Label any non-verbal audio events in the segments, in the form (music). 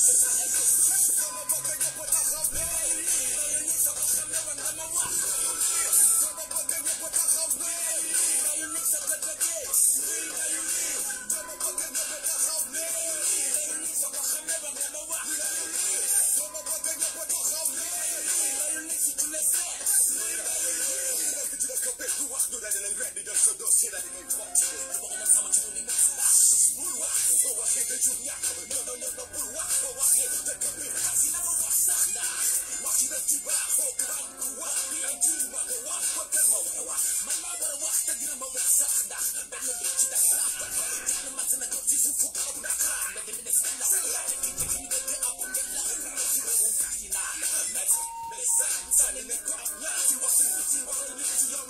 Let's go. Turning the crowd loud, she walks in, she walks in, she walks in.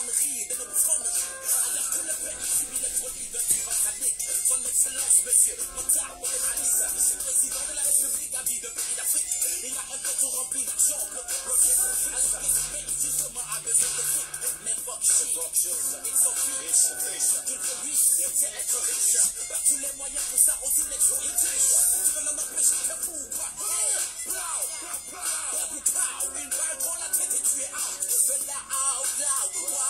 de le Son excellence, monsieur, président de la République d'Afrique. Il a un tout rempli d'argent que justement, besoin de Mais fuck ils sont Tous les moyens pour ça, ont Tu veux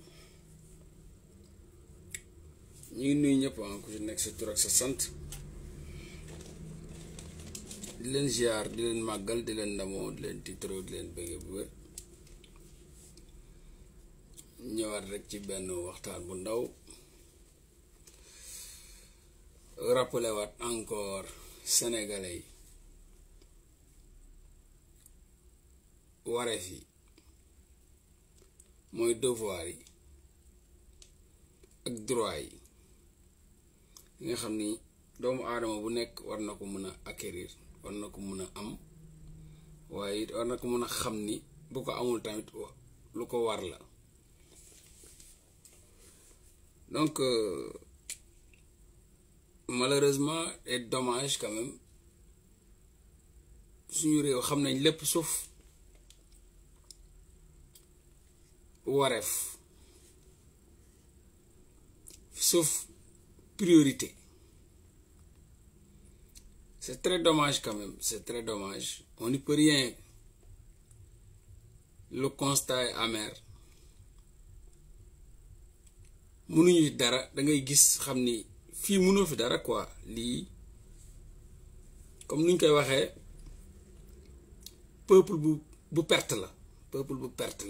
ñu ngi nuyu ñëpp ah, ku ci nekk sa tur ak sa sant di leen ziar di leen màggal di leen ndamoo di leen tiitaroo di leen bëggee bu ñëwaat rek ci benn waxtaan bu ndaw rappelé waat encore sénégalais yi wareef yi mooy devoir yi ak droit yi yi nga xam ni doomu aadama bu nekk war na ko mën a akkerir war na ko mën a am waaye war na ko mën a xam ni bu ko amul tamit lu ko war la donc euh, malheureusement et dommage quand suñu réew xam nañ lépp suuf wareef suuf priorité. C'est très dommage quand même, c'est très dommage. On n'y peut rien. Le constat est amer. mënuñu dara da ngay gis xamni fi quoi comme peuple perte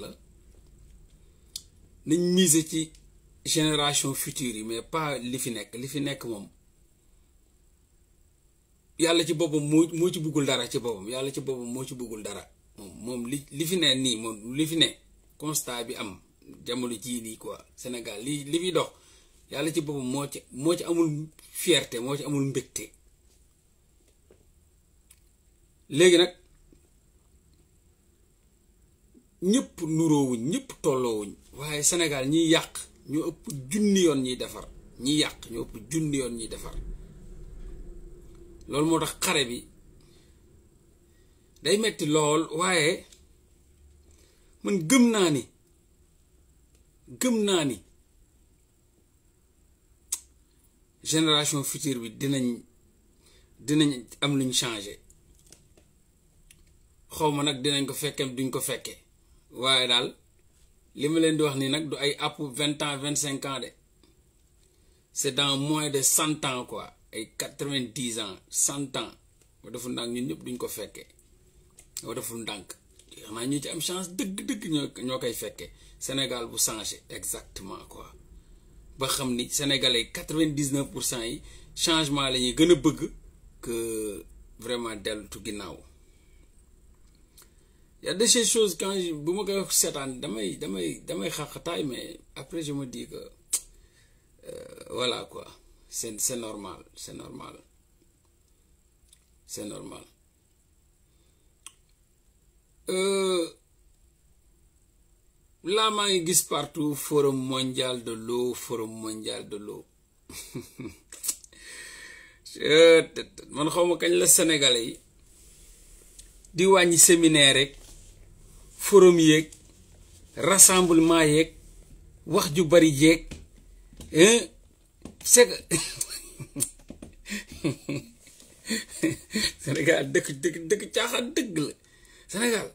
génération future yi mais pas li fi nekk li fi nekk moom yàlla ci boppam moo ci buggul dara ci boppam yàlla ci boppam moo ci bëggul dara moom moom li li fi ne nii moom li fi ne constat bi am jamono jii nii quoi Sénégal li li fi dox yàlla ci boppam moo ci moo ci amul fierté moo ci amul mbégte léegi nag ñëpp nuroowuñ ñëpp tolloowuñ waaye senegal ñi yàq ñoo ëpp junni yoon ñiy defar ñi yàq ñoo ëpp junni yoon ñiy defar loolu moo tax xare bi day metti lool waaye man gëm naa ni gëm naa ni génération future bi dinañ dinañ am luñ changé xaw ma nag dinañ ko fekkee duñ ko fekkee waaye daal Les me len di wax ni nak du ay app 20 ans 25 ans c'est dans moins de 100 ans quoi Et 90 ans 100 ans ma defu ndank ñun ñep duñ ko fekke ma defu ndank ma ñu ci am chance deug deug ñoo ño kay fekke sénégal bu changer exactement quoi ba xam ni sénégalais 99% yi changement lañuy gëna bëgg que vraiment delu tu ginnaw y a des choses quand je me ma koy wax seetaan damay damay damay xaqataay mais après je me dis que euh, voilà quoi c'est c'est normal c'est normal c'est normal euh, Là, maa ngi gis partout forum mondial de l'eau forum mondial de l'eau (laughs) euh, man xaw ma kañ la sénégalais yi di un séminaire forum yéeg rassemblement yeeg wax ju bari jeeg c'est que (laughs) dëkk dëkk dëkk caaxaan dëgg la Sénégal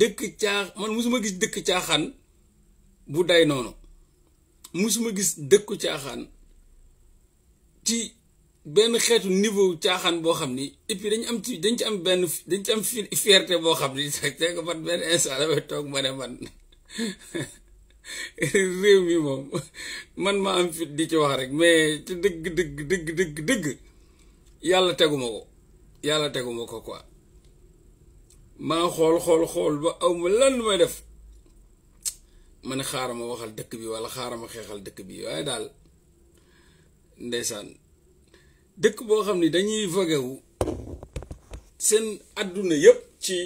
dëkk caax man musuma gis dëkk caaxaan bu day noonu musuma gis dëkku caaxaan ci benn xeetu niveau caaxaan boo xam ni et dañ am ci dañ ci am benn dañ ci am fierté boo xam ni c'est (laughs) que man benn instant damay toog ma ne man (laughs) réew mi moom man ma am di ci wax rek mais te dëgg dëgg dëgg dëgg yàlla teguma ko yàlla teguma ko quoi maa xool xool xool ba aw ma lan may def ma ne xaaral ma waxal dëkk bi wala xaaral ma xeexal dëkk bi waaye daal ndeysaan dëkk boo xam ni dañuy vogewu seen àdduna yépp ci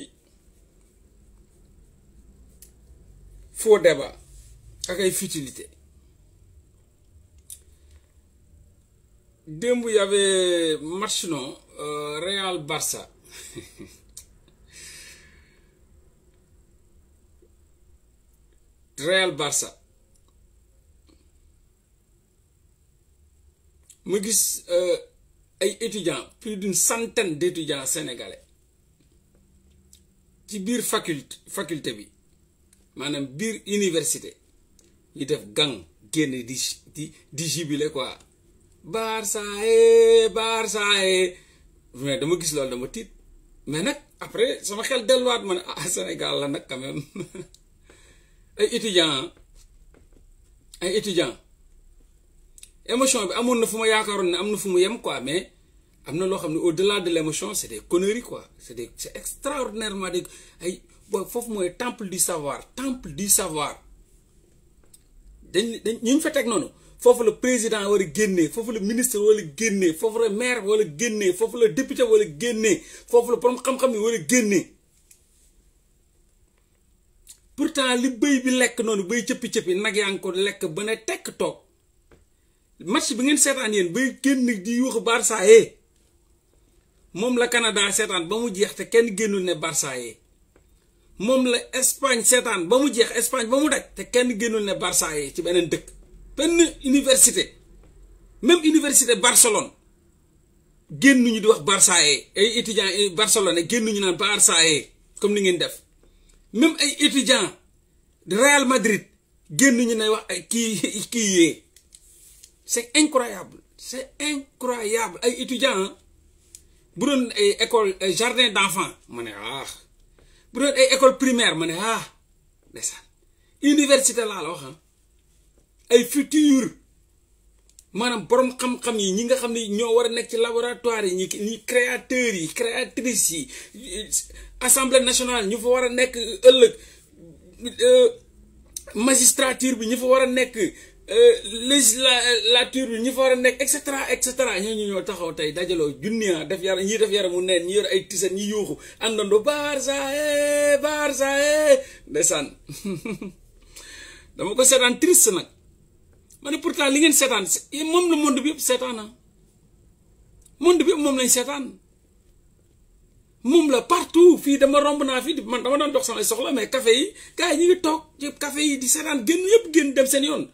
faux débat ak ay futilité démb y match non euh, Real Barça (laughs) Real Barça ma gis euh, ay étudiants plus d'une centaine d'étudiants sénégalais ci bir faculté faculté bi manam bir université ñu def gang génn di di di jibile quoi Barça eh Barça eh mais dama gis loolu dama tit mais nak après sama xel delluwaat man ne ah Sénégal la nak quand même (laughs) ay étudiants ay étudiants émotion bi amoon na fu ma yaakaaroon na fu mu yem quoi mais amna lo xamni au delà de l'émotion c'est des conneries quoi c'est est des c' extraordinairement des ay booy moy temple du savoir temple du savoir dañ ñu fa tek noonu foofu le président war a génnee le ministre wala génnee foofu le maire wala génnee foofu le député wala génnee foofu le borom xam-xam yi wala génnee pourtant li bëy bi lekk noonu bëy cëppi-cëppi nag yaa ngi ko lekk ba ne tekk toog match bi ngeen seetaan yéen bay génn di yuuxu Barça yee moom la Canada seetaan ba mu jeex te kenn génnul ne Barça yee moom la Espagne seetaan ba mu jeex Espagne ba mu daj te kenn génnul ne Barça yee ci beneen dëkk benn université même université Barcelone génnuñu di wax Barça yee ay étudiants ay Barcelone génnuñu naan Barça yee comme ni ngeen def même ay étudiants Real Madrid génnuñu ne wax ay kii kii yee. c'est incroyable c'est incroyable ay étudiants hein. brune et école jardin d'enfants ma ah école primaire ma ne ah ndeysaan université là hein. alors futur manam borom xam-xam yi ñi nga xam ni ñoo war laboratoire yi ñi créateurs yi créatrices yi assemblée nationale ñu fa war a nekk ëllëg euh, magistrature bi ñi fa Euh, législature bi ñi fa wara nek et cetera et cetera ñu ñoo taxaw tay dajalo junniya ah, def yar ñi def mu neen ñi yor ay tisan ñi yuxu andando Barça e Barça e eh, desan (laughs) dama ko setan triste nak mané pourtant li ngeen setan mom le monde bi yëpp ah monde bi mom lañ setan mom la partout fi dama romb na fi man dama don dox sama soxla mais café yi gaay ñi ngi tok ci café yi di setan genn yëpp genn dem sen yoon.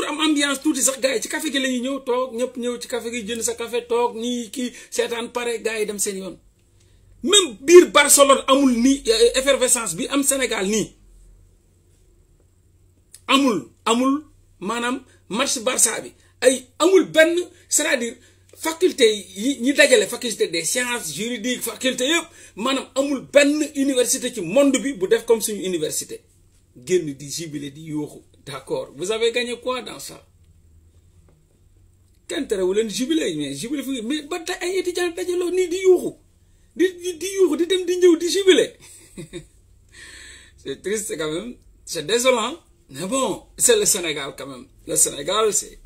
pour am ambiance tout sax gars ci café gi la ñuy tok café gi jënd sa café tok ni ki sétane pare gars dem même bir Barcelone amul ni eh, effervescence bi am Sénégal ni amul amul madame match Barça bi ay amul ben c'est-à-dire faculté yi ñi faculté des sciences juridiques faculté yëpp manam amul ben université ci monde bi bu def comme université génn di di D'accord. Vous avez gagné quoi dans ça kenn terewul leen jubilé mais jubilé fu mais ba tey ay étudiants dajaloo nii di yuuxu di di yuuxu di dem di ñëw di jubilé (laughs) c'est triste quand même c'est désolant mais bon c'est le Sénégal quand même le Sénégal c'est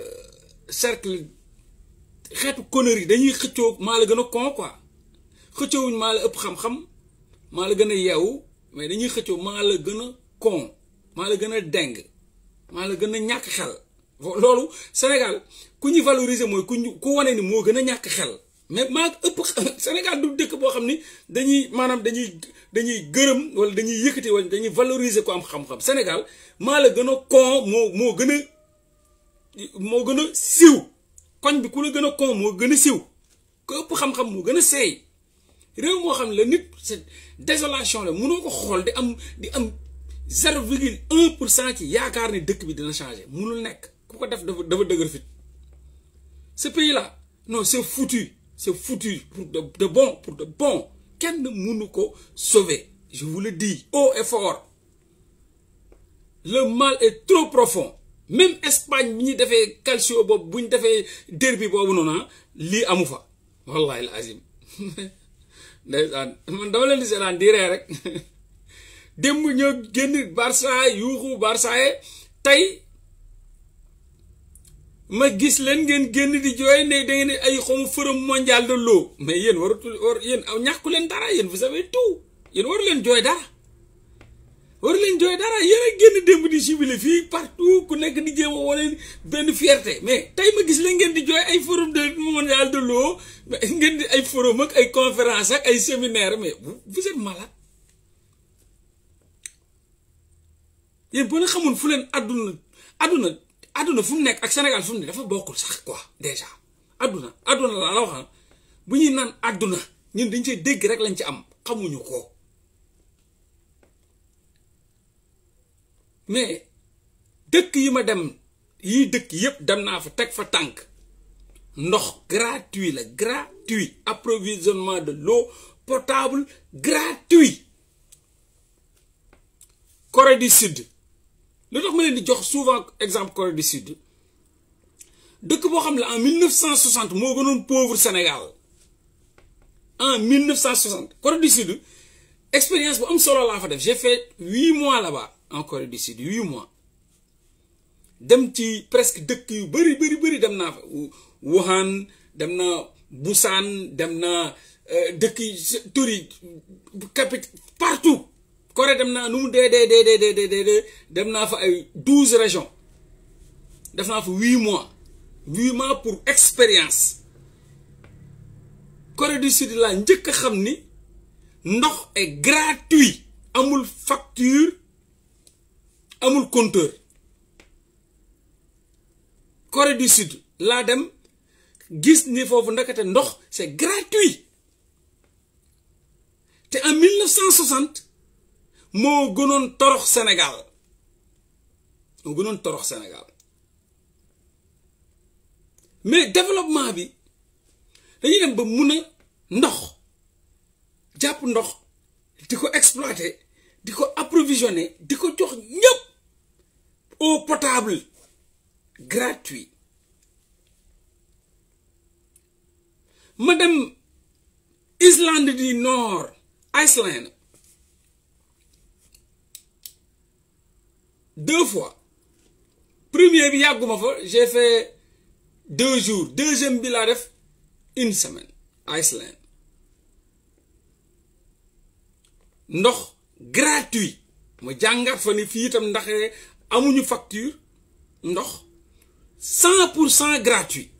euh, cercle xeetu connerie dañuy xëccoo maa la gën a con quoi que tu la ëpp xam-xam maa la gën mais dañuy xëccoo maa la gën a con maa la gën a deng maa la gën a ñàkk xel loolu Sénégal ku ñu valoriser mooy ku ñu ku wane ni moo gën a ñàkk xel mais maa ëpp (laughs) Sénégal du dëkk boo xam ni dañuy maanaam dañuy dañuy gërëm wala dañuy yëkkati wala dañuy valoriser ku am xam Sénégal maa la gën a con moo moo gën a moo gën a siiw koñ bi ku la gën a con moo gën a siiw ëpp xam moo gën a seey réew moo xam la nit c'est désolation la mënoo ko xool di am di am. 0,1% qui un pour cent bi dina changer munul nek ku ko def dafa deuguer fit ce pays là non c'est foutu c'est foutu pour de de bon pour de bon ken mënu ko sauver je vous le dis haut et fort le mal est trop profond même Espagne bi ñu calcio boobu bu defé derby boobu non li ah, lii fa wallahi alazim azim (laughs) man dama len di seetaan di rek (laughs) démb ñoo génn Barça yuuxu Barça tey ma gis leen ngeen génn di jooy ne da ngeen ay xom forum mondial de l'eau mais yéen waratul war yéen ñàkku leen dara yéen vous savez tout yéen war leen jooy dara waru leen jooy dara yéen a génn démb di jubilé fii partout ku nekk di jéem a wane benn fierté mais tey ma gis leen ngeen di jooy ay forum de mondial de l'eau ngeen di ay forum ak ay conférence ak ay séminaire mais vous êtes yéen boo leen xamoon fu leen aduna àdduna àdduna fu mu nekk ak Sénégal fu ne dafa bokul sax quoi déjà aduna aduna la wax bu ñuy naan àdduna ñun dañ cee dégg rek lañ ci am xamuñu ko mais dëkk yi ma dem yi dëkk yépp dem naa fa teg fa tànk ndox gratuit la gratuit approvisionnement de l'eau potable gratuit Corée du Sud le tax ma leen di jox souvent exemple Corée du Sud Depuis que xam en 1960 moo gënoon pauvre Sénégal en 1960 Corée du Sud expérience j'ai fait 8 mois là-bas en Corée du Sud 8 mois dem ci presque depuis, yu bëri bëri bëri dem Wuhan dem Busan dem naa euh, partout. Corée dem naa régions Nous avons 8 mois 8 mois pour expérience Corée du Sud nous avons que le est gratuit amul facture amul compteur Corée du Sud laa dem gis ni fofu c'est gratuit en 1960 mo gënoon torox Sénégal mo un torox Sénégal mais développement bi dañuy dem ba mun a ndox jàpp ndox exploiter approvisionner jox eau potable gratuit Madame, Islande du Nord Iceland deux fois premier bi j'ai fait deux jours deuxième bi une semaine Iceland ndox gratuit Mo jangar fani fi tam ndaxé amuñu facture ndox cent gratuit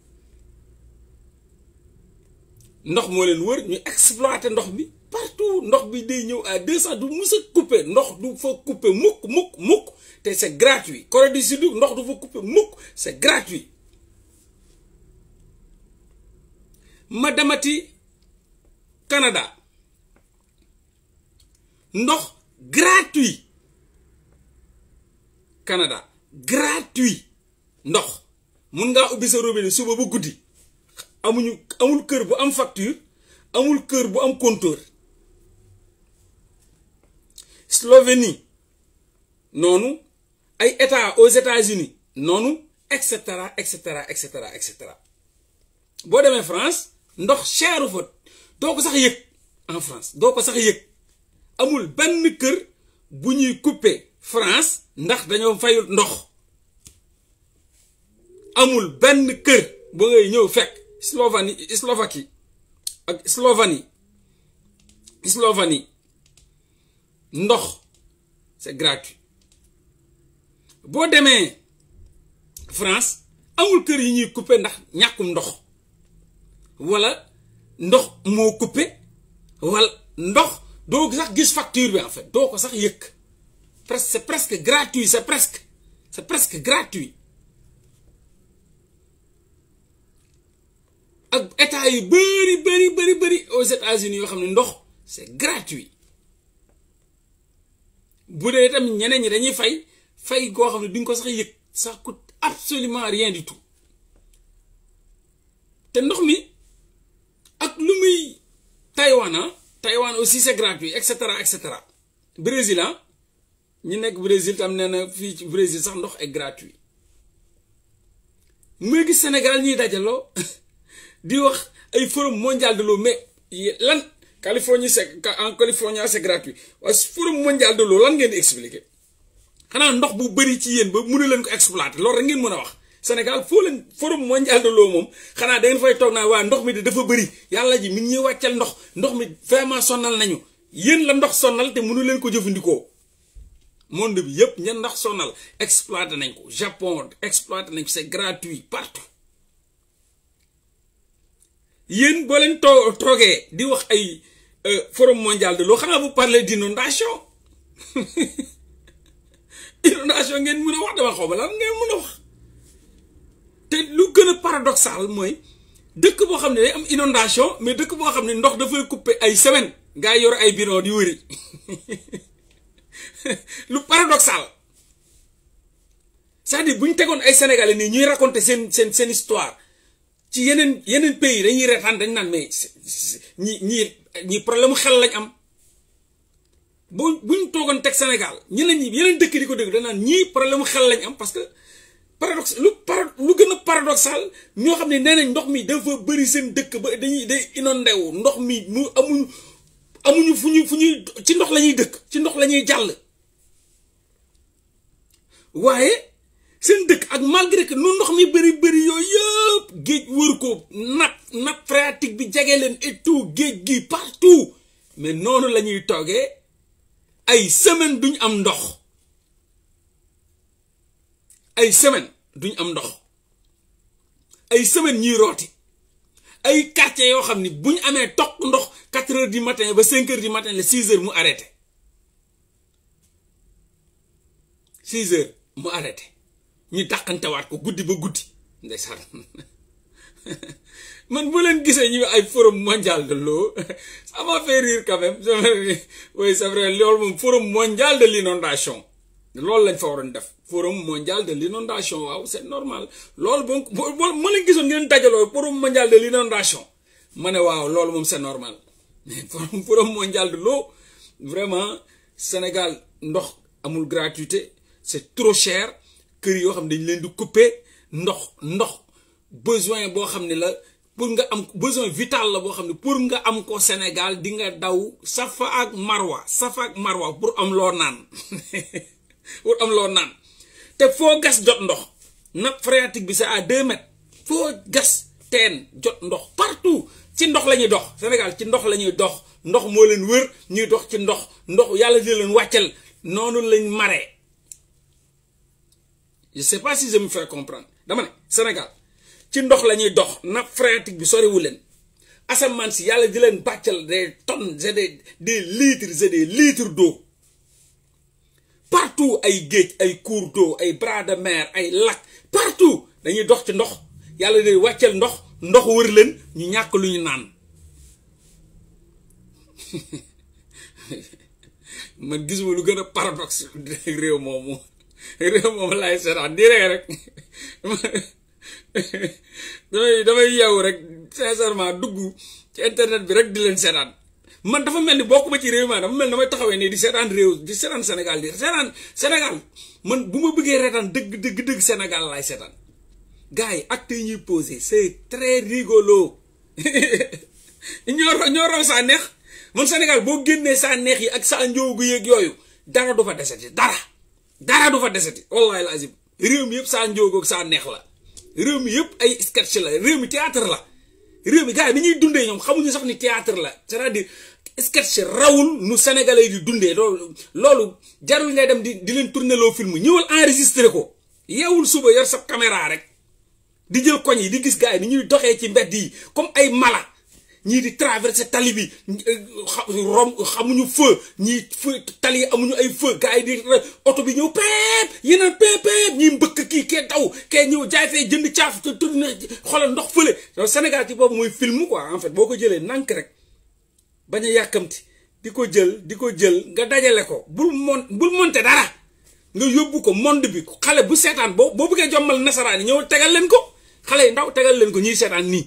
ndox mo len wër ñu exploiter ndox partout ndox bi day ñëw à deux du couper ndox du fa couper muk, muk, muk c'est gratuit Corée du Sud c'est gratuit Madame Canada Non, gratuit Canada gratuit Nord mun ngaa ubbi sa robinet suba on a le amul de bu am facture amul de bu am compteur Slovénie nous ay aux États-Unis non et cetera et cetera et cetera demain cetera France ndox cheru fa doo ko sax yëg en France donc ko sax yëg amul benn kër bu couper France ndax dañoo fayul ndox amul benn kër ba ngay ñëw Slovanie Slovaquie Slovanie Slovanie ndox c'est gratuit bo démé France amul kër yi ñuy coupé ndax ñàkkum ndox wala ndox moo coupé wala ndox doo sax gis facture bi en fait doo ko sax yëkk presque c'est presque gratuit c'est presque c'est presque gratuit ak état yu bëri bëri bëri bëri aux États-Unis yoo xam ne ndox c'est gratuit bu dee tamit ñeneen ñi dañuy fay fay goo xam ne ko sax ça coûte absolument rien du tout te ndox mi ak Taïwan ah Taïwan aussi c'est gratuit et cetera et cetera Brésil ah ñi nekk Brésil tam nee na Brésil sax ndox est gratuit Mais gis Sénégal ñuy dajaloo (laughs) di wax ay forum mondial de l'eau mais lan Californie en Californie c'est gratuit waaye forum mondial de l'eau lan ngeen expliquer xanaa ndox bu bëri ci yéen ba mënu leen ko exploiter loolu rek ngeen mën a wax Sénégal foo leen forum mondial de l'eau moom xanaa da ngeen fay toog naa waa ndox mi de dafa bëri yàlla ji mi ngi ñuy wàccal ndox ndox mi vraiment sonnal nañu yéen la ndox sonnal te mënu leen ko jëfandikoo monde bi yëpp ña ndox sonnal exploité nañ ko Japon exploité nañ ko c'est gratuit partout yéen boo leen too toogee di wax ay euh, forum mondial de l'eau xanaa vous parlez d'inondation (laughs) inondation ngeen mun a wax dama xaw ma lan ngeen mën a wax te lu gën a paradoxal mooy dëkk boo xam ne day am inondation mais dëkk boo xam ne ndox dafay couper ay semaine ngaa yor ay bidon di wëri (laughs) lu paradoxal c'est-à-dire bu ñu tegoon ay sénégalais nii ñuy raconter seen seen seen histoire ci yeneen yeneen pays dañuy reetaan dañ naan mais ñi ñi ñi problème mu xel lañ am buñ togon tek Sénégal ñeneen ñi yeneen dëkk diko dëgg dana ñi problème xel lañ am parce que paradox lu lu gëna paradoxal ño xam ne nañ ndox mi dafa bëri seen dëkk ba dañuy day inondé wu ndox mi mu amuñu amuñu fuñu fuñu ci ndox la dëkk ci ndox la jall jàll seen dëkk ak malgré que nu ndox mi bëri bëri yoy yëpp géej wër ko nat nat pratique bi jégé leen et tout géej gi partout mais nonu la ñuy ay semaine ñu am ndox ay semaine duñ am ndox ay semaine ñuy rooti ay quartier yoo xam ni buñ amee toq ndox quatre heures du matin ba cinq heures du matin la six heures mu arrêté six heures mu arrêté ñu dàqantewaat ko guddi ba guddi ndeysaan (laughs) man bu leen gisee ñu ay forum mondial de l'eau (laughs) ça m'a fait rire quand même (laughs) oui c'est vrai loolu forum mondial de l'inondation lool lañ fa waroon def forum mondial de l'inondation waaw c'est normal lool bon ma leen forum mondial de l'inondation mané waaw lool mom c'est normal (laughs) forum forum mondial de l'eau vraiment Sénégal ndox amul gratuité c'est trop cher keur yo xam dañ leen di couper ndox ndox besoin de xamné la pour nga am besoin vital la bo xamni pour nga am ko Sénégal di nga daw safa ak marwa safa ak marwa pour am lo nan (laughs) pour am lo nan te fo gas jot ndox nappe phréatique bi c'est à deux mètres fo gas teen jot ndox partout ci ndox la dox Sénégal ci ndox la dox ndox mo leen wër ñuy dox ci ndox ndox yalla di leen waccel nonu lañ maré je sais pas si je me fais comprendre dama Sénégal ci ndox lañuy ñuy dox nappe phréatique bi soriwu leen asamaan si yàlla di leen bàccal des tonnes et des des litres et des litres d'eau partout ay géej ay cours d'eau ay bras de mer ay lac partout dañuy dox ci ndox yàlla day wàccel ndox ndox wër leen ñu ñàkk lu ñu naan (laughs) man gisuma lu gën a paradoxe réew moomu réew laay seetaan di rek rek (laughs) (laughs) damay damay yeewu rek sincèrement dugg ci internet bi rek di leen seetaan man dafa mel ni bokk ma ci réew ma dafa mel ni damay taxawee nii di seetaan réew di seetaan Sénégal di seetaan Sénégal man bu ma bëggee reetaan dëgg dëgg dëgg senegal laay seetaan gars yi acte yi ñuy posé c'est très rigolo (laughs) ñoo ñoo raw saa neex man senegal boo génnee saa neex yi ak saa njoogu yéeg yooyu dara du fa deseti dara dara du fa deseti wallahi lazim réew mi yëpp saa njoogu ak saa neex la réew mi yëpp ay sketch la réew mi théâtre la réew mi gars yi ñuy dundee ñoom xamuñu sax ni théâtre la c'est-à-dire sketch rawul nu sénégalais yi dundee loolu loolu jarul ngay dem di di leen tourner loo film ñëwal enregistré ko yeewul suba yor sa caméra rek di jël koñ yi di gis gars yi ni ñuy doxee ci mbedd yi comme ay mala ñii di traversé tali bi rom xamuñu feu ñii feu tali yi amuñu ay feu gars yi di oto bi ñëw peep yeneen peep peep ñii mbëkk kii kee daw kee ñëw jaay fee jënd caaf te na xoolal ndox fële donc Sénégal ci boobu mooy film quoi en fait boo ko jëlee nank rek bañ a yàkkamti di ko jël di ko jël nga dajale ko bul mon bul monte dara nga yóbbu ko monde bi xale bu seetaan boo boo bëggee jommal nasaraan yi ñëw tegal leen ko xale yi ndaw tegal leen ko ñuy seetaan nii.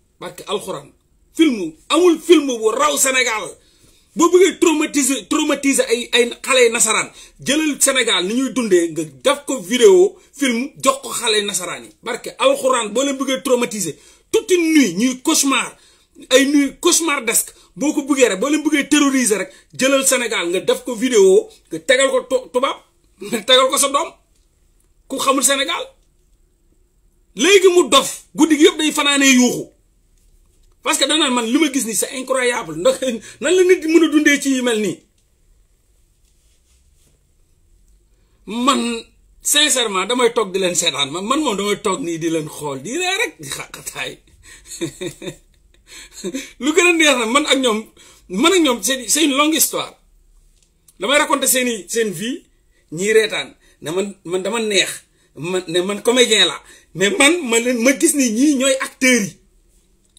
barke alxuraan film amul film bu raw Sénégal boo bëggee traumatiser ay ay xale nasaraan jëlal Sénégal ni ñuy dundee nga def ko vidéo film jox ko xale nasaraan yi barke alxuraan boo leen buggee traumatiser toute une nuit ñuy cauchemar ay nuit cauchemardesque boo ko buggee rek boo leen bëggee terroriser rek jëlal Sénégal nga def ko vidéo nga tegal ko tubaab nga tegal ko sa doom ku xamul Sénégal léegi mu dof guddi gi yëpp day fanaanee yuuxu parce que danaan man li ma gis nii c'est incroyable ndax nan la nit di mën a dundee ci yu mel nii man sincèrement damay toog di leen seetaan man moom damay toog nii di leen xool di ree rek di xàqataay (laughs) lu gën a neex na man ak ñoom man ak ñoom c'est une longue histoire damay raconter seeni seen vie ñii reetaan ne man man dama neex man ne man comédien la mais man ma leen ma gis nii ñii ñooy acteur yi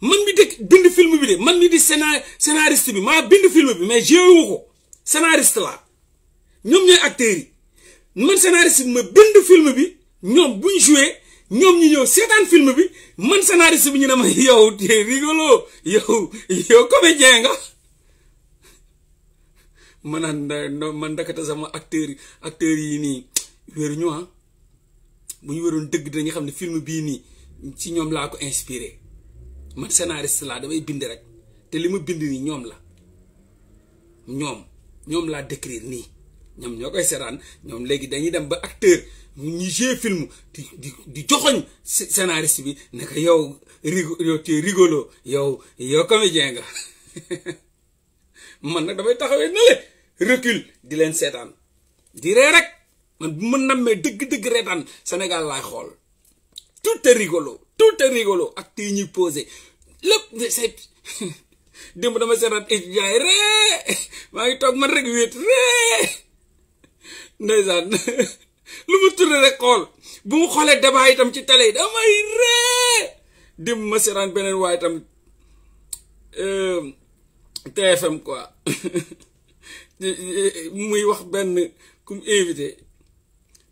man mi dëkk bind film bi de man mi di scénar scénariste bi maa bind film bi mais jéewu ko scénariste laa ñoom ñooy acteurs yi man scénariste bi ma bind film bi ñoom buñ joué ñoom ñu ñëw seetaan film bi man scénariste bi ñu ne (laughs) yow rigolo yow yow comédien nga man ndakate sama yi acteurs yi nii ah. bu ñu wéroon dëgg dinañu xam ne film bii nii ci ñoom laa ko inspire man scénariste laa damay bind rek te li ma bind nii ñoom la ñoom ñoom laa décrire nii ñoom ñoo koy seetaan ñoom léegi dañuy dem ba acteur ñu jouer film di di joxoñ scénariste bi naka yow yow tu es rigolo yow yow comédien nga (laughs) man nag damay taxawee nale recul di leen seetaan di ree rek man bu ma nammee dëgg-dëgg reetaan Sénégal laay xool tout est rigolo tout est rigolo ak te ñuy posé lépp say démb dama seetaan étudiant yi ree maa ngi toog man rek wéet ree ndeysaan lu mu turne rek xool bu mu xoolee débat itam ci télé yi damay ree démb ma seetaan beneen waaye itam TFM quoi muy wax benn kum invité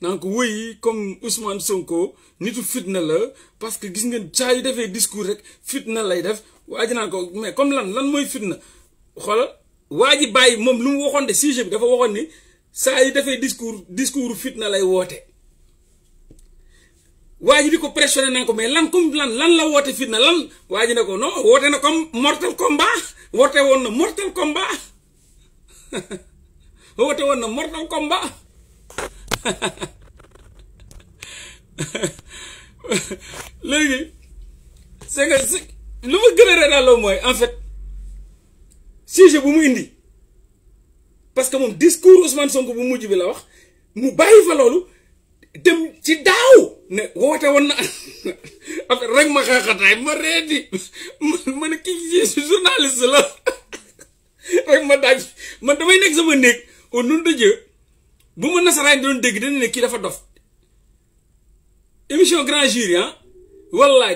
donc wéy comme Ousmane Sonko nitu fitna la parce que gis ngeen saa yu defee discours rek fitna lay def waa ji naan ko mais comme lan lan mooy fitna xoolal waa ji bàyyi moom lu mu waxoon de sujet bi dafa waxoon ni saa yu defee discours fitna lay woote. waa ji di ko pressionné nañ ko mais lan comme lan lan la woote fitna lan waa ji ne ko non woote na comme mortal combat woote woon na mortal combat (laughs) woote woon na mortal combat. (laughs) léegi c'est que lu ma gën a reenaloo mooy en fait sujet bu mu indi parce que moom discours Ousmane Sonko bu mujj bi la wax mu bàyyi fa loolu dem ci daaw ne woote woon na affaire (laughs) rek ma xaaxataay ma reeti (laughs) ma ne kii si journaliste la rek ma daaj man damay nekk sama néeg au nom de bu ma nasaraan doon dégg dana ne kii dafa dof émission grand jury ah wallaay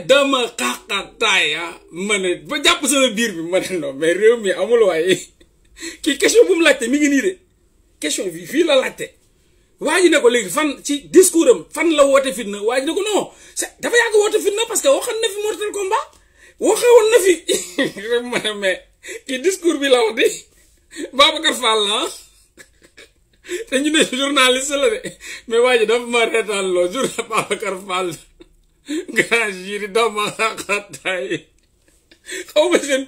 xaaxaataay ah ma ba jàpp sama biir bi ma ne non mais réew mi amul waaye (laughs) kii question bu mu laajte mi ngi nii de question bi fii la laajte waa ne ko léegi fan ci discours am fan la woote fitna waa ji ne ko non dafa yàgg woote fitna parce que waxoon na fi mortal combat waxoon na fi (laughs) ma ne mais kii discours bi la wax di (laughs) Babacar Fall la ah. te ñu ne journaliste la de mais waa dafa ma reetaan loo journal Babacar Fall grand jury doomu xaxataay xaw ma seen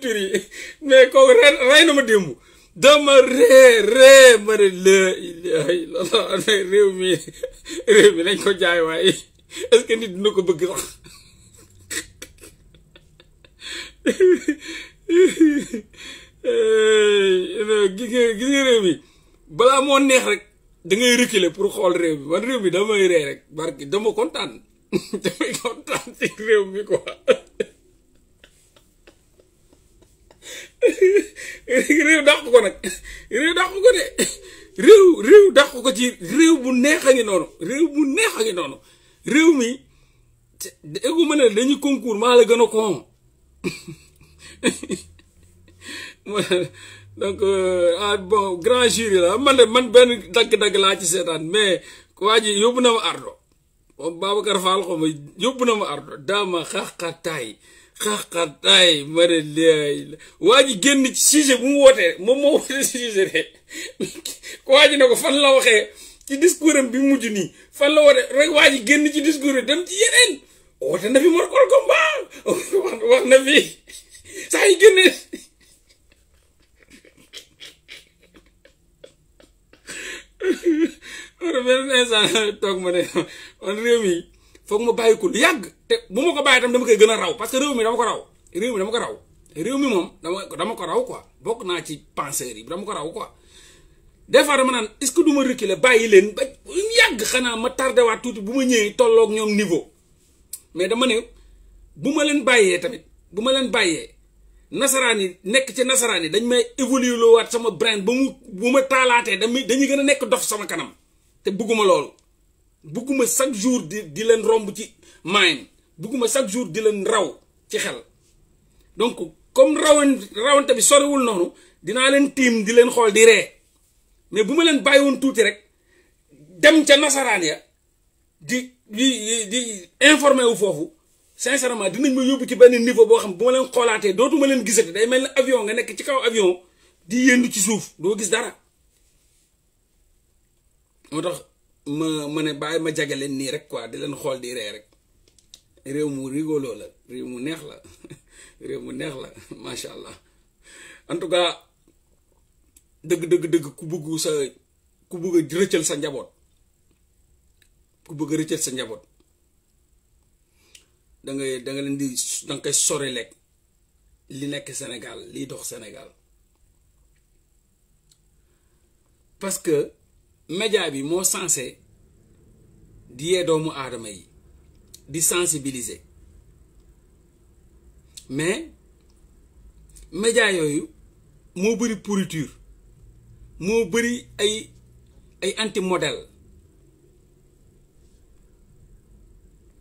mais kooku rey na ma démb dama ree ma ne laa ilaaha illallaah réew mi lañ ko jaay waaye est que nit dina ko bëgg sax (laughs) eh, gis gis nga réew mi balaa moo neex rek da ngay reculer pour xool réew bi man réew mi damay ree rek barki dama kontaan (laughs) damay kontaan ci réew mi quoi (laughs) réew dàq ko nag réew dàq ko de réew réew dàq ko ci réew bu neex a ngi noonu réew bu neex a ngi noonu réew mi déggu ma dañuy concours maa la gën a ko (laughs) donc euh, ah bon grand jury la man man benn dagg-dagg laa ci seetaan mais waa ji na ma ardo moom Babacar Fall xaw ma ma ardo daama xaxataay xaxataay ma ne lay waa ji génn ci sujet bu mu wootee moom moo wootee (laughs) de ko waa ji ne ko fan la waxee ci discours am bi mujj nii fan la wootee rek waa ji génn ci discours yi dem ci yeneen woote na fi Kor Komba (laughs) wax na fi saa yi benn instant toog ma ne man réew mi foog ma bàyyi ko yàgg te bu ma ko bàyyi tam dama koy gën a raw parce que réew mi dama ko raw réew mi dama ko raw réew mi moom dama dama ko raw quoi bokk naa ci penseurs yi dama ko raw quoi des fois dama naan est-ce que du ma reculer bàyyi leen ba yàgg xanaa ma tarde waat tuuti bu ma ñëwee tolloog ñoom niveau mais dama ne bu ma leen bàyyee tamit bu ma leen bàyyee. nasaraan yi nekk ci nasaraan yi dañ may évoluer loo waat sama brain ba mu bu ma taalaatee dañuy dañuy gën a nekk dof sama kanam te bugguma loolu bugguma chaque jour di di leen romb ci mind bugguma chaque jour di leen raw ci xel donc comme rawan rawante bi soriwul noonu dinaa leen tiim di leen xool di ree mais bu ma leen bàyyi woon tuuti rek dem ca nasaraan ya di di di informé wu foofu sincèrement dinañ ma yóbbu ci benn niveau boo xam bu ma leen xoolaatee dootuma leen gisati day mel ni avion nga nekk ci kaw avion di yëndu ci suuf doo gis dara moo tax ma ma ne bàyyi ma jage leen nii rek waa di leen xool di ree rek réew mu rigolo la réew mu neex la (laughs) réew mu neex la (laughs) macha allah en tout cas dëgg dëgg dëgg ku bëgg sa ku bëgg a sa njaboot ku bëgg a rëccal sa njaboot. da ngay da nga leen di da nga koy li nekk Sénégal liy dox Sénégal parce que média bi moo censé di yee doomu aadama yi di sensibiliser mais média yooyu moo bëri pourriture moo bëri ay ay anti modèle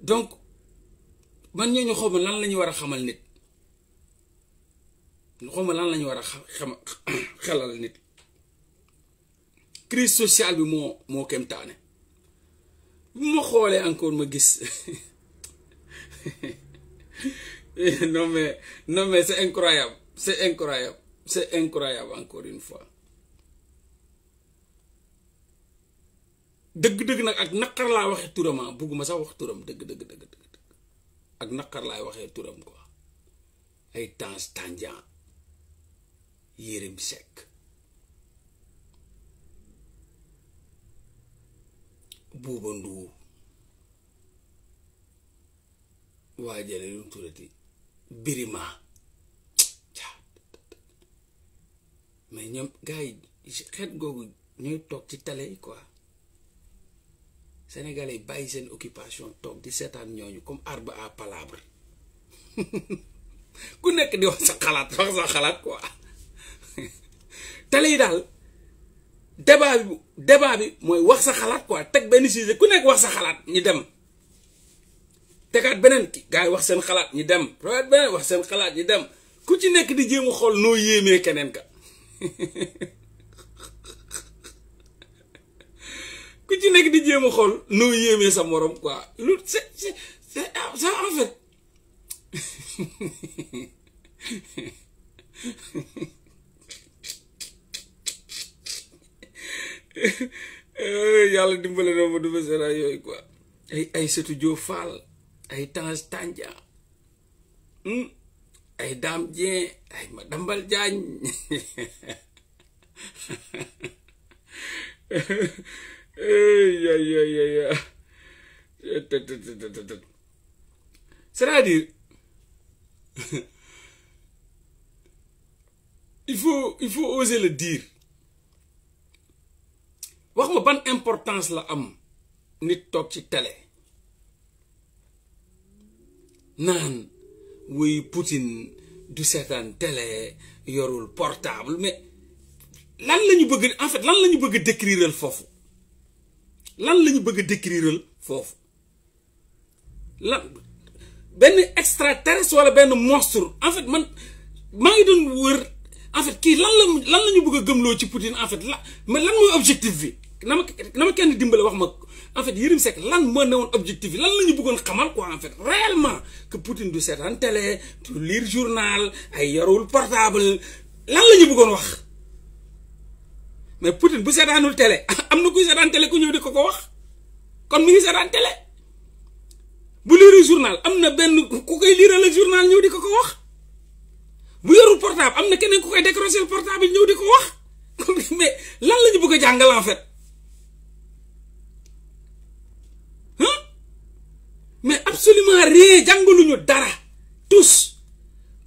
donc ban ñooñu xaw ma lan la ñu war a xamal nit xaw ma lan la ñu war a xam (coughs) xelal nit crise sociale bi moo moo kemtaane bu ma xoolee encore ma gis (laughs) non mais non mais c'est incroyable c'est incroyable c'est incroyable encore une fois dëgg-dëgg nag ak naqar laa waxe turama ah, bugguma sax wax turam dëgg dëgg dëgg ak naqar laay waxee turam quoi ay temps tànjaan yérim sekk buuba nduu waajale lu mu turati birima mais ñoom gars yi xeet googu ñooy toog ci tale yi quoi sénégalais yi bàyyi seen occupation toog di seetaan ñooñu comme arbre à palabre (laughs) ku nekk di wax sa xalaat wax sa xalaat quoi (laughs) télé daal débat bi mooy wax sa xalaat quoi teg benn sujet ku nekk wax sa xalaat ñu dem tegaat beneen ki gars yi wax seen xalaat ñi dem tegaat beneen wax seen xalaat ñi dem ku ci nekk di jéem a xool noo yéemee keneen ka (laughs) ku ci nek di jema a no yeme sa morom quoi lu c'est c'est c'est ah, en fait eh, yàlla dimbale na ma du ma seeraa quoi ay ay setu jo fal ay tanja hmm ay dam je ay ma dambal jaañ (laughs) C'est-à-dire, il, faut, il faut oser le dire. wax ma ban importance la am nit toog ci télé nan oui Poutine du certain télé yorul portable mais lan la ñu bëgg en fait lan la ñu bëgg décrire fofo lan la ñu bëgg a décrire foofu lan benn extraterrestre wala benn monstre en fait man maa ngi doon wër en fait kii lan la lan la ñu bëgg a gëmloo ci Poutine en la mais lan mooy objectif bi na ma na ma kenn dimbale wax ma en fait Yérim Seck lan moo newoon objectif bi lan la ñu bëggoon xamal ko en fait réellement que Poutine du seetaan télé du lire journal ay yorul portable lan la ñu bëggoon wax. mais putin bu sétanul télé (laughs) am kuy sétan télé ku ñëw di ko ko wax kon mu ngi sétan télé bu lire journal am na ku koy lire le journal ñëw di ko ko wax bu yoru portable am na keneen ku koy décrocher portable ñëw di ko wax (laughs) mais lan lañu bëgg a jàngal en fait mais absolument rien jangaluñu dara tous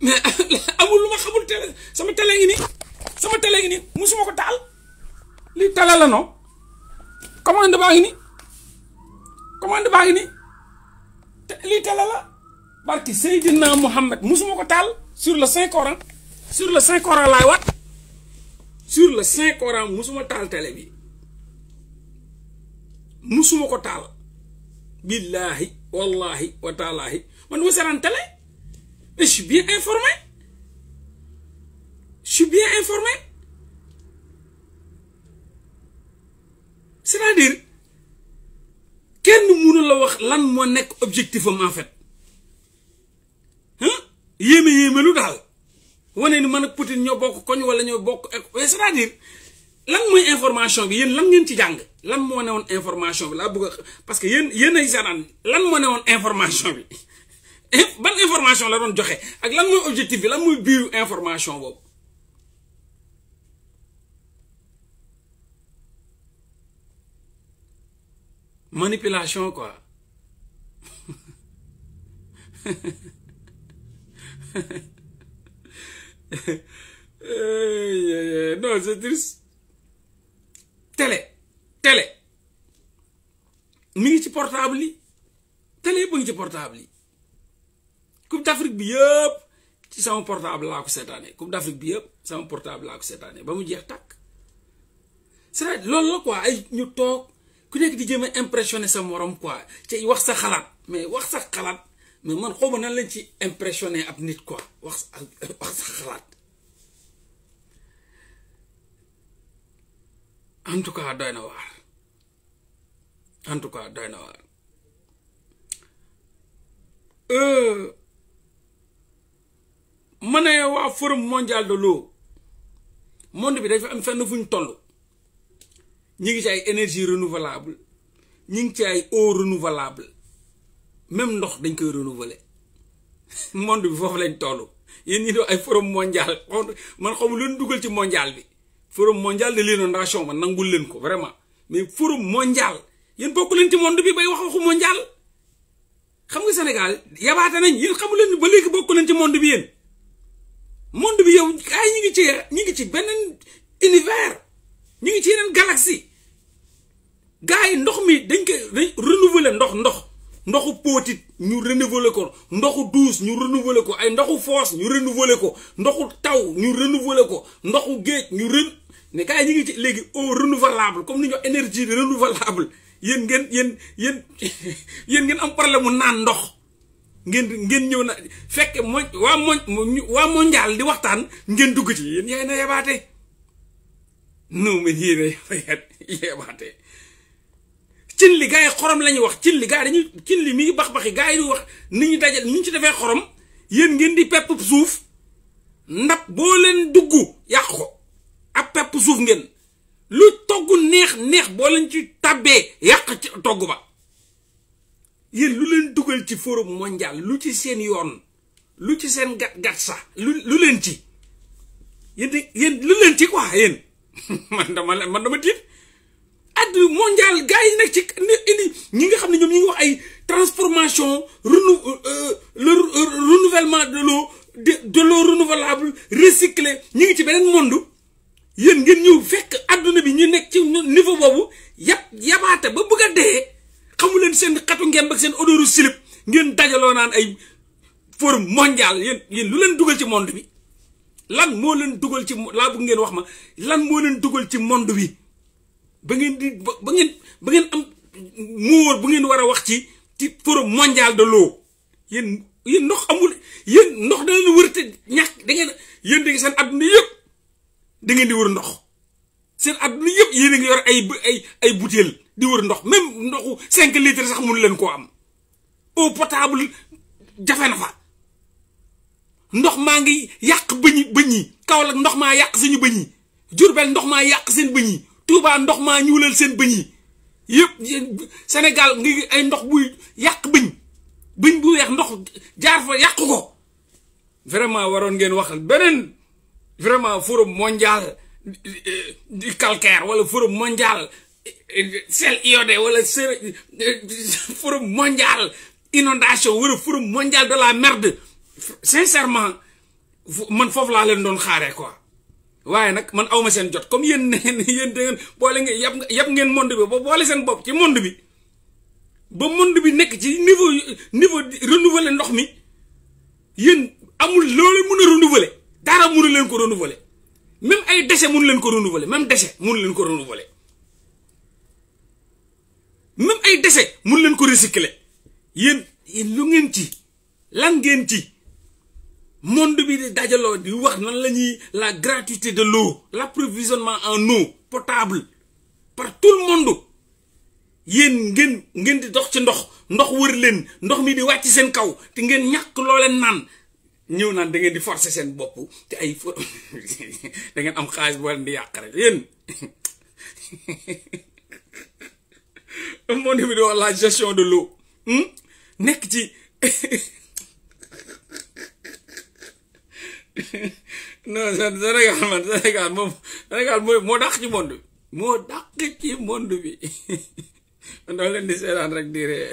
(laughs) amul luma xamul tele sama tele ngi ni sama tele ngi ni musuma ko tal li tele la no commande ba ngi ni commande ba ngi ni li tele la barki sayyidina muhammad musuma ko tal sur le Saint Coran sur le Saint Coran lay wat sur le Saint Coran musuma tal tele? bi musuma ko tal billahi wallahi wa taalaahi man duma tele Et je suis bien informé. Je suis bien informé. C'est-à-dire, kenn mënu la wax lan mo nek objectif en fait hein? Yeme yeme lu dal. wane ni man ak Poutine ñoo bok koñ wala ñoo bok. c'est-à-dire lan moy information bi yéen lan ngeen ci jang? lan mo information bi parce que yéen yéen ay seetaan lan mo newoon information bi ban information la doon joxe ak lan moy objectif bi lan moy information manipulation quoi non c'est triste télé télé mini portable télé mini portable coupe d'Afrique bi c'est portable cette année. d'Afrique bi c'est portable cette ko année. Bah vous ça. c'est ça. quoi ay ñu ku impressionné morom quoi ci wax sa mais wax sa mais man impressionné quoi (laughs) en tout cas il en tout cas ma ne waa forum mondial de l'eau monde bi dafa am fenn fu ñu toll ñi ngi ci ay énergie renouvelable ñi ngi ci ay eau renouvelable même ndox dañ koy renouveler (laughs) monde bi foofu lañ toll yéen ñi doo ay forum mondial man xaw ma leen dugal ci mondial bi forum mondial de l'inondation man nangul leen ko vraiment mais forum mondial yéen bokk leen ci monde bi bay wax waxu mondial xam nga Sénégal yabaate nañ yéen xamu leen ba léegi bokk leen ci monde bi yéen. monde bi yow ay ñu ngi ci ñu ngi ci beneen univers ñu ngi ci yeneen galaxie gars yi ndox mi dañ koy renouveler ndox ndox ndoxu póotit ñu renouveler ko ndoxu douce ñu renouveler ko ay ndoxu foos ñu renouveler ko ndoxu taw ñu renouveler ko ndoxu géej ñu ren mais gars yi ñu ngi ci léegi eau renouvelable comme ni ñu énergie renouvelable yéen ngeen yéen yéen (laughs) yéen ngeen am problème mu naan ndox ngeen ngeen ñëw na fekk mo waa moñ waa mondial di waxtaan ngeen dugg ci yéen yéen a yebaate non mais yéen a yebaate cin li gars yi xorom lañuy wax cin li gars yi dañuy cin li mi bax baxi gaa yi di wax ni ñu dajal ni ñu ci defee xorom yéen ngeen di pepp suuf ndab boo leen dugg yàq ko ak pepp suuf ngeen lu togg neex neex boo leen ci tàbbee yàq ci togg ba yéen lu leen dugal ci forum mondial lu ci seen yoon lu ci seen gat gat sax lu lu leen ci yéen yéen lu leen ci quoi yéen (laughs) man dama man dama tiit add mondial gars yi nag ci indi ñi nga xam ne ñoom ñi ngi wax ay transformation renou euh, le euh, renouvellement de l'eau de l'eau renouvelable recyclé ñu ngi ci beneen monde yéen ngeen ñëw fekk adduna bi ñu nekk ci niveau boobu yab yabaate ba bëgg dee xamulen sen xatu xetu ak sen odoru silip ngeen dajalo nan ay forum mondial yéen lu len dugal ci monde bi lan mo len dugal ci la bu ngeen wax ma lan mo len dugal ci monde bi ba ngeen di ba ngeen ba ngeen am móor bu ngeen wara wax ci ci forum mondial de l'eau yéen yéen nok amul yen nok da len wër ñak da ngeen yéen di ngeen seen adduna da ngeen di wër ndox seen àdduna yëpp yéen a ngi yor ay ay ay butéel di wër ndox même ndoxu cinq litres sax mënu leen ko am eau potable jafe na fa ndox maa ngi yàq bëñi bëñ yi Kaolack ndox maa yàq suñu bëñ Jurbel ndox maa yàq seen bëñ yi Touba ndox maa ñuulal seen bëñ yi yëpp senegal ngi ay ndox buy yàq bëñ bëñ bu weex ndox jaar fa yàq ko vraiment waroon ngeen wax beneen vraiment forum mondial du calcaire wala forum mondial sel iodé wala ser forum mondial inondation wala forum mondial de la merde sincèrement man foofu laa leen doon xaaree ko waaye nag man awma seen jot comme yéen neen yéen da ngeen boole ngeen yab yab ngeen monde bi ba boole seen bopp ci monde bi ba monde bi nekk ci niveau niveau renouveler ndox mi yéen amul loo leen mën a renouveler dara mënu leen ko renouveler même ay déchets mun leen ko renouveler même déchet mun leen ko renouveler même ay déchets mun leen ko recycler yéen yéen lu ngeen ci lan ngeen ci monde bi di dajaloo di wax nan la ñuy la gratuité de l'eau l'approvisionnement en eau potable par tout le monde yéen ngeen ngeen di dox ci ndox ndox wër leen ndox mi di wàcc seen kaw te ngeen ñàkk loo leen naan ñew naan da ngeen di forcer sen bop te ay (laughs) da ngeen am xaj bo leen di yàq rek yéen (laughs) monde bi di la gestion de l'eau hmm nek ci (laughs) non Sénégal man Sénégal moom Sénégal mo mo dakh ci monde mo dakh ci monde bi man len di sétane rek di ree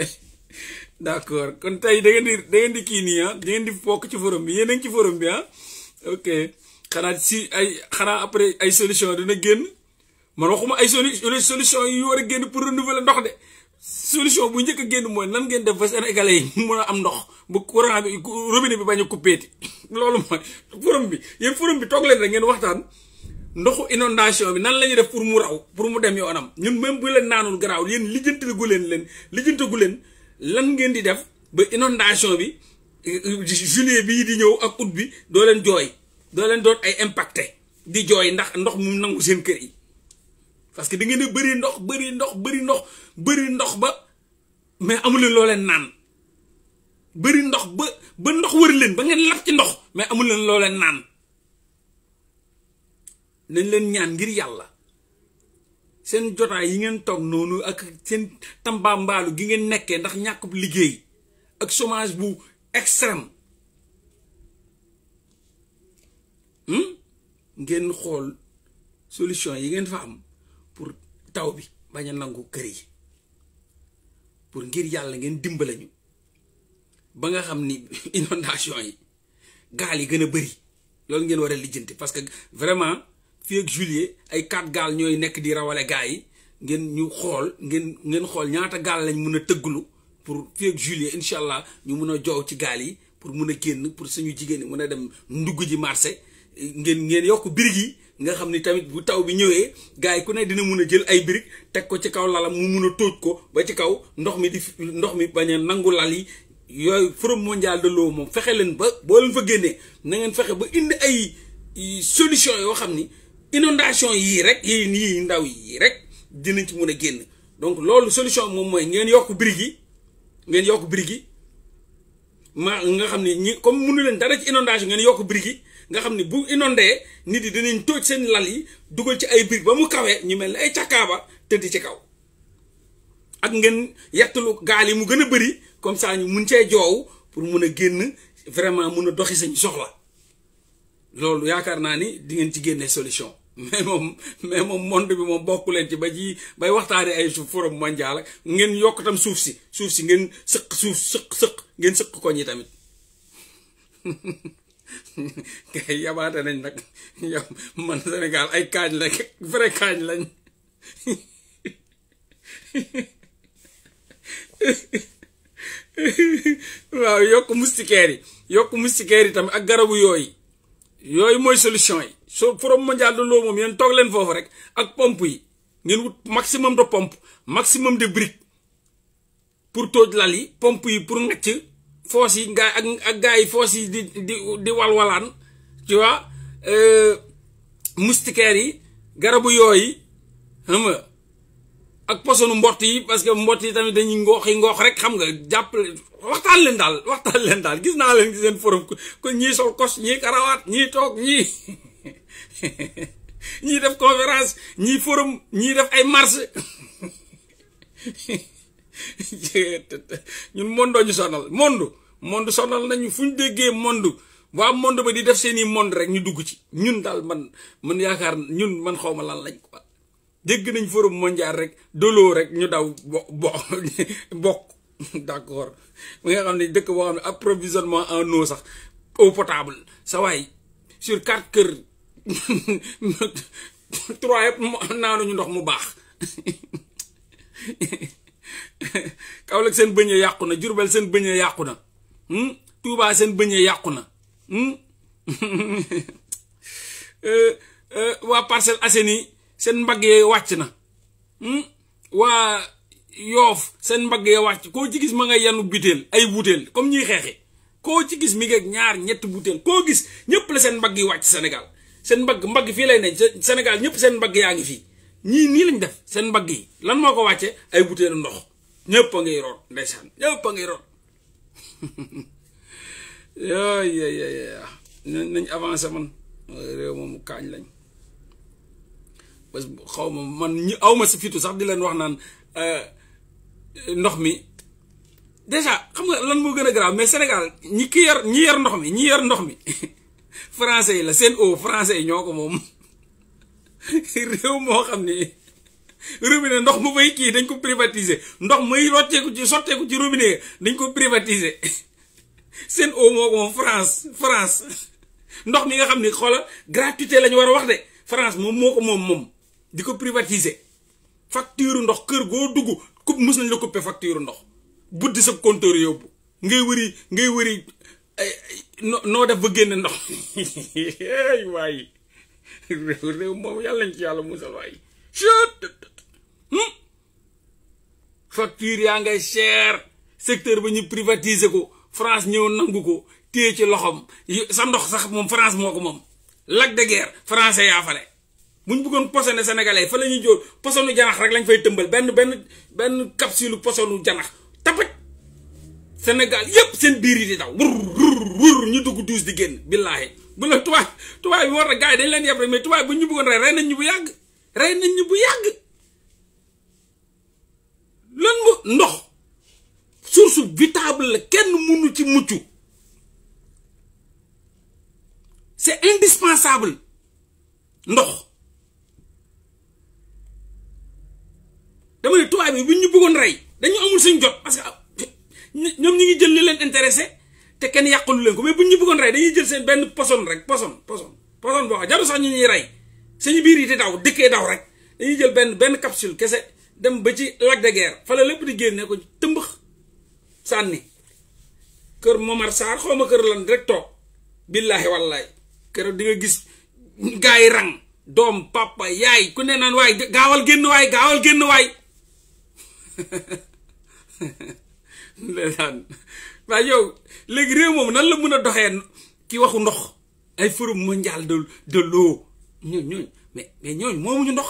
d' accord kon tey da ngeen di da ngeen di kii nii ah da di bokk ci forum bi yéen a ngi ci forum bi ah ok xanaa si ay xanaa après ay solution dina génn man waxuma ay solution yi war a génn pour renouveler ndox de solution bu njëkk génn mooy nan ngeen def ba Sénégalais yi (laughs) mën a am ndox bu courant bi robinet bi bañ a coupéeti (laughs) loolu mooy forum bi yéen forum bi toog leen rek ngeen waxtaan ndoxu inondation bi nan la ñuy def pour mu raw pour mu dem yoonam ñun même bu leen naanul garaaw yéen lijjantagu leen leen lijjantagu leen. lan ngeen di def ba inondation bi juillet bii di ñëw ak août bi doo leen jooy doo leen doon ay impacté di jooy ndax ndox mu nangu seen kër yi parce que da ngeen di bëri ndox bëri ndox bëri ndox bëri ndox ba mais amuleen loo leen naan bëri ndox ba ba ndox wër leen ba ngeen lap ci ndox mais amul amuleen loo leen naan nañ leen ñaan ngir yàlla seen jotaay yi ngeen toog noonu ak seen tambaambaalu gi ngeen nekkee ndax ñàkkub liggéey ak somage bu extrême hmm? ngeen xool solution yi ngeen fa am pour taw bi bañ a nangu kër yi pour ngir yàlla ngeen dimbale ñu ba nga xam ni (laughs) inondation yi gaal yi gën a bëri loolu ngeen war a lijjanti parce que vraiment fii ak juillet ay quatre gaal ñooy nekk di rawale gaay yi ngeen ñu xool ngeen ngeen xool ñaata gaal lañ mun a tëgglu pour fii ak juillet incha allah ñu mën a joow ci gaal yi pour mun a génn pour suñu jigéen ñi mën a dem ndugg ji marché ngeen ngeen yokk birig yi nga xam ni tamit bu taw bi ñëwee gars yi ku ne dina mun a jël ay birig teg ko ci kaw lalam mu mun a tooj ko ba ci kaw ndox mi di ndox mi bañ a nangu lal yi yooyu forum mondial de l'eau moom fexe leen ba boo leen fa génnee na fexe ba indi ay solution yoo xam ni inondation yii rek yii nii ndaw yii rek dinañ ci mun a génn donc loolu solution moom mooy ngeen yokk briques yi ngeen yokk briques yi ma nga xam ne ñi comme munu leen dara ci inondation ngeen yokk briques yi nga xam ni bu inondé nit yi dinañ tooj seen lal yi dugal ci ay briques ba mu kawee ñu mel ni ay càkkaaba tëdd ci kaw ak ngeen yettalu gaal yi mu gën a bëri comme ça ñu mun cee joow pour mun a génn vraiment mun a doxi sañ soxla loolu yaakaar naa ni dingeen ci génne solution mais moom mais moom monde bi moom bokk leen ci ba ji bay waxtaane ay suuf forum mondial ak ngeen yokk tam suuf si suuf si ngeen sëq suuf sëq sëq ngeen sëq ko ñi tamit (laughs) kay yabaate nañ nag yow man Sénégal ay kaañ lañ vrai kaañ lañ (laughs) waaw yokk moustiquaire yi yokk moustiquaire yi tamit ak garabu yooyu yooyu mooy solution yi so forum mondial de l'eau moom yéen toog leen foofu rek ak pompe yi ngeen wut maximum de pompe maximum de briques pour tóoj lal yi pompe yi pour ngacc foos yi gaa ak gaa yi foos yi di di di walwalaan tu vois euh, moustiquaires yi garabu yooyu xam ak posonu mbott yi parce que mbott yi tamit dañuy ngoox yi ngoox rek xam nga japp waxtan len dal waxtan len dal gis na len ci sen forum ko ñi sol kos ñi karawat ñi tok ñi (laughs) ñi def conférence ñi forum ñi def ay marche (laughs) ñun mondo ñu sonal mondo mondo sonal nañu fuñ déggé mondo wa mondo ba di def seni monde rek ñu dugg ci ñun dal man man yaakar ñun man xawma lan lañ ko dégg nañ forum mondial rek doloo rek ñu daw bo bo (laughs) bokk d'accord mi nga xam ne dëkk boo xam ne approvisionnement en eau sax eau potable sa waay sur quatre kër (laughs) trois yëpp naanuñu ndox mu baax (laughs) Kaolack seen bëñ yàqu na Jurbel seen bëñ yàqu na hmm? Tuubaa seen bëñ yàqu na hmm? euh, euh, waa Parcelles Assainies seen mbagg yee wàcc na hmm? waa yoof seen mbagg yee wàcc koo ci gis ma nga yanu butéel ay butéel comme ñuy xeexi koo ci gis mi ngeeg ñaar ñetti butéel koo gis ñëpp la seen mbagg yi wàcc senegal seen mbagg mbagg fii lay ne Sénégal ñëpp seen mbagg yaa ngi fii ñii nii lañ def seen mbagg yi lan moo ko wàcce ay butéelu ndox ñëpp a ngay root ndeysaan ñëpp a ngay root yo yo yo nañ man réew moomu kaañ lañ parce xaw ma man ñi awma si fitu sax di leen wax naan euh, ndox mi déjà xam nga lan moo gën a grave mais Sénégal ñi ki yar ndox mi ñi yar ndox mi (laughs) français yi la seen eau français yi ñoo ko moom (laughs) réew moo xam ni robinet ndox mu may kii dañ ko privatiser ndox may rotteeku ci sotteeku ci robinet dañ ko privatiser (laughs) seen eau moo ko France France ndox mi nga xam ni xoola gratuité lañu war a wax de France moom moo ko moom moom di ko privatisé facture ndox kër goo dugg ku mus nañ la couper facture ndox buddi sa compteur yóbbu ngay wëri ngay wëri noo def ba génn ndox (laughs) waaye réew réew moom yàlla nañ ci yàlla musal hmm? yaa ngay cher secteur ba ñu privatisé ko France ñëw nangu ko téye ci loxoom sa ndox sax moom France moo ko moom lac de guerre français yaa fale bu ñu bëggoon posone sénégalais fa la ñuy jóor posonu janax rek lañ fay tëmbal benn benn benn capsule posonu janax tapat sénégal yépp seen biir yi di daw wur wur ñu dugg duus di génn billaahi bu la tubaab tubaab bi moo tax gars yi dañ leen yeb rek mais tubaab bu ñu bëggoon rey rey nañ ñu bu yàgg rey nañ ñu bu yàgg lan mu ndox source vitable la kenn mënu ci mucc c'est indispensable ndox dama ne tubaab bi buñ ñu bëggoon rey dañu amul suñ jot parce que ñoom ñu ngi jël li leen intéressé te kenn yàqalu leen ko mais buñ ñu bëggoon rey dañuy jël seen benn poson rek poson poson poson boo xam jaru sax ñu ñuy rey suñu biir yi di daw dëkkee daw rek dañuy jël benn benn capsule kese dem ba ci lac de guerre lépp di génnee ko tëmbax sànni kër Momar Sarr xaw ma kër lan rek toog billaahi wallahi kër di nga gis gaay rang doom papa yaay ku ne naan waay gaawal génn waay gaawal génn waay (laughs) ndeysaan waaye yow léegi réew moom nan la mën a doxee ci waxu ndox ay forum mondial de de l'eau ñooñ ñooñ mais mais ñooñ moomuñu ndox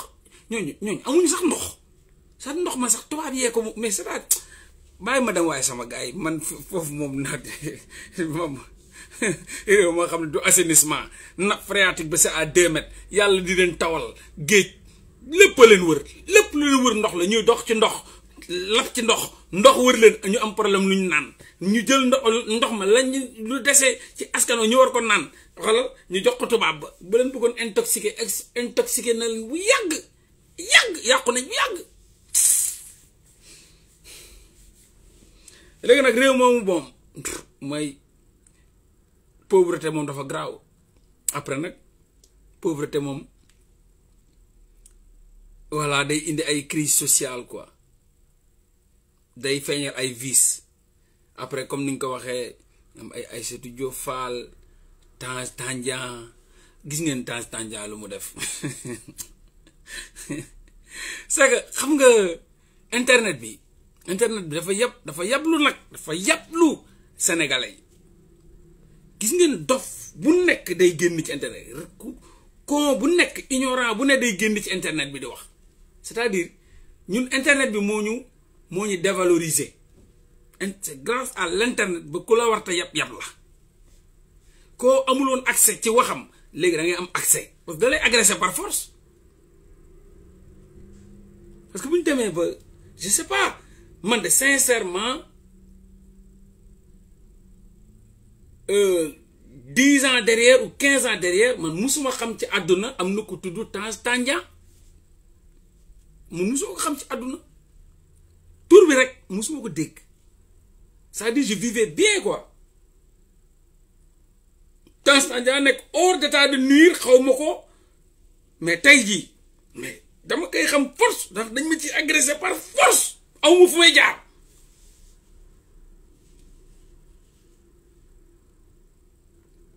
ñooñ ñooñ amuñu sax ndox sax ndox ma sax tubaab yee ko mais c'est vrai bàyyi ma dem waaye sama gars yi man foofu moom (laughs) na moom (laughs) réew moo xam ne du assainissement nappe phréatique ba c'est à deux yàlla di leen tawal géej lépp a leen wër lépp lu leen wër ndox la ñuy dox ci ndox laf ci ndox ndox war leen ñu am problème lu ñu naan ñu jël ndox ndox ma lañ lu desee ci askan ñu war ko naan xoolal ñu jox ko tubaab ba bu leen bëggoon intoxiqué ex intoxiqué na leen bu yàgg yàgg yàqu nañ bu yàgg. léegi nag réew moom boom mooy pauvreté moom dafa graaw après nag pauvreté moom voilà day indi ay crise sociale quoi. day feñal ay vis après comme ni nga ko waxee am ay ay jo faal Tange tanja gis ngeen Tange tanja lu mu def (laughs) c'est que xam nga internet bi internet bi dafa yeb dafa lu nak dafa lu sénégalais gis ngeen dof bu nek day genn ci internet ko bu nek ignorant bu ne day genn ci internet bi di wax c'est-à-dire ñun internet bi moñu Je suis dévaloriser c'est grâce à l'internet ba kula la warta yab yab la accès ci waxam légui da ngay am accès parce que da lay agresser par force parce que bu ñu ba je sais pas man de sincèrement 10 euh, ans derrière ou 15 ans derrière man musuma xam ci aduna am na ko tudd Tange mu musuma ko xam ci aduna tour bi rek musuma deg ça dit je vivais bien quoi Tanzania nekk hors d'état de nuire xaw mais tey jii mais dama kay xam force ndax dañ ma ci agresser par force aw ma fu may jaar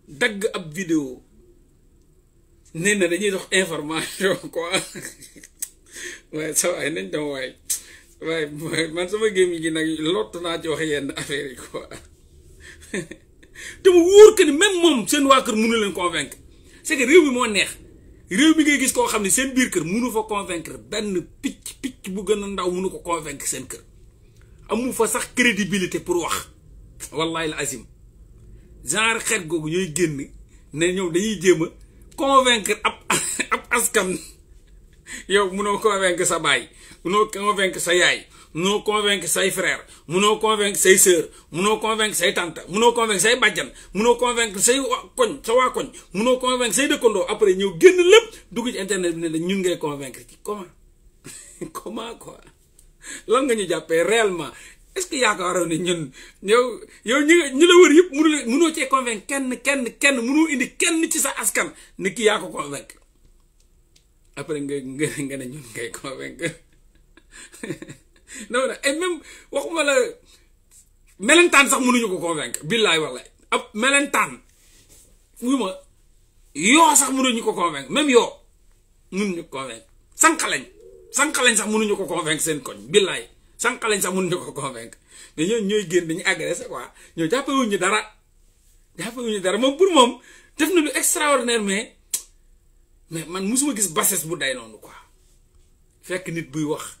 dagg ab vidéo nee dañuy dox information quoi waaye (laughs) sa waay nañ dama waay waaye man sama gémmiñ gi nag lott naa ci wax yenn affaire yi quoi (laughs) te mu wóor que ni même moom seen waa kër mënu leen convaincre c'est que réew mi moo neex réew mi ngay gis koo xam ne seen biir kër mënu fa convaincre benn picc picc bu gën a ndaw mënu ko convaincre seen kër amu fa sax crédibilité pour wax wallahi la azim genre xeet googu ñooy génn ne ñoom dañuy jéem a convaincre ab (laughs) ab askan yow mënoo convaincre sa baay munoo convaincre sa yaay munoo convaincre say frère munoo convaincre say sœur munoo convaincre say tante munoo convaincre say bàjjan munoo convaincre say koñ sa waa koñ munoo convaincre say dëkkandoo après ñëw génn lépp dugg ci internet bi ne ñun ngay convaincre ci comment (laughs) nga ñu jàppee réellement est-ce que yaakaaroon ne ñun yow ñu ñu la yëpp mënul mënoo cee convaincre kenn kenn kenn mënoo indi kenn ci sa askan ne ki yaa ko après nga nga ne ñun ngay convaincre non non et waxuma la melentaan sax mënuñu ko convaincre billaay wallaay ab melentaan wu ma yoo sax mënuñu ko convaincre même yoo mënuñu ko convaincre sax mënuñu ko convaincre seen koñ billaay sànq sax mënuñu ko convaincre mais ñooñu ñooy génn dañuy agressé quoi ñoo jàppewuñ ñu dara jàppewuñ ñu dara moom pour moom def na lu extraordinaire mais mais man musuma gis bassesse bu day noonu quoi fekk nit buy wax.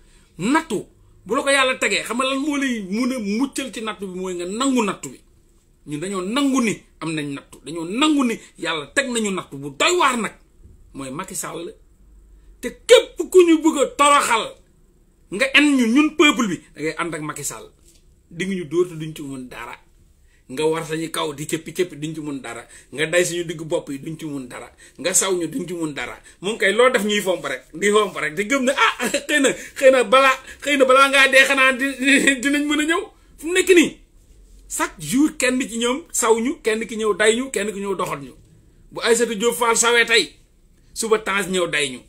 nattu bu la ko yàlla tegee xamal nga lan moo lay mun a muccal ci nattu bi mooy nga nangu nattu bi ñu dañoo nangu ni am nañ nattu dañoo nangu ni yàlla teg nañu nattu bu doy waar nag mooy Macky Sall te képp ku ñu bugg a toroxal nga en ñu ñun peuple bi da ànd ak Macky Sall di ñu dóor te duñ ci mën dara. nga war sañu kaw di cëppi cëppi duñ ci mun dara nga day suñu digg bopp yi duñ ci mun dara nga saw ñu duñ ci mun dara mu ngi koy loo def ñuy fomp rek di fomp rek di gëm ne ah (laughs) xëy na xëy na balaa xëy na balaa ngaa dee xanaa di dinañ mën a ñëw fu nekk nii chaque jour kenn ci ñoom saw kenn ki ñëw day ñu kenn ki ñëw doxal ñu bu Aïssatou Diop Fall sawee tey suba temps ñëw day ñu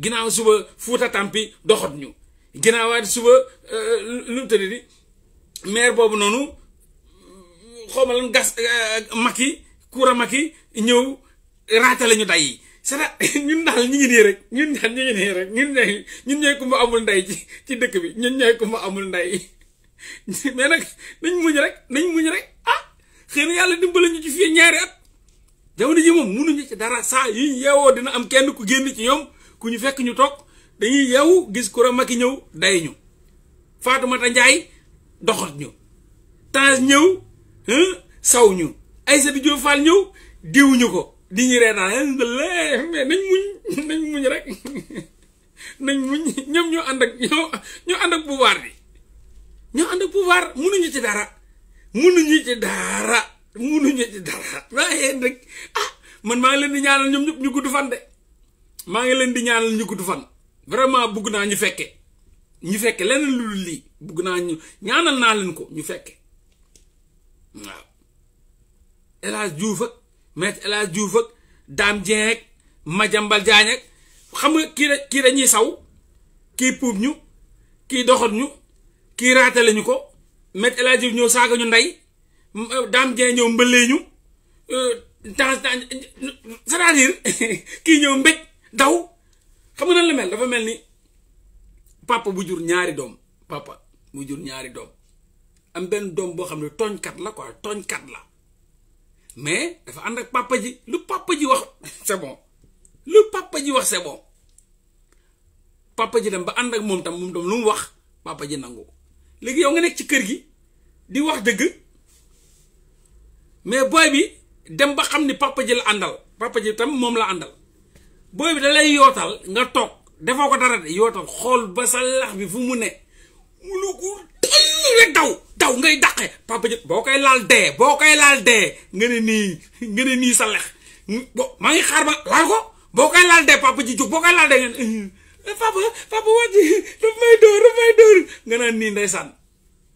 ginnaaw suba Fuuta Tampi doxat ñu ginnaawaati suba euh, lu mu tëdd di maire boobu noonu. xaw ma lan gas euh, euh, Macky Koura Macky ñëw raatale ñu day yi cest à (laughs) ñun daal ñu ngi nii rek ñun daal ñu ngi nii rek ñun ñooy ñun ñooy ku ma amul nday ci dëkk bi ñun ñooy ku ma amul nday (laughs) mais nag nañ muñ rek nañ muñ rek ah xëy na yàlla dimbale ñu ci fii ñaari at jamono ji moom mënuñu ci dara saa yi ñu yeewoo dina am kenn ku génn ci ñoom ku ñu fekk ñu toog dañuy yeewu gis Koura Macky ñëw day ñu Fatoumata Ndiaye doxat ñu Tange ñëw saw ñu Aïssatou Diop Fall ñëw diwuñu ko di ñu reetaan mais nañ muñ rek nañ muñ (laughs) ànd ak ñoo ànd ak pouvoir bi ñoo ànd ak pouvoir ci dara munuñu ci dara munuñu ci dara waaye rek ah, man maa ngi leen di ñaanal ñoom ñëpp ñu gudd fan maa ngi leen di ñaanal ñu gudd vraiment bugg naa ñu fekke ñu fekke leneen lu lii bugg naa ñu ñaanal naa leen ko ñu fekke waaw El Hadj Diouf ak maître El Hadj Diouf ma jàmbal Dieng xam nga kii kii dañuy saw kii puub ñu kii doxat ñu kii raatale ñu ko met El Hadj Diouf ñëw saaga ñu ndey euh, Dame Dieng ñëw mbëlee ñu temps cest à kii ñëw mbéj daw xam nga nan la mel dafa mel ni papa bu jur ñaari doom papa bu jur ñaari doom am ben dom bo xamne togn kat la quoi kat la mais dafa and ak papa ji lu papa ji wax (laughs) c'est bon lu papa ji wax c'est bon papa ji dem ba and ak mom tam mom dom lu mu wax papa ji nangu legui yow nga nek ci kër gi di wax deug mais boy bi dem ba xamni papa ji la andal, papa ji tam mom la andal boy bi dalay yotal nga tok defoko dara yotal xol ba sa lakh bi fu mu ne mu lu wet daw daw ngay daqe papa jë boo koy laal dee boo koy laal dee nga nii nga nii sa lex maa ngi xaar ba laal boo koy laal dee papa ji jóg boo koy laal dee ngeen eh, eh, papa daf may dóor daf may dóor nga naan nii ndeysaan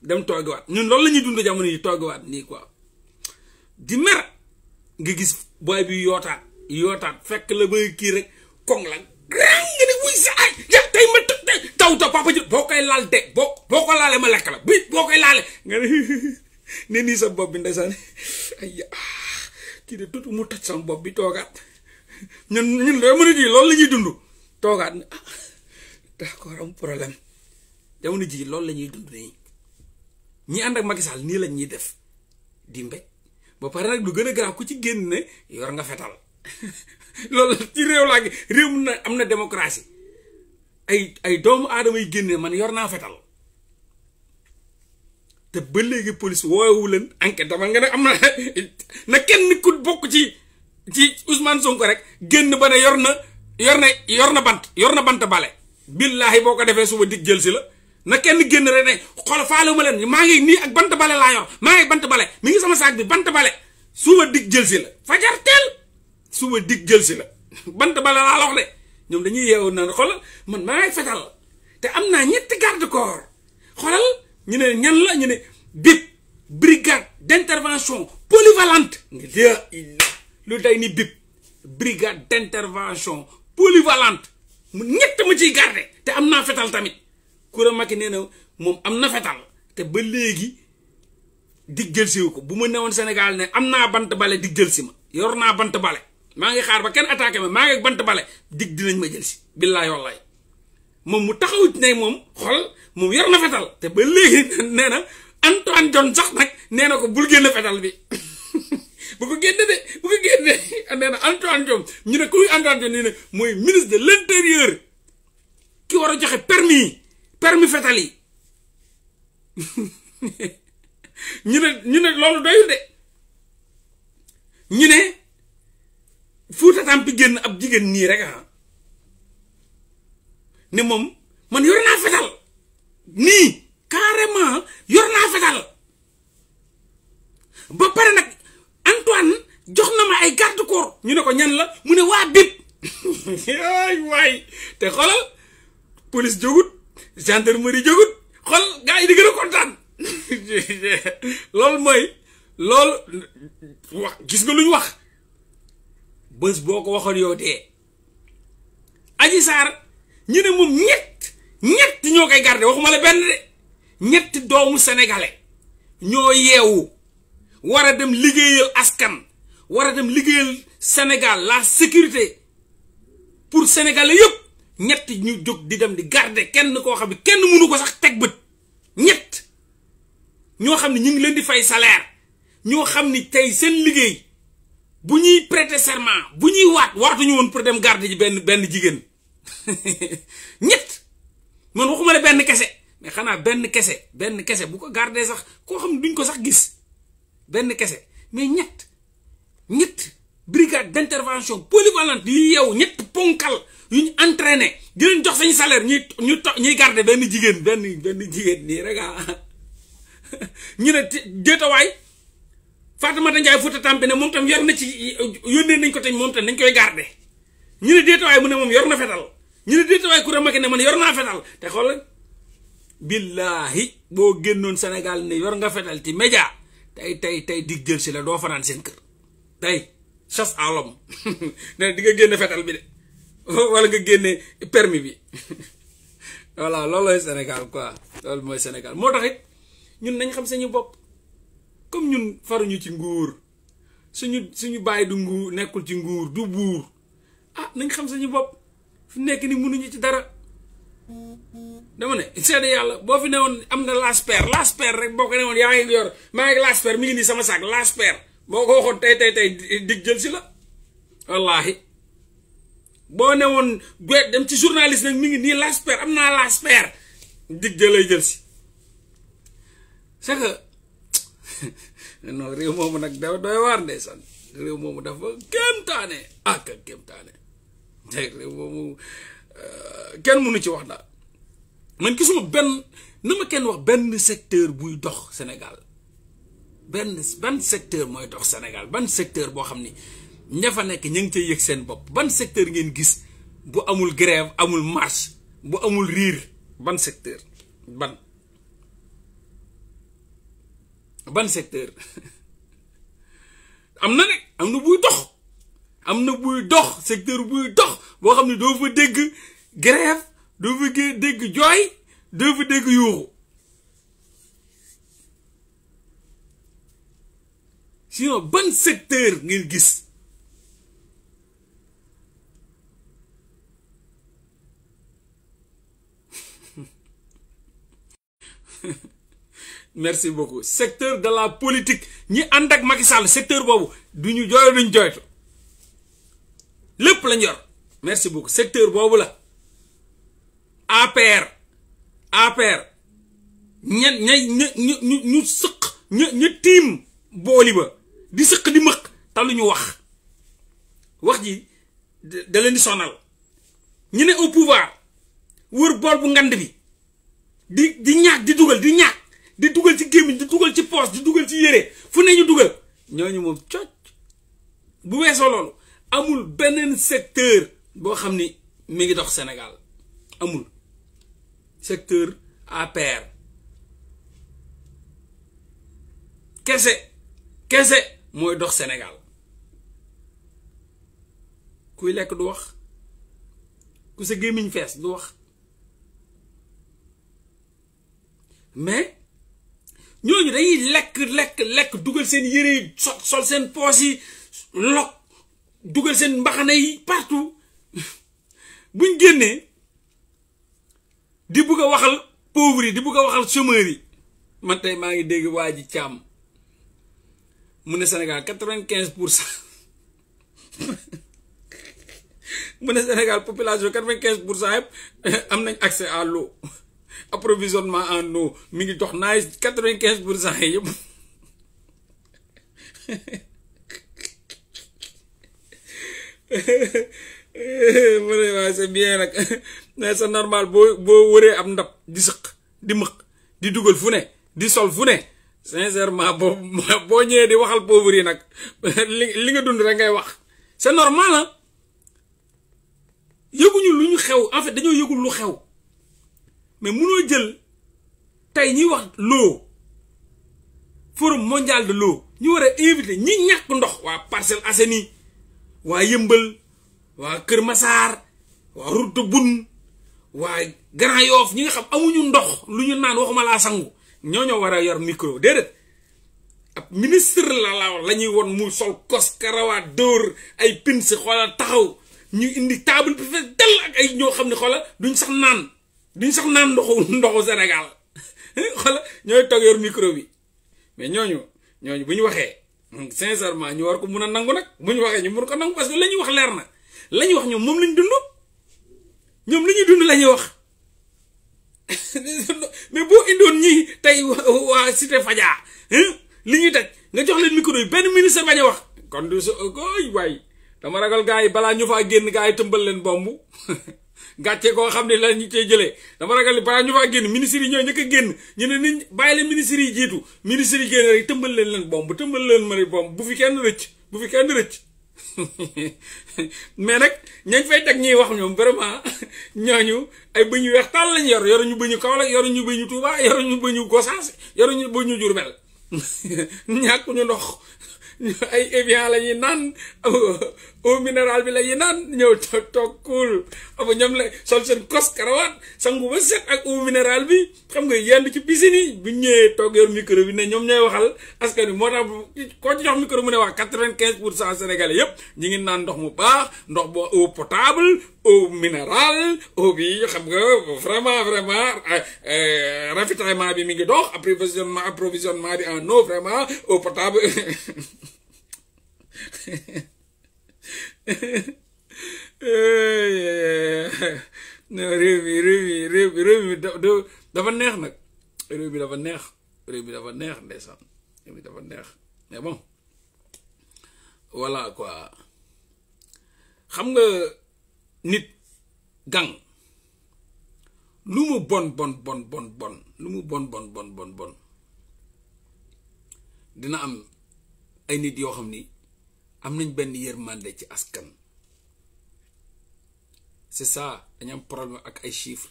dem toogiwaat ñun loolu la ñuy dund jamono yi toogiwaat nii quoi di mer nga gis booy bi yootaat yootaat fekk la ba kii rek koŋ la rang nga wisa, wuy sa ay yaa tey ma taw taw papa jël boo koy laal de boo boo ko laalee ma lekk la bi boo koy nga ne ne sa bopp bi ndeysaan ay kii de tutu mu toj sama bopp bi toogaat ñun ñun de mënu ji loolu la ñuy dund ne ah d'accord am problème jamono ji loolu la ñuy (laughs) ni ñi ànd ak Macky Sall nii la def di ba lu ku ci yor nga loolu si réew laa réew mun na am na démocratie ay ay doomu aadama yi génne man yor naa fetal te ba léegi police woowu leen enquête dama nga ne am na na kenn ku bokk ci ci Ousmane Sonko rek génn ba ne yor na yor na yor na bant yor na bant bale billaahi boo ko defee suba dig jël si la na kenn génn rek na xool faalewu ma leen maa ngi nii ak bant bale laa yor maa ngi bant bale mi ngi sama saak bi bant bale suba dig jël si la fajar teel suba dig jël si la bant bala laa lox ñoom dañuy yeewu naan xoolal man maa ngi fetal te am naa ñetti garde corps ñu ne ñan la ñu ne bip brigade d'intervention polyvalente nga dé ah, lu day d'intervention polyvalente mu ñett ma ciy te am naa fetal tamit Koura Macky nee na moom am na fetal te ba léegi dig jël siwu ko bu ma newoon Sénégal ne am naa bant bale dig jël si ma yor naa bant bale maa ngi xaar ba kenn attaque ma maa ngi bant bale dig dinañ ma jël si billaay wallaay moom mu taxaw ne moom xol moom yor na fetal te ba léegi (laughs) nee na Antoine John sax nag nee na ko bul génn fetal bi (laughs) bu ko génne de bu ko génne (laughs) ah, nee na Antoine John ñu ne kuy Antoine John ñu ne mooy ministre de l'intérieur ki war a joxe permis permis fetal ñu ne ñu ne loolu doyul de ñu ne. tam tampi genn ab jigen ni rek ha ah. ne mom man yor fetal ni carrément yorna fetal ba paré nak Antoine joxna ma ay garde corps ñu ne ko ñan la mu ne wa bip (laughs) ay way te xolal police jogut gendarmerie jogut xol gaay yi di gëna contane (laughs) lol moy lol gis nga lu wax bés boo ko waxoon yow dee Adji Sarr ñu moom ñett ñett ñoo koy garde waxuma la benn de ñetti doomu sénégalais ñoo yeewu war a dem liggéeyal askan war a dem liggéeyal senegal la sécurité pour sénégalais yëpp ñett ñu jóg di dem di garde kenn koo xam ne kenn mënu ko sax teg bët ñett ñoo xam ne ñu ngi leen di fay salaire ñoo xam ni tey seen liggéey bu ñuy prêter serment bu ñuy waat waatuñu woon pour dem garde ji benn benn jigéen (laughs) ñett man waxuma ne benn kese mais xanaa benn kese benn kese bu ko garder sax koo xam ne duñ ko sax gis benn kese mais ñett ñett brigade d'intervention polyvalente yi yow ñett ponkal yu ñu entraîné di jox sañ salaire ñuy ñu to ñuy garder benn jigéen benn benn jigéen nii rek ah (laughs) ñu ne déetawaay Fatoumata Ndiaye futa tambe ne mom tam yor na ci yónnee nañ ko te mom tam nañ koy garder ñu ne way mu ne mom yor na fetal ñu ne way ku Macky ne man yor naa fetal te xool billahi bo gennon senegal ne yor nga fetal ti media tay tay tay dig jël si la do fanan sen keur tay chasse à l'homme (laughs) ne diga genn fetal bi de (laughs) wala nga genné permis bi (laughs) voilà lolo senegal quoi lolo moy senegal motaxit ñun nañ xam sañu bop comme ñun faruñu ci nguur suñu suñu baye du nguur nekkul ci nguur du bur ah nañ xam suñu bop fi nekk ni mënuñu ci dara dama ne sédé yalla bo fi néwon am nga lasper lasper rek boko néwon yaay ngi yor ma ngi lasper mi ngi ni sama sak lasper boo ko waxoon tay tay tay dig jël ci la wallahi bo néwon gwe dem ci journaliste nak mi ngi ni lasper am lasper dig jëlay jël si c'est (laughs) non réew moomu nag dafa doy waar ndeysaan réew moomu dafa kéemtaane ak kéemtaane te réew moomu euh, kenn mënu ci wax daal man gisuma benn na ma kenn wax benn secteur buy dox Sénégal benn ban secteur mooy dox Sénégal ban secteur boo xam ni ña nekk ña ngi cay yëg seen bopp ban secteur ngeen gis bu amul grève amul marche bu amul riir ban secteur ban ban secteur amna na ne am buy dox amna buy dox secteur buy dox bo xamni do fa dégg grève do fa dégg joy do fa dégg yuuxu sinon ban secteur ngeen gis merci beaucoup secteur de la politique ñi and ak Macky Sall secteur bobu duñu joy jooy duñ joytu lepp la ñor merci beaucoup secteur bobu la APR APR ña ña ñu ñu ñu sëq ña ña tiim ba di sëq di mëkk ta luñu wax wax ji da leen di sonal ñu ne au pouvoir wër bool bu ngand bi di di ñaak di duggal di ñaak di dugal ci gemi di dugal ci poste di dugal ci yéré fu ne ñu dugal ñooñu moom cocc bu wéso loolu amul benen secteur bo xamni ni mi ngi dox Sénégal amul secteur APR kese kese moy dox Sénégal kuy lekk du wax ku sa gemiñ fess du wax mais ñooñu dañuy lekk lekk lekk dugal seen yére yi sol sol seen poos yi lok dugal seen mbaxana yi partout (laughs) buñ génnee di bugg a waxal pauvre yi di bugg a waxal chômeur yi man maa ngi dégg waa ji càmm mu ne Sénégal quatre-vingt-quinze pour cent (laughs) mu ne Sénégal population quatre-vingt-quinze pour cent yëpp (laughs) am nañ accès à l'eau approvisionnement en eau mi ngi dox naay quatre vingt quinze pour cent yëpp (laughs) mu ne waaye c'est bien nag mais c'est normal boo boo wëree am ndab di sëq di mëq di dugal fu ne di sol fu ne sincèrement boo boo ñëwee di waxal pauvre yi nag li li nga dund rek ngay wax c'est normal ah yëguñu lu ñu xew en fait dañoo yëgul lu xew mais mënoo jël tey ñi wax l'eau forum mondial de l'eau ñu war a invité ñi ñàkk ndox waa parcel aseni waa Yëmbal waa Kër Masaar waa Route bun Boune waa Grand Yoff ñi nga xam amuñu ndox lu ñu naan waxuma laa sangu ñoo ñoo war a yor micro déedéet ab ministre la la la won mu sol kos karawa door, ay pins xolal taxaw ñu indi table bi fa dal ak ay ñoo xamni xolal duñ sax naan di sax nan ndoxu ndoxu sénégal (laughs) xala ñooy toog yor micro bi mais ñooñu ñooñu bu ñu waxee sincèrement ñu war ko mun a nangu nag bu ñu waxee ñu mun ko nangu parce que la ñuy wax leer na la ñuy wax ñoom moom lañ dund ñoom li ñuy dund la ñuy wax (laughs) mais boo indoon ñi tey waa cité faja li ñuy teg nga jox leen micro yi ben ministre bañ wax kon du so koy dama ragal gars bala ñu faa génn gars yi leen (laughs) gatché koo xamné la ñu cee jëlé dama ragal ba ñu faa genn ministre ñoo ñëk genn ñu né niñ bayilé leen ministre yi jiitu ministre yi rek tëmbal leen leen bomb tëmbal leen mari bomb bu fi kenn rëcc bu fi kenn rëcc (laughs) mais nak ñañ fay teg ñuy wax ñom vraiment (laughs) ñoñu ay bëñ yu tal lañ yor yor yoruñu bëñu yor ñu bëñu Touba yor yoruñu bëñu Gossas yoruñu bëñu (laughs) ñak ñu ndox ay Evian eh, la ñuy naan eau oh, oh, minéral bi la ñuy naan ñëw toog toog kuul ab ñoom la sol seen kos karawaat sangu ba set ak eau minéral bi xam nga yenn ci piscine yi bu ñëwee toog yor micro bi ne ñoom ñooy waxal askan wi moo tax koo ci jox micro mu ne waa quatre-vingt-quinze pour cent sénégalais yëpp ñu ngi naan ndox mu baax ndox bu eau potable eau minérale eau bi xam nga vraiment vraiment euh, euh, ravitaillement bi mi ngi dox approvisionnement approvisionnement bi en no vraiment eau potable (laughs) réew mi réew mi réew dafa neex nag réew mi dafa neex réew mi dafa neex réew mi dafa neex mais bon voilà quoi xam nga. nit gang lu mu bon bon bon bon bon lu mu bon bon bon bon bon dina am ay nit yoo xam ni am nañ benn yërmande ci askan c'est ça dañu problème ak ay chiffres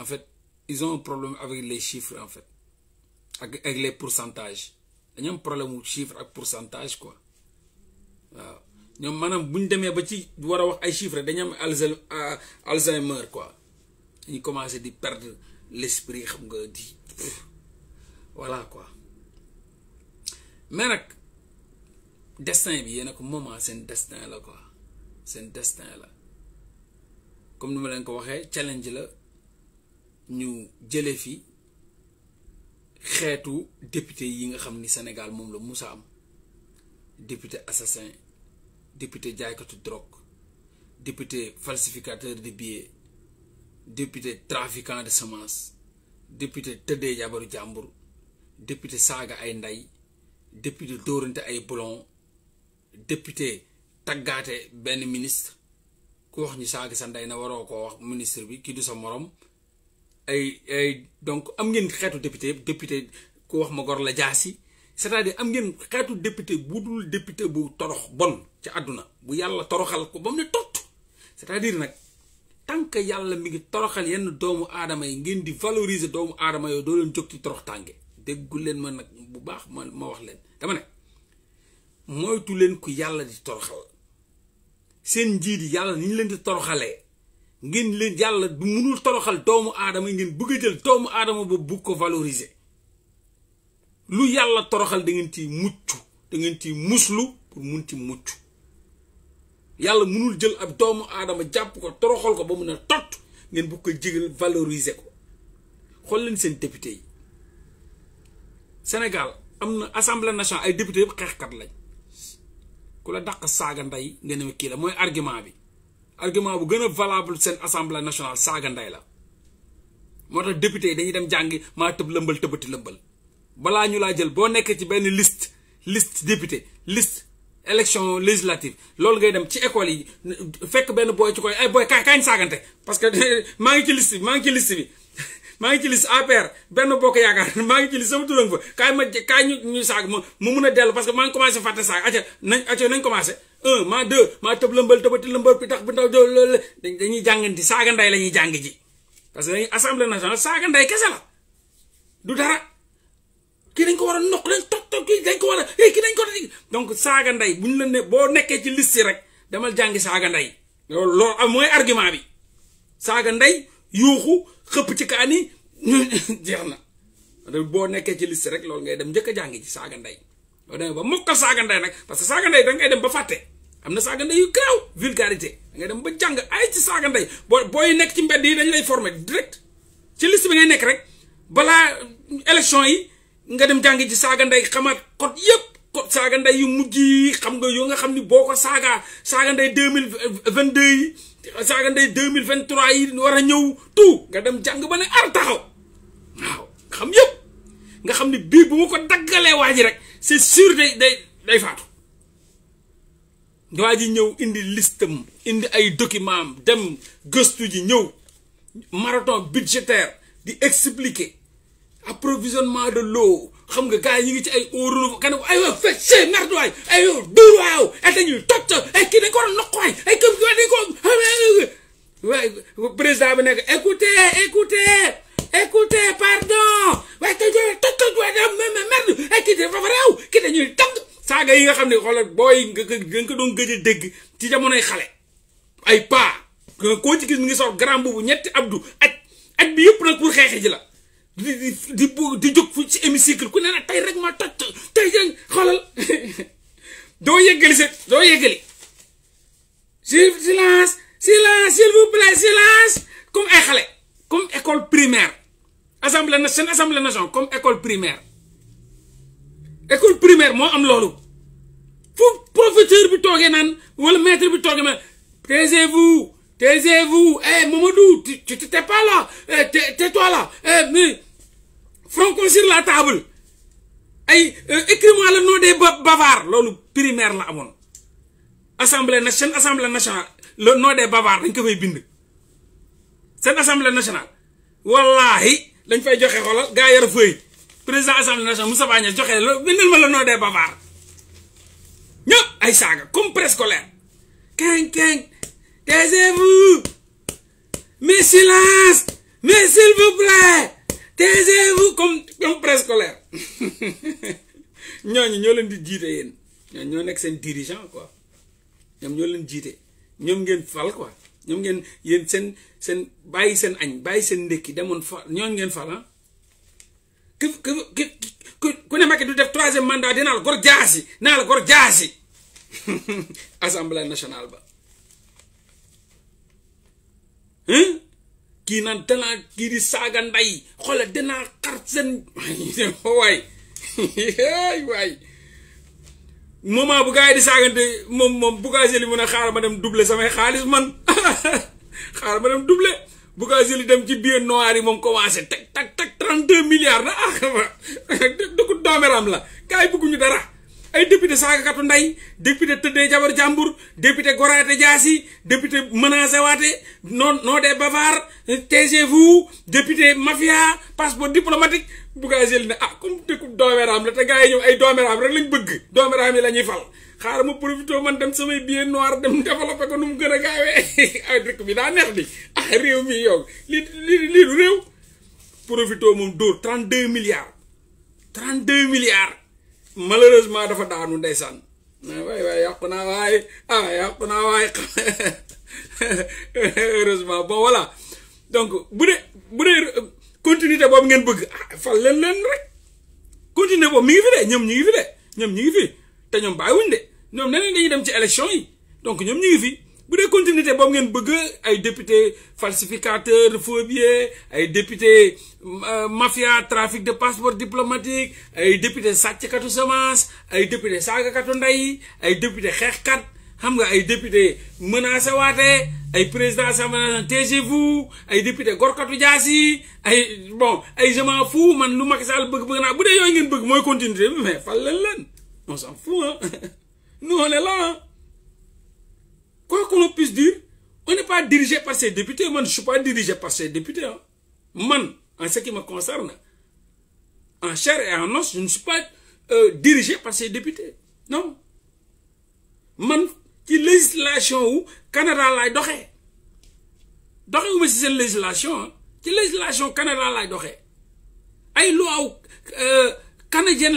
en fait ils on problème avec les chiffres en fait ak ak les pourcentages dañu problème wu chiffre ak pourcentage quoi waaw ñoom manam buñ démé ba ci wara wax ay chiffres euh, alzheimer quoi Il commencé di perdre l'esprit. xam nga voilà quoi mais nak destin bi un moment destin la quoi destin comme nous l'avons challenge nous ñu fi député yi Sénégal député assassin député jaaykatu drogue député falsificateur de billets député trafiquant de semences député Tede jabaru jambour député Saga ay député torrent ay député Tagate ben ministre est wax ministre saaga na ministre bi sa morom ay donc am a xeetu député député ku wax la c'est-à-dire am ngeen xeetu député bu dul député bu torox bon ci àdduna bu yàlla toroxal ko ba mu ne tott nag tant que yàlla mi ngi toroxal yenn doomu aadama yi ngeen di valoriser doomu aadama yooyu doo leen jóg tànge déggu leen ma nag bu baax ma ma wax leen dama ne moytu leen ku yàlla di toroxal seen njiit yàlla ni leen di toroxalee ngeen leen yàlla du munul toroxal doomu aadama yi ngeen bugg a jël doomu aadama ba bu ko valoriser lu yàlla toroxal da ngeen ciy mucc da ngeen ciy muslu pour mun ci mucc yàlla munul jël ab doomu aadama jàpp ko toroxal ko ba mun a tot ngeen bu ko jigal valoriser ko xool leen seen député yi Sénégal am na assemblée nationale ay député yëpp xeexkat lañ ku la dàq saaga ndey ngeen ne kii la mooy argument bi argument bu gën a valable seen assemblée nationale saaga ndey la moo tax député yi dañuy dem jàngi maa tëb lëmbal tëbati lëmbal balaa ñu laa jël boo nekkee ci benn liste list député liste élection législative loolu ngay dem ci école yi fekk benn booy ci koy ay booy kaay kaay ñu saagante parce que (laughs) maa ngi ci liste bi maa ngi ci liste (laughs) maa ngi ci liste APR benn bokk yaakaar (laughs) maa ngi ci liste sama turam fa kaay ma kaay ñu ñu saag ma ma mun a dellu parce que maa ngi commencé fàtte saag acca nañ acca nañ commencé un maa deux maa tëb lëmbal tëbati lëmbal bi bu ndaw loolu dañuy jànganti saaga nday la ñuy jàng ji parce que dañuy assemblée nationale saaga nday kese la du dara kii dañ ko war a nokk dañ toog toog kii ko war a eh, kii dañ ko donc saaga ndey bu ñu la ne boo nekkee ci liste rek demal jàngi saaga ndey loolu loolu mooy argument bi saaga ndey yuuxu ci kaani ñu (laughs) jeex na boo nekkee ci liste rek loolu ngay dem njëkk a jàngi ci saaga ndey boo demee ba mokkal saaga ndey nag parce que saaga ndey da ngay dem ba fàtte am na saaga ndey yu garaaw vulgarité dem ba jàng ay ci saaga ndey boo booy nekk ci mbedd yi dañ lay former direct ci liste bi ngay nekk rek balaa élection yi. nga dem jàng ji saaga ndey xamaat code yëpp code saaga ndey yu mujj xam nga yoo nga xam ni boo ko saaga saaga nday deux mille vingt deux yi saaga ndey deux mille vingt trois yi war a ñëw tout nga dem jàng ba ne ar taxaw waaw xam yëpp nga xam ni bii bu ma ko daggalee waa ji rek c'est sûr day day day faatu waa ñëw indi listam indi ay document am dem gëstu ji ñëw marathon budgétaire di expliquer approvisionnement de loo xam nga gars yi ngi ci ay eau renouvelable kan aywa fecc merde waay ay dañuy toj ay kii dañ ko war a noq waay ay kër dañ ko président bi nekk écoutez écoutez écoutez pardon waaye toj toj toj waay da merde ay kii dafa yi nga xam ne xoolal booy nga nga ko doon gëj dégg ci jamonoy xale ay koo ci gis mi boobu ñetti abdu aj aj bi yëpp nag pour xeexe ji la di di di di jóg fu ci hémicycle ku ne nag tey rek ma toj tey rek xoolal (laughs) doo yëggali sa doo yëggali silence silence s'il vous plaît silence comme ay xale comme école primaire assemblée na seen assemblée nationale comme école primaire école primaire moo am loolu fu professeur bi toogee naan wala maître bi toogee naan taisez-vous Taisez-vous. Eh, Momodou, tu t'es pas là. Eh, Tais-toi là. Eh, mais, Franco sur la table. Eh, écris-moi le nom des bavards. le primaire là, avant. Assemblée nationale, Assemblée nationale. Le nom des bavards, rien que vous C'est l'Assemblée nationale. Wallahi, lañ fay fait xolal gars yar feuille. Président Assemblée nationale, Moussa Bagnas joxe le venez ma le nom des bavards. Non ay saga comme préscolaire. Quin quin Taisez-vous Mais silence Mais s'il vous plaît Taisez-vous comme comme préscolaire Nous (laughs) leen Nous sommes tous les dirigeants. dirigeant quoi nous, leen nous, fal quoi sont nous, nous, nous, fal ah. mandat (laughs) assemblée nationale kii naan danaa kii di saaga nday xoola danaa xar seen (laughs) waay waay moment bu gars yi di saagante moom moom Bougazelli mun a xaaral ma dem duble samay xaalis man (laughs) xaaral ma dem double Bougazelli dem ci biir noir yi moom commencé teg teg teg trente deux milliards na ah (laughs) da ko doomeram la gars yi bëgguñu dara ay député saagakatu ndey député tëddee jabar jàmbur député goraate jaasi député menacé waate non non des bavards taisez-vous député mafia passeport diplomatique buggaa jël ne ah comme dëkku doomeraam la te gars yi ñoom ay doomeraam rek lañ bëgg doomeraam yi la ñuy fal xaaral ma profité man dem samay billet noir dem (laughs) développé ko nu mu gën a gaawee (laughs) ay dëkk bi daa neex di ah réew mi yow lii lii lii du réew profité moom dóor 32 milliards 32 malheureusement dafa daanu ndeysaan waay waay yàqu naa waay ah yàqu naa waay (laughs) heureusement bon voilà donc bu de bu dee euh, continuité boobu ngeen bëgg ah fal leen leen rek continuité boobu mi ngi fi de ñoom ñu ngi fi de ñoom ñu ngi fi te ñoom bàyyiwuñ de ñoom neneen dañuy dem ci élection yi donc ñoom ñu ngi fi bu dee continuité boobu ngeen bëgg ay député falsificateur phobie ay députés euh, mafia trafic de passeport diplomatique ay député sàcckatu semence ay député saga députés ay député xeexkat xam nga ay député les waate ay président assemblée taisez-vous ay député gorkatu Jasi. ay bon ay je m'en fous man lu sais pas bëgg bëgg vous bu vous ngeen bëgg continuité mais fal l'en on s'en fout hein, (laughs) nous on est là hein quoi qu'on puisse dire, on n'est pas dirigé par ces députés. Moi, je ne suis pas dirigé par ces députés. Hein. Moi, en ce qui me concerne, en chair et en os, je ne suis pas euh, dirigé par ces députés. Non. Man, qui législation où Canada laay Donc, législation qui hein. législation Canada laay doxee ay loi euh, canadienne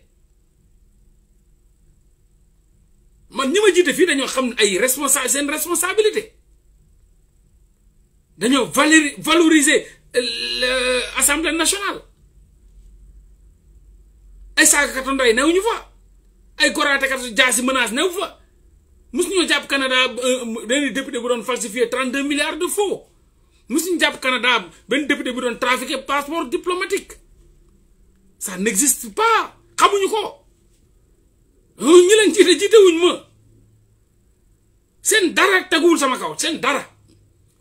man ñima jité fi dañu xam ay responsa seen responsabilité dañu valoriser euh, l'Assemblée nationale ay saagakatu ndey new ñu fa ay koraatekatu jasi menace new fa ñu japp Canada euh, benn député bu doon falsifier 32 milliards de faux ñu japp Canada Ben député bu doon trafiquer passeport diplomatique ça n'existe pas xamuñu ko Oh, ñu leen ci jiite wuñ ma seen dara teguwul sama kaw seen dara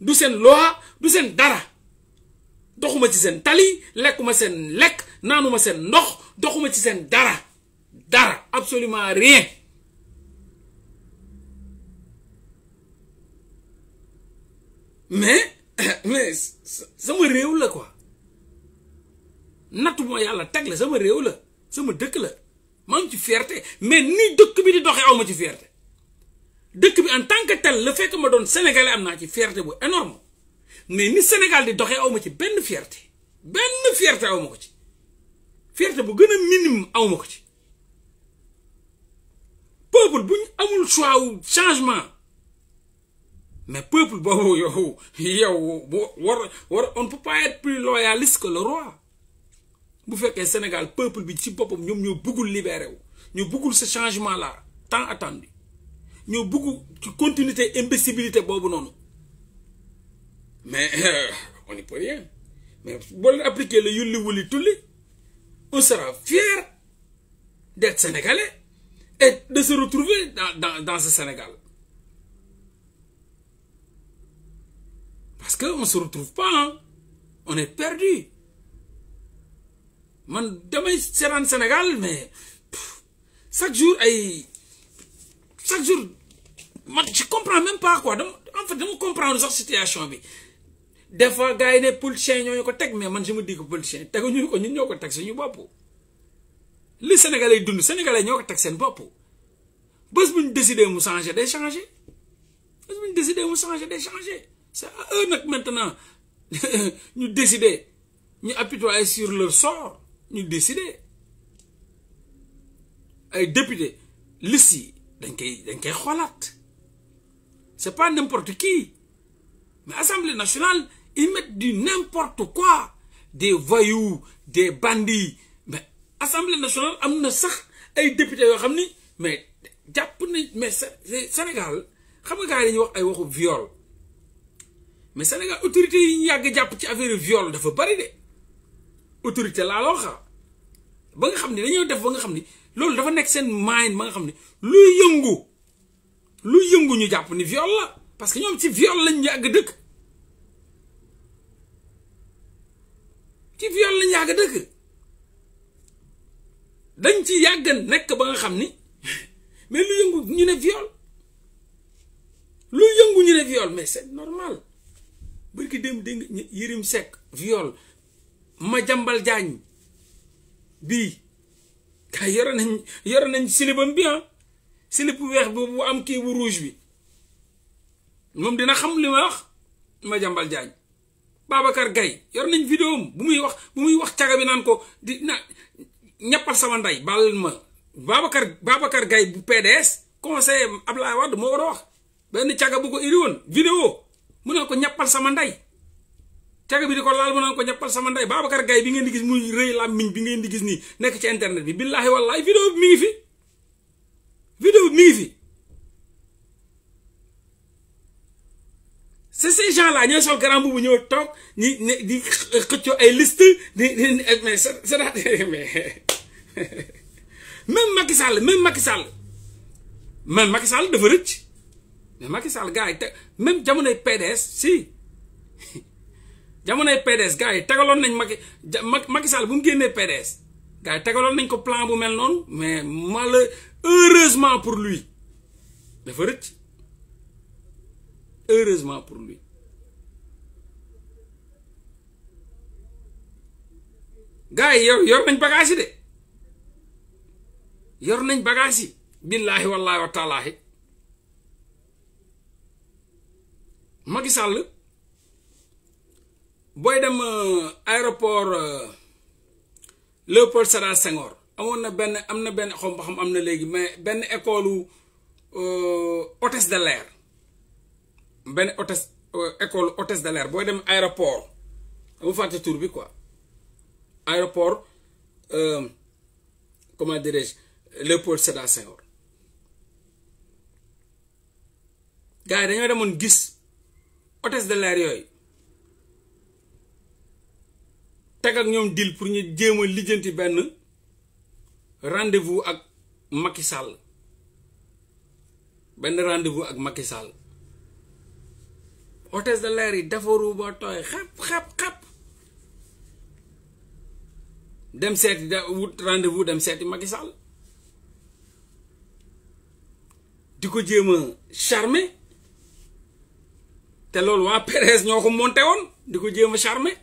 du seen loi du seen dara doxuma ci seen tali lekkuma seen lekk naanuma seen ndox doxuma ci seen dara dara absolument rien mais (coughs) mais sama réew la quoi natt mo yàlla teg la sama réew la sama dëkk la fierté mais ni dëkk bi di fierté en tant que tel le fait que ma donne sénégalais am fierté énorme mais ni Sénégal de doxee ci benn fierté benn fierté fierté bu minimum Le peuple bu choix changement mais peuple on ne peut pas être plus loyaliste que le roi que le Sénégal peuple bi ci boppam beaucoup ñoo bëggul libéré wu ñoo bëggul ce changement là tant attendu ñoo beaucoup de continuité et boobu mais euh, on n'y peut rien mais si on appliquer le yulli wuli tulli on sera fier d'être sénégalais et de se retrouver dans dans dans ce Sénégal parce que on se retrouve pas hein. on est perdu man damay seetaan Sénégal mais chaque jour ay chaque jour man je comprends même pas quoi dama en fait dama comprendre sax situation bi des fois gars yi ne politiciens ñoo ko mais man je me dis que politiciens teguñu ko ñun ñoko ko teg suñu bopp. li Sénégalais dund Sénégalais ñoko tek sen bop bëss bés décider mu changer day changer bés bu décider mu changer day changer c'est à eux nak maintenant (laughs) ñu décider ñu appuyer sur leur sort ñu décider ay député lici yi dañ koy dañ koy c'est pas n'importe qui mais assemblée nationale ils mettent du n'importe quoi des voyous des bandits mais assemblée nationale amna sax ay député yo xamni mais japp ni mais Sénégal xam nga gars yi wax ay waxu viol mais Sénégal autorité yi ñu yàgg jàpp ci affaire viol dafa bari de. autorité laa la wax ah. ba nga xam ne dañoo def ba nga xam ni loolu dafa nekk seen mind ba nga xam ne luy yëngu luy yëngu ñu jàpp ni viol la parce que ñoom ci viol lañ yàgg dëkk ci viol lañ yàgg dëkk dañ ci yàgg nekk ba nga xam ni (laughs) mais lu yëngu ñu ne viol lu yëngu ñu ne viol mais c'est normal bërki dem dégg Yérim Seck viol jàmbal Diagne bii gaa yore nañ yore nañ silibam bi ah silib bu weex bi bu am kii bu rouge bi moom dina xam li ma jàmbal Madiambal Diagne Babacar Gaye yor nañ vidéo am bu muy wax bu muy wax caga bi naan ko di na ñeppal sama ndey bàll ma Babacar Babacar Gaye bu PDS conseiller Abdoulaye moo war a wax benn caga bu ko iri woon vidéo mu ne ko ñeppal sama ndey tega bi di ko laal mu naan ko ñeppal sama nday Babacar gay bi ngeen di gis muy rëy miñ bi ngeen di gis nii nekk ci internet bi billahi wallahi vidéo bi mi ngi fi vidéo bi mi ngi fi c'est ces gens là ñoo sol grand bubu ñëw toog ñi di xëccoo ay liste di di eh, mais c'est-à-dire (laughs) (laughs) même Macky Sall même Macky Sall même Macky Sall dafa rëcc mais Macky Sall gars yi te même jamonoy PDS si (laughs) jamonoy PDS gars yi tegaloon nañ Macky Macky Sall bu mu génnee PDS gars yi tegaloon nañ ko plan bu mel noonu mais mal heureusement pour lui dafa rëcc heureusement pour lui gars yi yow yor nañ bagage yi de yor nañ bagage yi billaahi wallaahi wa taalaahi booy dem euh, aéroport euh, Léopold Sédar Senghor amoon na benn am na benn xom xam am na léegi mais benn école euh, hôtesse de l'air benn hôtesse école hôtesse de l'air booy dem aéroport dama fàtte tour bi quoi aéroport comment dirais-je Léopold Sédar Senghor gars yi dañoo demoon gis hôtesse de l'air yooyu teg ak ñoom dil pour ñu jéem a lijjanti benn rendez-vous ak Macky Sall benn rendez ak Macky Sall hôtesse de l'air yi defaru ba tooy xap xap dem seeti da wut rendez-vous dem seeti Macky Sall di ko jéem a charmer te loolu waa Pérez ñoo ko monté woon di ko jéem a charmer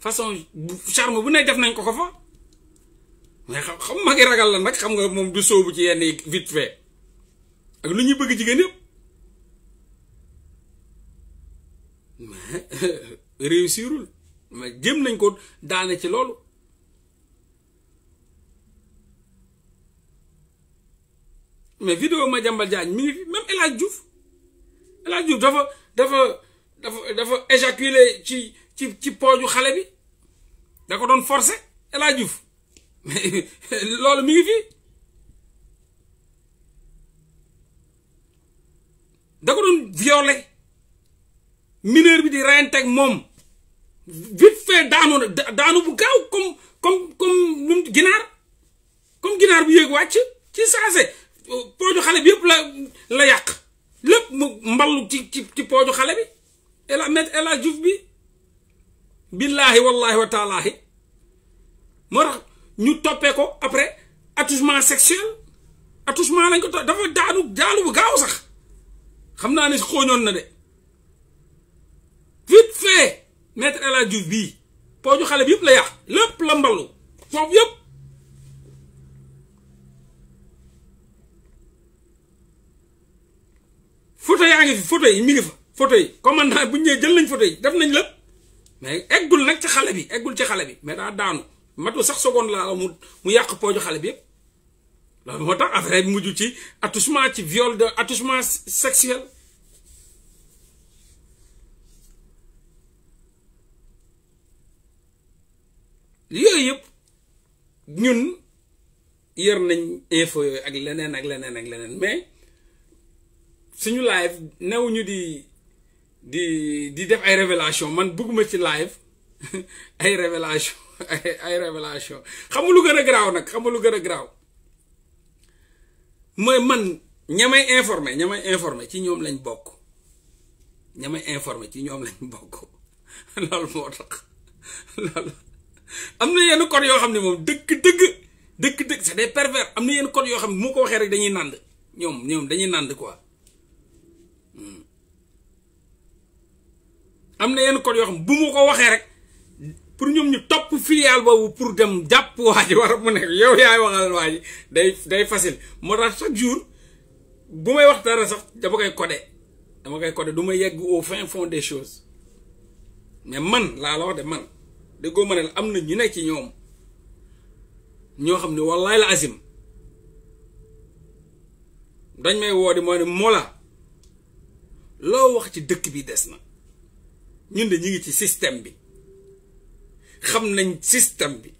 façon charme bu ne def nañ ko ko fa mais xam ne ragal la nak xam nga mom du ci yenn vite fait ak mais (laughs) réussirul mais jëm nañ ko ci mais vidéo jambal mi même éjaculer ci ci pooju xale bi da ko don forcer El Hadj Diouf (laughs) mi ngi fi da ko don violer mineur bi di reyanteeg mom vite fait daanu daanu bu gaw comme comme comme num ginar comme ginar bu yéeg wacc ci saase pooju xalé bi yëpp la la yak lepp mballu ci ci ci pooju xale bi El Hadj Diouf bi Billahi Wallahi wa taalaahi nous ñu après attouchement sexuel attouchement lañ ko dafa daanu sax de vite fait maître El la yaax Pour la mballu foofu yëpp photo photo yi mi ngi fa photo yi commandant bu mais eggul nag ci xale bi eggul ci xale bi mais daa daanu matu sax seconde la mu yàq pooju xale bi yëpp loolu moo tax affaire bi mujj ci attouchement ci viol de attouchement sexuel yooyu yëpp ñun yor nañ info yooyu ak leneen ak leneen ak leneen mais suñu live new ñu di di di def ay révélation man bëgguma ci live (laughs) ay révélation ay révélation xam lu gën a garaaw nag xam nga lu gën a garaaw mooy man ña may informé ña informé ci ñoom lañ bokk ña may informé ci ñoom lañ bokk (laughs) loolu moo tax (laughs) loolu am na yenn code yoo xam ne moom dëkk dëgg dëkk dëgg c'est des pervers am na yenn code yoo xam ne moo ko waxee rek dañuy nànd ñoom ñoom dañuy nànd quoi am na yenn code yoo xam bu mu ko waxee rek pour ñoom ñu topp filiale boobu pour dem jàpp waa ji war a mu nekk (laughs) yow yaay waxal waa day day facile moo tax chaque jour bu may wax dara sax dama koy codé dama koy codé du ma yegg au fin fond des choses mais man laa la wax de man ma am na ñu nekk ci ñoom xam ne wallaay la dañ may woo di moo moo la loo wax ci dëkk bi des na ñun de ñi ngi ci système bi xam nañ système bi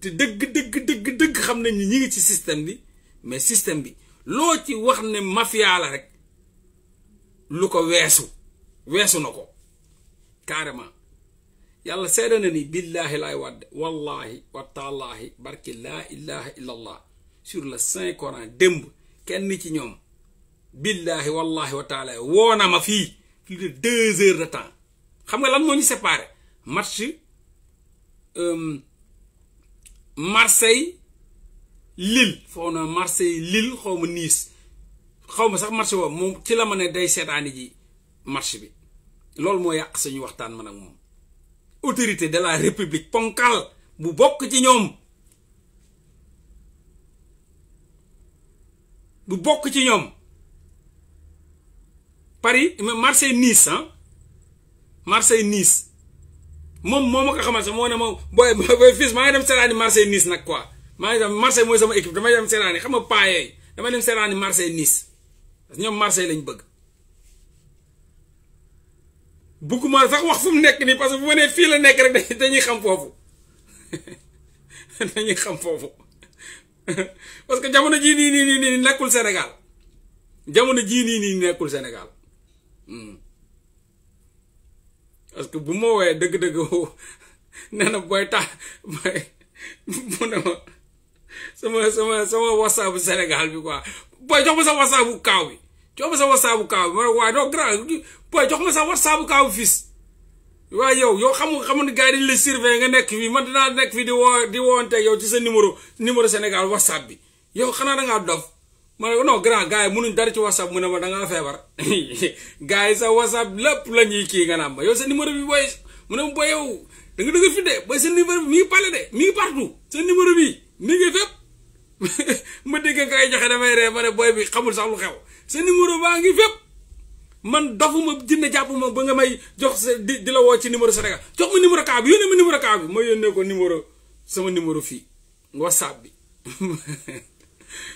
te deug deug deug deug xam nañ ni ngi ci système bi mais système bi lo ci wax ne mafia la rek lu ko wessu wessu nako carrément yàlla seede na ni billaahi laay wàdde wallaahi wa taalaahi barki laa ilaha illa allah sur le saint coran démb kenn ci ñoom billaahi wallaahi wa taala woo na ma fii plus de deux heures de temps xam nga lan moo ñu séparé match euh, Marseille Lille foo na Marseille Lille xaw ma Nice xaw ma sax match woo moom ci la ma ne day seetaani ji match bi loolu moo yàq suñu waxtaan man ak moom autorité de la république ponkal bu bokk ci ñoom bu bokk ci ñoom Paris Marseille Nice ah Marseille Nice moom moom ma ko xamal sax moo ne ma booy booy fils maa ngi dem seetaani Marseille Nice nag quoi maa ngi dem Marseille mooy sama équipe damay dem seetaani xam nga paa yooyu damay dem seetaani Marseille Nice parce que ñoom Marseille lañ sax wax fu mu nekk nii parce que bu nee fii la nekk rek dañuy xam foofu dañuy xam foofu (laughs) (laughs) parce que jamono jii nii nii nekkul Sénégal jamono jii nii nii nekkul Sénégal. Hmm. parce que bu ma woowee dëgg-dëgg (laughs) nee na booy tax booy (laughs) mu ne ma sama sama sama whatsapp bu Sénégal bi quoi booy jox ma sa whatsapp bu kaaw bi jox ma sa whatsapp bu kaaw waaye non grand booy jox ma sa whatsapp bu kaaw bi fils waaye yow yow xamul xamul gars yi dañu la surveiller nga nekk fii man dinaa nekk fii di woo di woonte yow ci sa numéro numéro Sénégal whatsapp bi yow xanaa dangaa dof ma no non grand gars yi munuñ dara ci whatsapp mu ne ma da nga febar gaay (laughs) sa whatsapp lepp la ki nga nam yow sa numéro bi boy mu ne boy yow da nga dëgg fi de boy sa numéro bi mi ngi de mi partout sa numéro bi mi ngi fep ma dégg nga koy joxe damay ree ma ne boy bi xamul sax lu xew sa numéro ba ngi fep man dofuma jinne jappuma ba nga may jox di di la wo ci numéro Sénégal jox ma numéro kaa bi yónnee ma numéro kaa bi ma yone ko numéro sama numéro fi whatsapp bi. (laughs)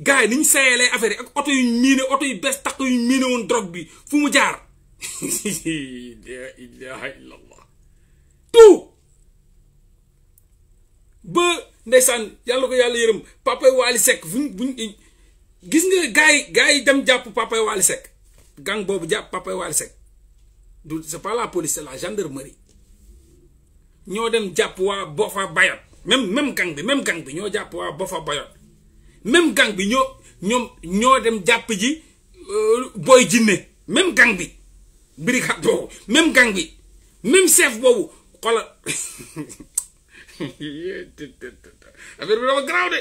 gaay niñ ni affaire ak auto yu miné auto yu bees tàq yu miné won drogue bi fu mu jaar (laughs) la ilaha illallah tout ba ndaysan yalla ko yalla yeureum papa wali sek buñ buñ gis nga gaay gaay dem japp papa wali sek gang bobu japp papa wali sek du c'est pas la police c'est la gendarmerie ño dem japp wa Bofa bayat même même gang bi même gang bi ño japp wa Bofa bayat même gang bi ñoo ñoom ñoo dem jàpp ji euh, booy jinne même gang bi brigade boobu même gang bi même chef boobu xoolal (laughs) affaire bi dafa garaaw de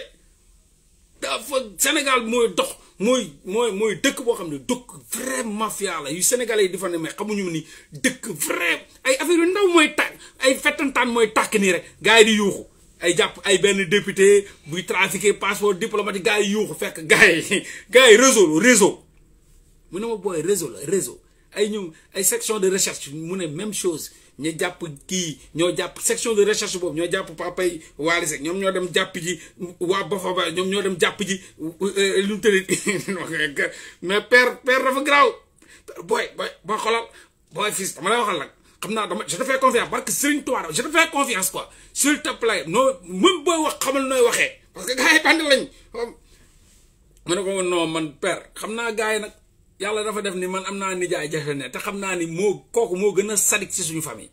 dafa Sénégal mooy dox mooy mooy mooy dëkk boo xam ne dëkk vrai mafia la yu yi di fa ne mais xamuñu ni dëkk vrai ay affaire yu ndaw mooy tàkk ay fettantaan mooy tàkk nii rek gars yi di yuuxu ay jàpp ay député qui trafiquer passeport diplomatique gars yi yuuxu fekk gars (laughs) réseau réseau mon nom boy réseau la réseau ay ñëw ay section de recherche mu même chose ñu japp ki ñoo japp section de recherche boobu ñoo jàpp papay walis Seck ñoom ñoo dem japp ji waa Bofaba ñom ñoo dem japp ji euh, lu mu (laughs) mais père père dafa graw boy boy ba xolal booy fils dama lay waxal xam naa dama je te fais confiance parce que Serigne Touba je te fais confiance quoi s'il te plaît noo même booy wax xamal nooy waxee parce que gars yi bandi lañ ma ne ko non man père xam naa gars yi nag yàlla dafa def ni man am naa nijaay jafe ne te xam naa ni moo kooku moo gën a sadik ci suñu famille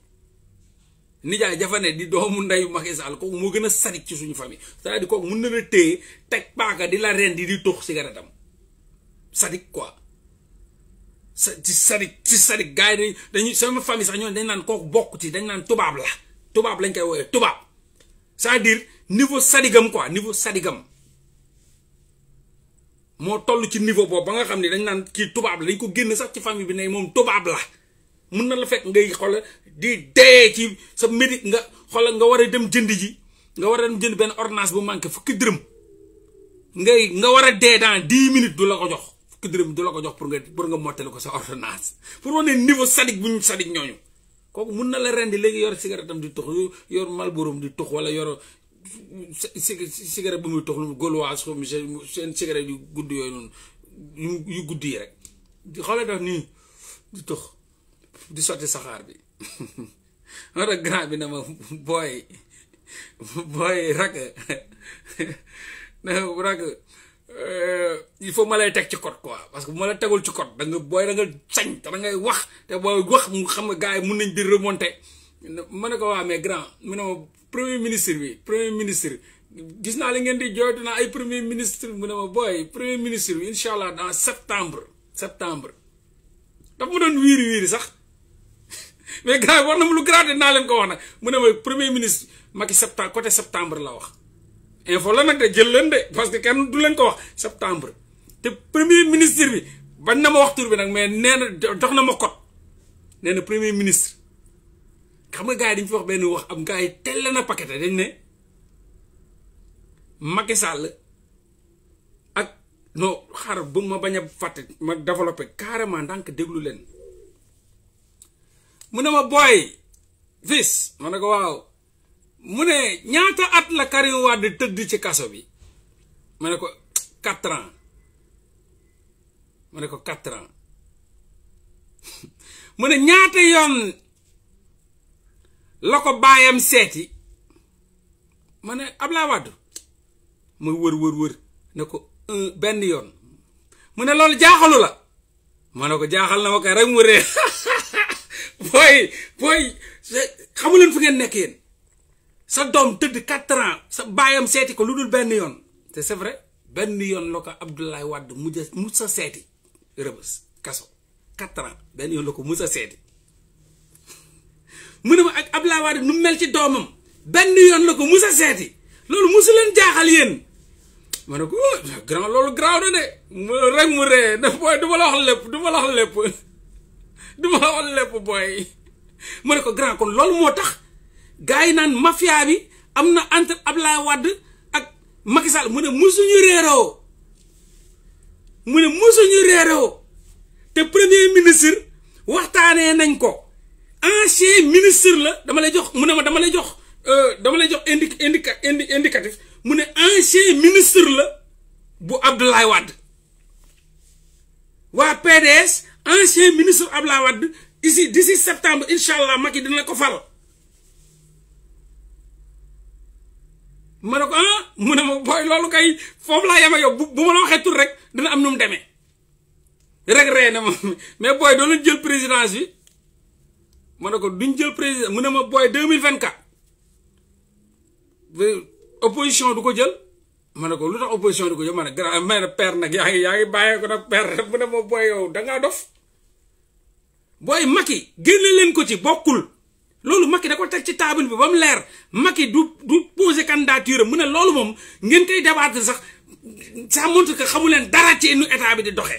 nijaay jafe ne di doomu ndeyu Macky Sall kooku moo gën a sadik suñu famille c'est-à-dire mun na la téye teg paaka di la ren di di tux gara am sadik quoi ci sari ci sari gars yi dañuy dañuy sama famille sax ñoom dañ naan kooku bokk ci dañ naan tubaab la tubaab lañ koy woowee tubaab sa à dire niveau sadigam quoi niveau sadigam moo toll ci niveau boobu ba nga xam ne dañ naan kii tubaab la dañ ko génn sax ci famille bi ne moom tubaab la mun na la fekk ngay xool di dee ci sa médit nga xool nga war a dem jënd ji nga war a dem jënd benn ordonnance bu manqué fukki dërëm ngay nga war a dee dans dix minute du la ko jox. fukki dërëm du la ko jox pour nga pour nga mottali ko sa ordonnance pour wane niveau sadique bu ñu sadique ñooñu kooku mun na la rendi léegi yor cigarette am di tux yor malboroom di tux wala yor cigarette bu muy tux lu gauloise xaw ma seen cigarette yu gudd yooyu noonu yu gudd yi rek di xoolee daf nii di tux di sotti saxaar bi (laughs) moo tax grand bi na ma booy booy rakk (laughs) na rakk Euh, il faut ma lay teg ci code quoi parce que bu ma la tegul ci code da booy da nga sañ te da ngay wax te booy wax mu xam nga gars yi mun nañ di remonter ma ne ko waa ah, mais grand mu ne ma premier ministre bi premier ministre gis naa li ngeen di jooytu naa ay premier ministre mu ne ma booy premier ministre allah dans septembre septembre dafa ma doon wiiri wiiri sax (laughs) mais gars war na mu lu graté naa leen ko wax nag mu ne ma premier ministre Macky septembre côté septembre la wax info la nak de jël len de parce que kenn du len ko wax septembre te premier ministre bi bañ na ma wax tour bi nak mais nee na dox na ma ko nee premier ministre xam nga gaay yi dañ fi wax ben wax am gaay tel na paquet dañ ne Macky Sall ak no xar bu ma baña a ma développer carrément dank déglu len mu ne ma boy fils ma ne ko waaw mu ne ñaata at la Karim Wade tëdd ci kaso bi ma ne ko quatre ans ma ne ko quatre ans (laughs) mu ne ñaata yoon la ko baayam seeti ma ne Abdoulaye Wade muy wër wër wër ne ko benn yoon mu ne loolu jaaxalu la ma ne ko jaaxal na ma kay rek mu ree (laughs) booy booy xamu fu ngeen nekk yéen sa dom teud 4 ans sa bayam seti ko lu ben yon te c'est vrai ben yon loko ko Abdoulaye Wade mujj mus a seeti rëbës 4 ans ben yon loko musa seti a ma ak Abdoulaye wad nu mel ci domam ben yon loko musa seti lolou musu len jaxal yéen ma ne ko oh, grand loolu garaaw na de rek mu ree na (laughs) booy du ma la wax lepp du ma la wax lepp (laughs) du ma la wax lepp boy ma ko grand kon lolou motax gars yi naan mafia bi am na entre Ablaye Wade ak Macky Sall mu ne musuñu réeroo mu ne musuñu réeroo te premier ministre waxtaanee nañ ko ancien ministre la dama lay jox mu ne ma dama lay jox euh, dama lay jox indi indi indicatif mu ne ancien ministre la bu Abdoulaye Wade waa PDS ancien ministre Abdoulaye Wade ici d'ici septembre incha allah Macky dina ko fal. Mana ko ah mu boy lolou kay fof la yama yo yow bu bu ma la waxee tur rek dina am num demé rek ree na (laughs) mais boy do lañu jël présidence yi ma ne ko duñ jël président mu ne ma opposition du ko jël Mana ne ko lu opposition du ko jël ma ne grand père nak yaangi yaangi baye ko nak père mu ne ma booy yow dof Boy maki. gënal leen ko ci Bokul loolu maki da ko tek ci table bi bam leer maki du du poser candidature mune ne mom ngeen koy débattre sax ça montre que xamulen dara ci nu état bi di doxé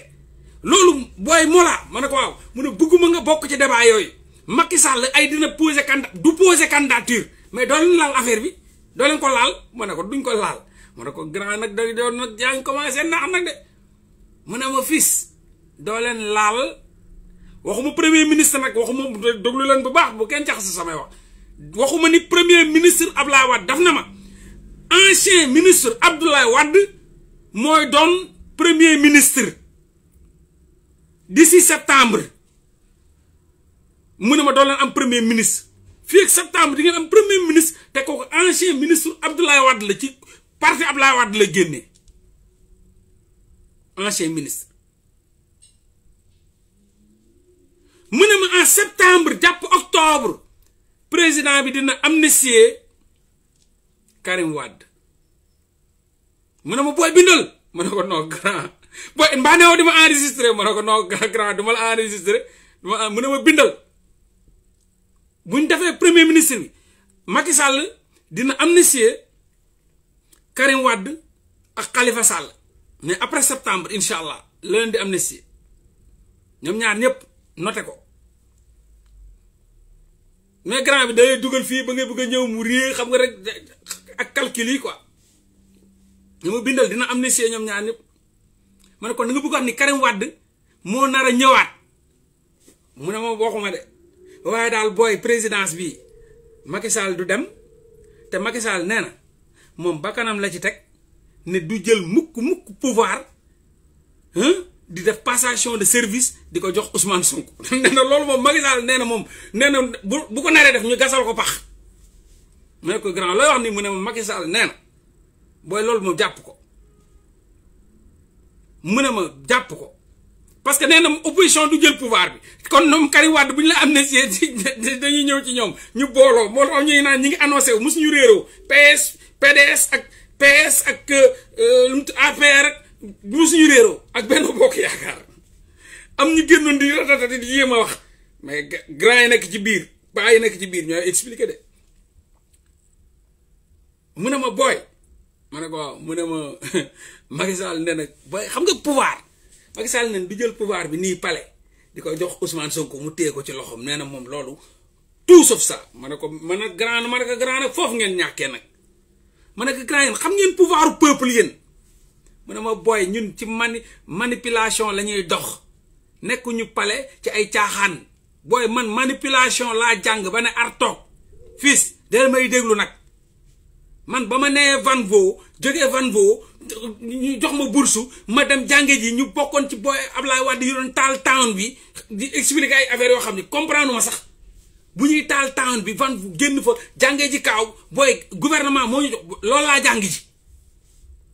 loolu boy mola ma ko waw mune bëgguma nga bok ci débat yoy maki Sall ay dina poser candidat du poser candidature mais doo laal affaire bi doo ko laal mané ko duñ ko laal mané ko grand nak da doon nag commencé nak nak de mune ma fils laal. waxuma premier ministre nag waxuma déglu leen bu baax bu kenn jaxase samay wax waxuma ni premier ministre Abdoulaye Wade daf na ma ancien ministre Abdoulaye Wade mooy doon premier ministre d'ici septembre mu ne ma doon leen am premier ministre fii ak septembre di ngeen am premier ministre te kooku ancien ministre Abdoulaye Wade la ci parti Abdoulaye Wade la génne ancien ministre mu ma en septembre japp octobre président bi dina amnistie Karim wad mu ne ma bindal ma ne ko grand boy mba di ma enregistré ma ko non grand du ma la enregistré du bindal buñ premier ministre bi Macky Sall dina amnistie Karim wad ak Khalifa Sall mais après septembre inshallah allah di amnistie ñom ñaar ñep noté ko mais grand bi day dugal fii ba ngay bëgg ñëw mu réer xam nga rek ak calcul yi quoi ñu ma bindal dina am ne see ñoom ñaar ñëpp ma ne kon da nga bëgg a ni Karim wàdd moo nar a ñëwaat mu ne ma waxuma de waaye daal booy présidence bi Macky du dem te Macky nee na moom bakkanam la ci teg ne du jël mukk mukk pouvoir hein di def passation de service di ko jox Ousmane Sonko (laughs) nee na loolu moom Macky Sall nee na moom nee na bu bu ko naree def ñu gasal ko pax mu ne ko grand looy wax ni mu ma Macky Sall nee loolu moom jàpp ko mu ne ma jàpp ko parce que nee na opposition du jël pouvoir bi kon ñoom Karim Wade bu ñu la am na amnistie (laughs) dañuy ñëw ci ñoom ñu booloo moo tax ñuy naan ñi ngi annoncé wu mosuñu réeroo PS PDS ak PS ak euh, euh, APR. bu suñu réeroo ak benn bokk yaakaar ñu génnoon di ratata di a wax mais grand yi ci biir paa yi nekk ci biir ñooy expliqué mu ne ma booy ma ne ko waaw mu ne ma (laughs) Macky Sall nag booy xam nga pouvoir Macky Sall ne jël pouvoir bi nii palais di ko jox Ousmane Sonko mu téye ko ci loxoom nee na moom loolu tout sauf ça ma ne ko man a grand ma ne nag foofu ngeen ñàkkee nag ma ne ko grand yéen xam ngeen pouvoir peuple yéen mu ne ma booy ñun ci mani manipulation la ñuy dox nekkuñu pale ci ay caaxaan booy man manipulation laa jàng ba ne artoog fils del may déglu nag man ba ma nee Vanvo jógee Vanvo ñu jox ma bursu ma dem jànge ji ñu bokkoon ci booy Ablaye Wade yu doon taal town bi di expliquer ay affaires yoo xam ne comprendre ma sax bu ñuy taal town bi Vanvo génn fa jànge ji kaaw booy gouvernement moo ñu jox loolu laa jàng ji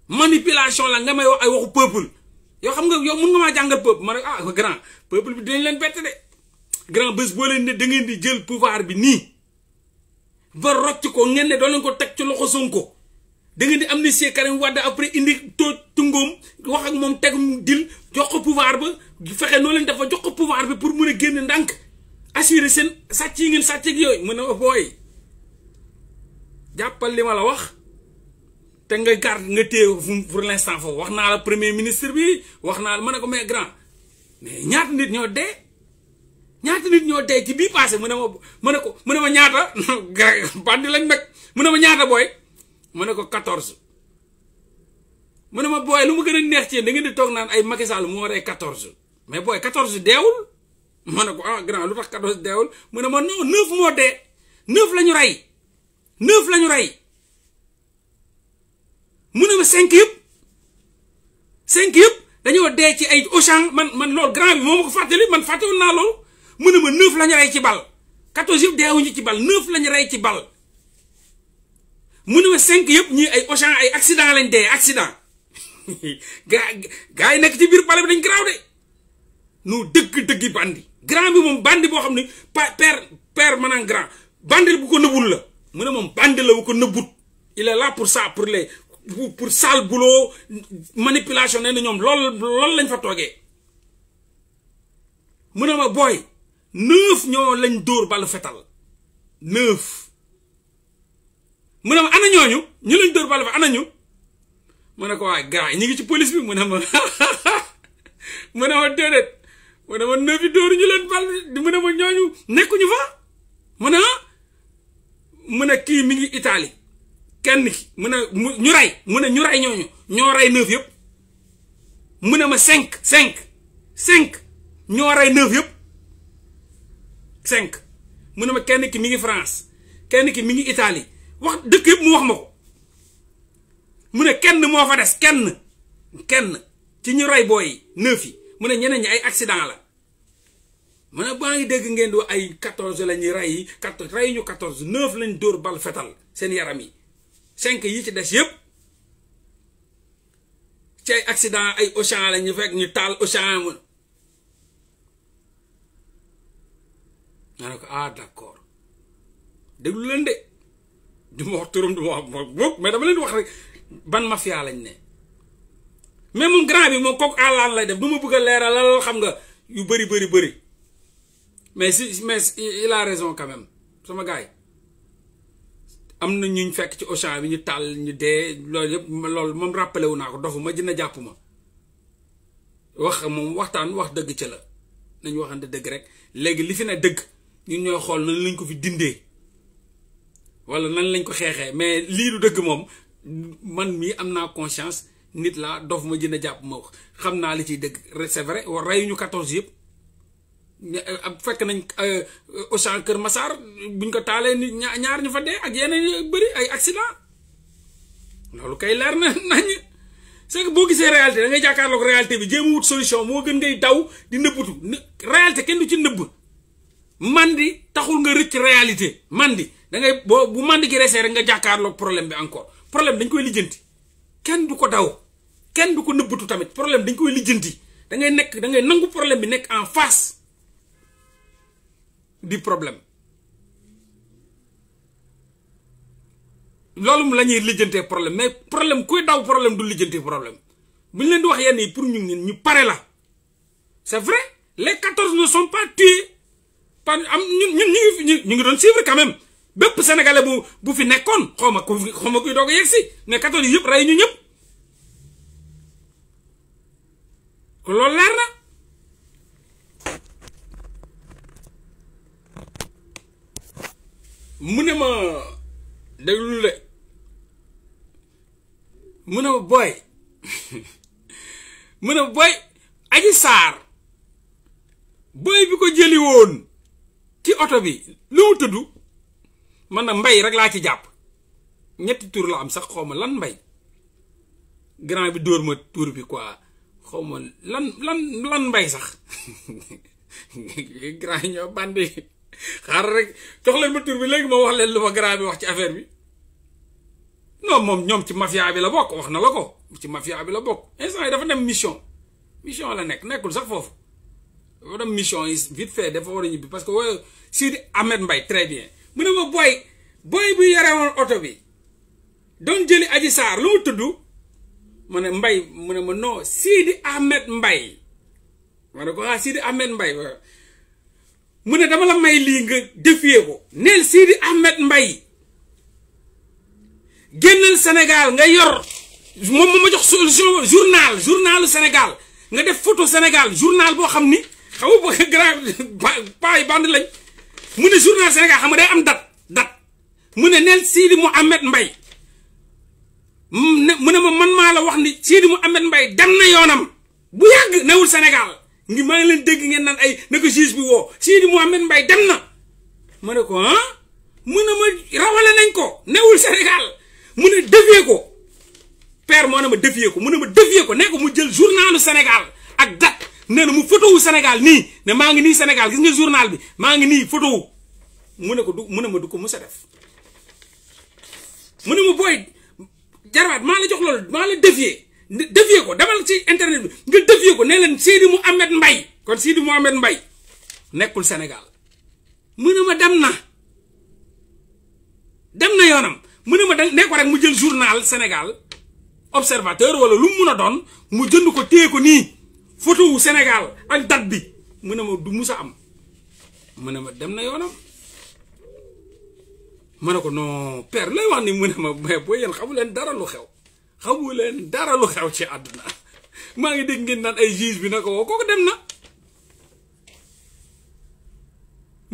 manipulation la nga may wax ay waxu peuple yo xam nga yow mën nga ma jangal peuple man ah grand peuple bi dañ leen bett de grand bëss bo leen ne da ngeen di jël pouvoir bi ni ba rocc ko ngeen ne do leen ko tek ci loxo sonko da ngeen di amnistie Karim Wade après indi to tungoom wax ak mom tek dil jox ko pouvoir ba fexé no leen dafa jox ko pouvoir bi pour mëna a ndank assurer sen sàcc ngeen sàcc ak yoy mëna oh boy jappal li ma la wax te nga garde nga téye ko pour l' foofu wax naa la premier ministre bi wax naa la ma ne ko mais grand mais ñaata nit ñoo dee ñaata nit ñoo dee ci bii passé mu ne ma ma ne ko mu ne ma ñaata (laughs) bandi lañ nag mu ne ma ñaata booy mu ne ko 14. mu ne ma booy lu ma gën a neex ci da ngeen di toog naan ay Macky Sall moo rey mais booy 14 deewul ma ne ko ah grand lu tax 14 deewul mu ne ma non 9 moo dee 9 la ñu rey 9 la ñu rey. mu ne ma cinq yëpp cinq yëpp dañoo dee ci ay Auchan man man loolu grand bi moo ma ko fàttali man fàtte naa loolu mu ne ma neuf la ñu rey ci bal quatorze yëpp deewuñu ci bal neuf la ñu rey ci bal mu ne ma cinq yëpp ñuy ay Auchan ay accident lañ dee accident (laughs) gaa gaa yi nekk ci biir pale bi dañ garaaw de nu bandi grand bi moom bandi boo xam ne pa père père maanaam grand bandi bu ko nëbbul la mu ne moom bandi la bu ko nëbbut il est là pour ça pour les pour sale boulot manipulation nee na ñoom lool loolu lañ fa toogee mu ne ma booy neuf ñoo lañ dóor balu fetal neuf mu ne ma ana ñooñu ñu lañ dóor balu fa ana ñu mu ne ko waaye gars ñu ngi ci police bi mu ne ma (laughs) mu ne ma déedéet mu ne ma neuf yi dóor ñu leen bal mu ne ma ñooñu nekkuñu fa mu ne ah, mën ne kii mi ngi Italie kenn ki mu ne mu ñu rey mu ne ñu rey ñooñu ñoo rey neuf yëpp mu ne ma cinq cinq cinq ñoo rey neuf yëpp cinq mu ne ma kenn ki mi ngi France kenn ki mi ngi itali wax dëkk yëpp mu wax ma ko mu ne kenn moo fa des kenn kenn ci ñu rey booy neuf yi mu ne ñeneen ñi ay accident la mu ne baa ngi dégg ngeen di ay quatorze la ñuy rey yi quatorze rey ñu quatorze neuf lañ dóor bal fetal seen yaram yi cinq yi ci des yëpp ci ay accident ay Auchan lañ ñu fekk ñu taal Auchan mu ma ne ko ah d'accord déglu leen de du ma wax turam du ma wax mais dama leen wax rek ban mafia lañ ne mais moom grand bi moom kooku àllaan lay def du ma bëgg a leeralal xam nga yu bëri bëri bëri mais si mais il a raison quand même sama gars yi am na ñu ñu fekk ci Auchan bi ñu tàll ñu dee loolu yëpp lool moom rappelé wu naa ko dofuma dina jàpp ma wax moom waxtaan wax dëgg ci la nañu waxante dëgg rek léegi li fi ne dëgg ñu ñoo xool nan liñ ko fi dindee wala nan lañ ko xeexee mais lii du dëgg moom man mii am naa conscience nit laa dof ma dina jàpp ma wax xam naa li ciy dëgg c'est vrai reyuñu 14 yëpp. Eh, fekk nañ eh, eh, Auchan Kër Massar buñ ko taalee ni ñaar ñu fa dee ak yeneen yu bëri ay accident loolu kay leer na (laughs) nañ c'est que boo gisee réalité da ngay jàkkaarloog réalité bi jéem wut solution moo gën ngay daw di nëbbutu réalité kenn du ci nëbb mandi taxul nga rëcc réalité mandi da ngay bu mandi ki resee rek nga jàkkaarloog problème bi encore problème dañ koy lijjanti kenn du ko daw kenn du ko nëbbatu tamit problème dañ koy lijjanti da ngay nekk da ngay nangu problème bi nekk en face du problème la problème mais problème problème problème pour c'est vrai les 14 ne sont pas tués par ñu quand même sénégalais bu bu fi xoma xoma mais ñu mu ne ma déglu le mu ne ma booy (laughs) mu ne ma booy aji saar booy bi ko jëli woon ci oto bi lu mu tudd man na mbay rek laa ci jàpp ñetti tur la am sax xaw ma lan mbay grand bi dóor ma tur bi quoi xaw ma lan lan lan mbay sax (laughs) grand ñoo bandi xaaral rek jox leen ma bi léegi ma wax leen lu ma grand bi wax ci affaire bi non moom ñoom ci mafia bi la bokk wax na la ko ci mafia bi la bokk instant yi dafa dem mission mission la nekk nekkul sax foofu dafa dem mission yi vite fait dafa war a ñibbi parce que wooy Sidi Ahmed Mbaye très bien mu ne ma booy booy bu yore woon oto bi doon jëli mu tudd mu ne Mbaye mu ne ma non Sidi Ahmed Mbaye ma mu ne dama la may lii nga défier ko neel Sidi Ahmed Mbaye génnal Sénégal nga yor moom moo ma jox solution journal journalu Sénégal nga def photo Sénégal journal boo xam ni xaw ma (laughs) grand paa yi band lañ mu ne journal Sénégal xam nga day am dat date mu ne neel Sidi Mohamed mbay mu ne ma man maa la wax ni Sidi Mohamed mbay dem na yoonam bu yàgg newul Sénégal. ngi maa ngi leen dégg ngeen naan ay na ko juge bi woo Sidi Mouhamed mbay dem na ma ne ko ah mu ne ma rawale nañ ko newul senegal mu ne défier ko père moo ne ma défier ko mu ne ma ko ne mu jël journalu Sénégal ak date nee mu photo wu nii ne maa ngi nii senegal gis nga journal bi maa ngi nii foto wu mu ne ko du mu ne ma ko mës a mu ne ma booy jarawaat maa la jox loolu maa la défier défier ko demal ci internet bi nga défier ko ne leen Seydi Mouhamed Mbaye kon mu amet mbay nekkul senegal mu ne ma dem na dem na yoonam mu ne ma da ne rek mu jël journal Sénégal observateur wala lu mu mun a doon mu jënd ko téye ko nii photo ak date mu ne ma du am mu ne ma dem na yoonam ma ne ko non père lay wax ni mu ne ma boo yéen xamu leen dara lu xew. xamu leen dara lu xew ci àdduna maa ngi dégg ngeen naan ay juge bi na ko woo kooku dem na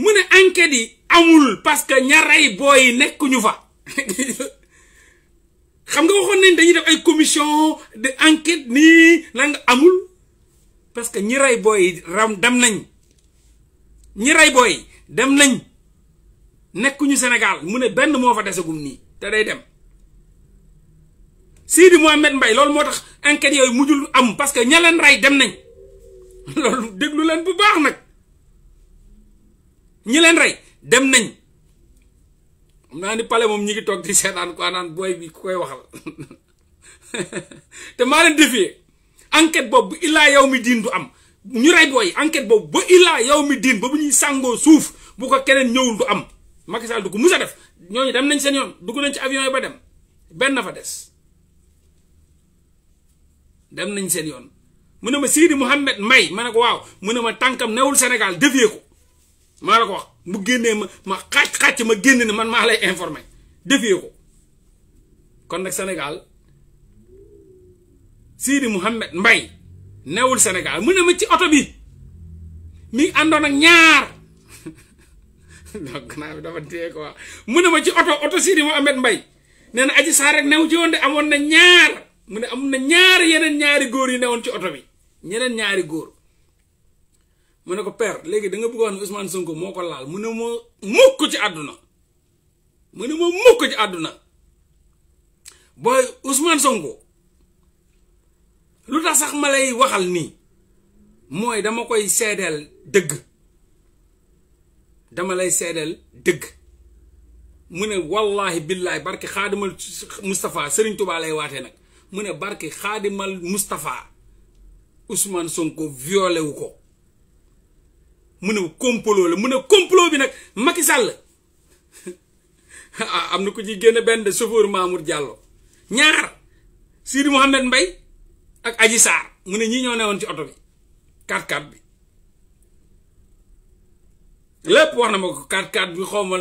mu ne enquête yi amul parce que ñaray booy yi nekkuñu fa xam nga waxoon nañ dañuy def ay commission de enquête nii nanga amul parce que ñi ray booy yi ram dem nañ ñi ray booy dem nañ nekkuñu Sénégal mu ne benn moo fa desagum nii te day dem Sidi Mohamed Mbaye lol motax enquête yoy mujul am parce que ñalen ray dem nañ lol deglu len bu baax nak ñi ray dem nañ xam ni palé mom ñi ngi di sétane quoi nan boy bi ku koy waxal (laughs) te ma len défier enquête bobu bu yawmi din du am ñu ray boy enquête bobu bo illaa yawmi din bobu ñi sango ñuy suuf bu ko kenen ñewul du am Macky Sall du ko musa def ñooñu dem nañ seen yoon nañ ci avion ba dem na fa dess dem nañ seen yoon mu ne ma Sidi Mouhamed mbay ma ne ko waaw mu ne ma tànkam newul Sénégal defee ko maa la ko wax mu génnee ma ma xàcc xàcc ma génne na man maa lay informé defee ko kon nag Sénégal Sidi Mouhamed mbay newul Sénégal mu ne ci oto bi mi àndoon ak ñaar (laughs) donc gannaaw bi dafa téye quoi mu ne ma ci oto oto Sidi Mouhamed Mbaye nee na aji saa rek new ci woon de amoon na ñaar. mu ne am na ñaari yeneen ñaari góor yi newoon ci oto bi ñeneen ñaari góor mu ne ko père léegi danga nga bëgg wax ne Ousmane Sonko moo ko laal mu ne moo mukk ci àdduna mu ne ma mukk ci àdduna booy Ousmane Sonko lu tax sax ma lay waxal nii mooy dama koy seedeel dëgg dama lay seedeel dëgg mu ne wallahi billahi barke xaadimal Moustapha Serigne Touba lay waatee nag mu ne barke xaadimal Moustapha Ousmane Sonko violé wu ko mu ne complot la mu ne complot bi nag Macky Sall (laughs) ah, am na ku ci génn benn chauffeur Mamour Diallo ñaar Sidi Mouhamed mbay ak Adji Sarr mu ne ñi ñoo newoon ci oto bi 4-4 bi lépp wax na ma ko 4-4 bi xaw ma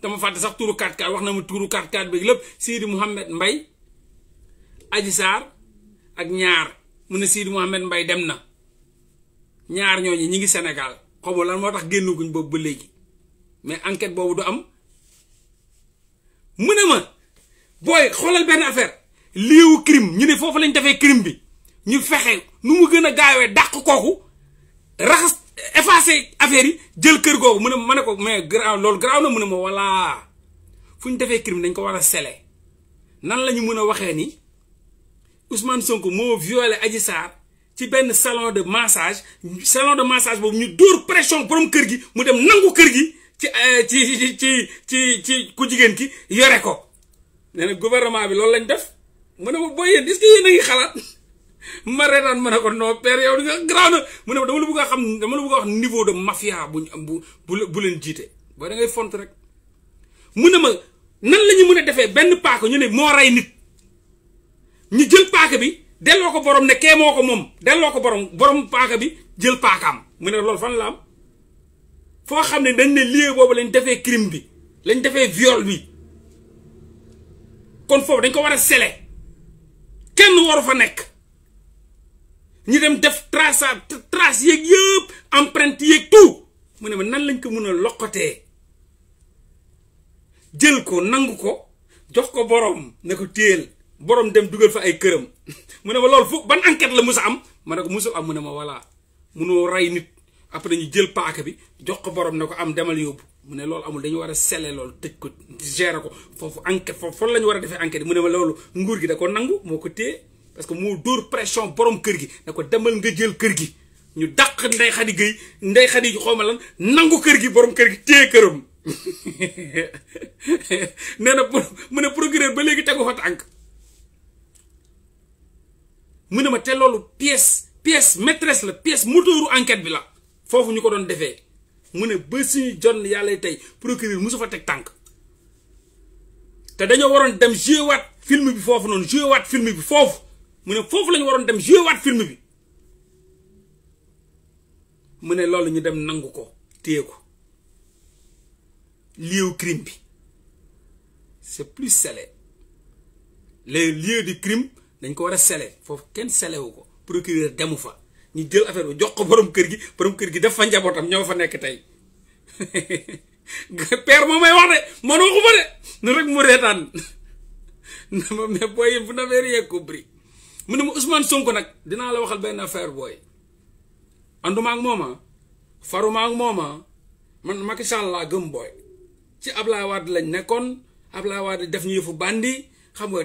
dama fàtte sax tuuru 4-4 wax na ma tuuru 4-4 bi lépp Sidi Mouhamed Mbaye Adji Sarr ak ñaar mu ne Sidi Mouhamed mbay dem na ñaar ñooñu ñi ngi senegal xaw lan moo tax génnaguñ boobu ba léegi mais enquête boobu du am mu ne ma booy xoolal benn affaire lieu crime ñu ne foofu lañ defee crime bi ñu fexe nu mu gën a gaawee dàq kooku raxas effacé affaire yi jël kër googu mu ne ma ne ko mais garaaw loolu garaaw na mu ne ma voilà fu ñu defee crime dañ ko war a sele nan la ñu mën a waxee nii Ousmane Sonko moo violé Adji Sarr ci benn salon de massage salon de massage boobu ñu dóor pression borom kër gi mu dem nangu kër gi ci euh, ci ci ci ci ku jigéen ki yore ko nee na gouvernement bi loolu lañ def mu ne ma booy yéen est-ce que yéen a ngi xalaat (laughs) ma reetaan ma ne ko noo père yow di garaaw na mu ne ma dama la bëgg a xam dama la bëgg a wax niveau de mafia buñ am bu bu leen jiite boo da font rek mu ne ma nan la ñu mën a defee benn paako ñu ne moo rey ñu jël paaka bi delloo ko borom ne kee moo ko moom delloo ko borom borom paaka bi jël paakaam mu ne loolu fan la am foo xam ne dañ ne lieu boobu lañ defee crime bi lañ defee viol bi kon foofu dañ ko war a sele kenn waru fa nekk ñu dem def trace trace yeeg yëpp empreinte yeeg tout mu ne ma nan lañ ko mën a loqatee jël ko nangu ko jox ko borom ne ko téel borom dem duggal fa ay kërëm (laughs) mu ne ma lool fu ban enquête la musa am ma ne ko musa am mu ne ma voilà no ray nit après ñu jël paaka bi jox ko borom ne ko am demal yóbbu mu ne lool amul dañu war a sele loolu tëj ko gérer ko foofu enquête foofu fan la ñu war a defee enquête mu ne ma loolu nguur gi da ko nangu moo ko téye parce que mu dóor pression borom kër gi ne ko demal nga jël kër gi ñu dàq ndey xadi géy ndey xadi xawma lan nangu kër gi borom kër gi téye kërëm (laughs) nee na mu ne procureur ba léegi tegu fa tànk mu ne ma te loolu pièce pièce maîtresse la pièce moteuru enquête bi la foofu ñu ko doon defee mu ne ba suñu jonn yàlla tey procureur mosu fa teg tànk te dañoo waroon dem joué waat film bi foofu noonu joué waat film bi foofu mu ne foofu la ñu waroon dem joué waat film bi mu ne loolu ñu dem nangu ko téye ko lieu crime bi c'est plus scellé les lieux du crime dañ ko wara a fofu foofu kenn selewu ko procureur demu fa ñu jël affaire jox ko borom kër gi borom kër gi dafa njabotam ñoo fa nekk tay (laughs) père moo may wax de man waxu ma de nu rek mu (laughs) na nama mais boy bu n'avez ya compris mu ne mu Ousmane Sonko nak dina la waxal ben affaire boy anduma ak moma faruma ak moma man Macky gëm boy ci Ablaye wad lañ nekkon Ablaye wad def ñu yofu bandi xam nga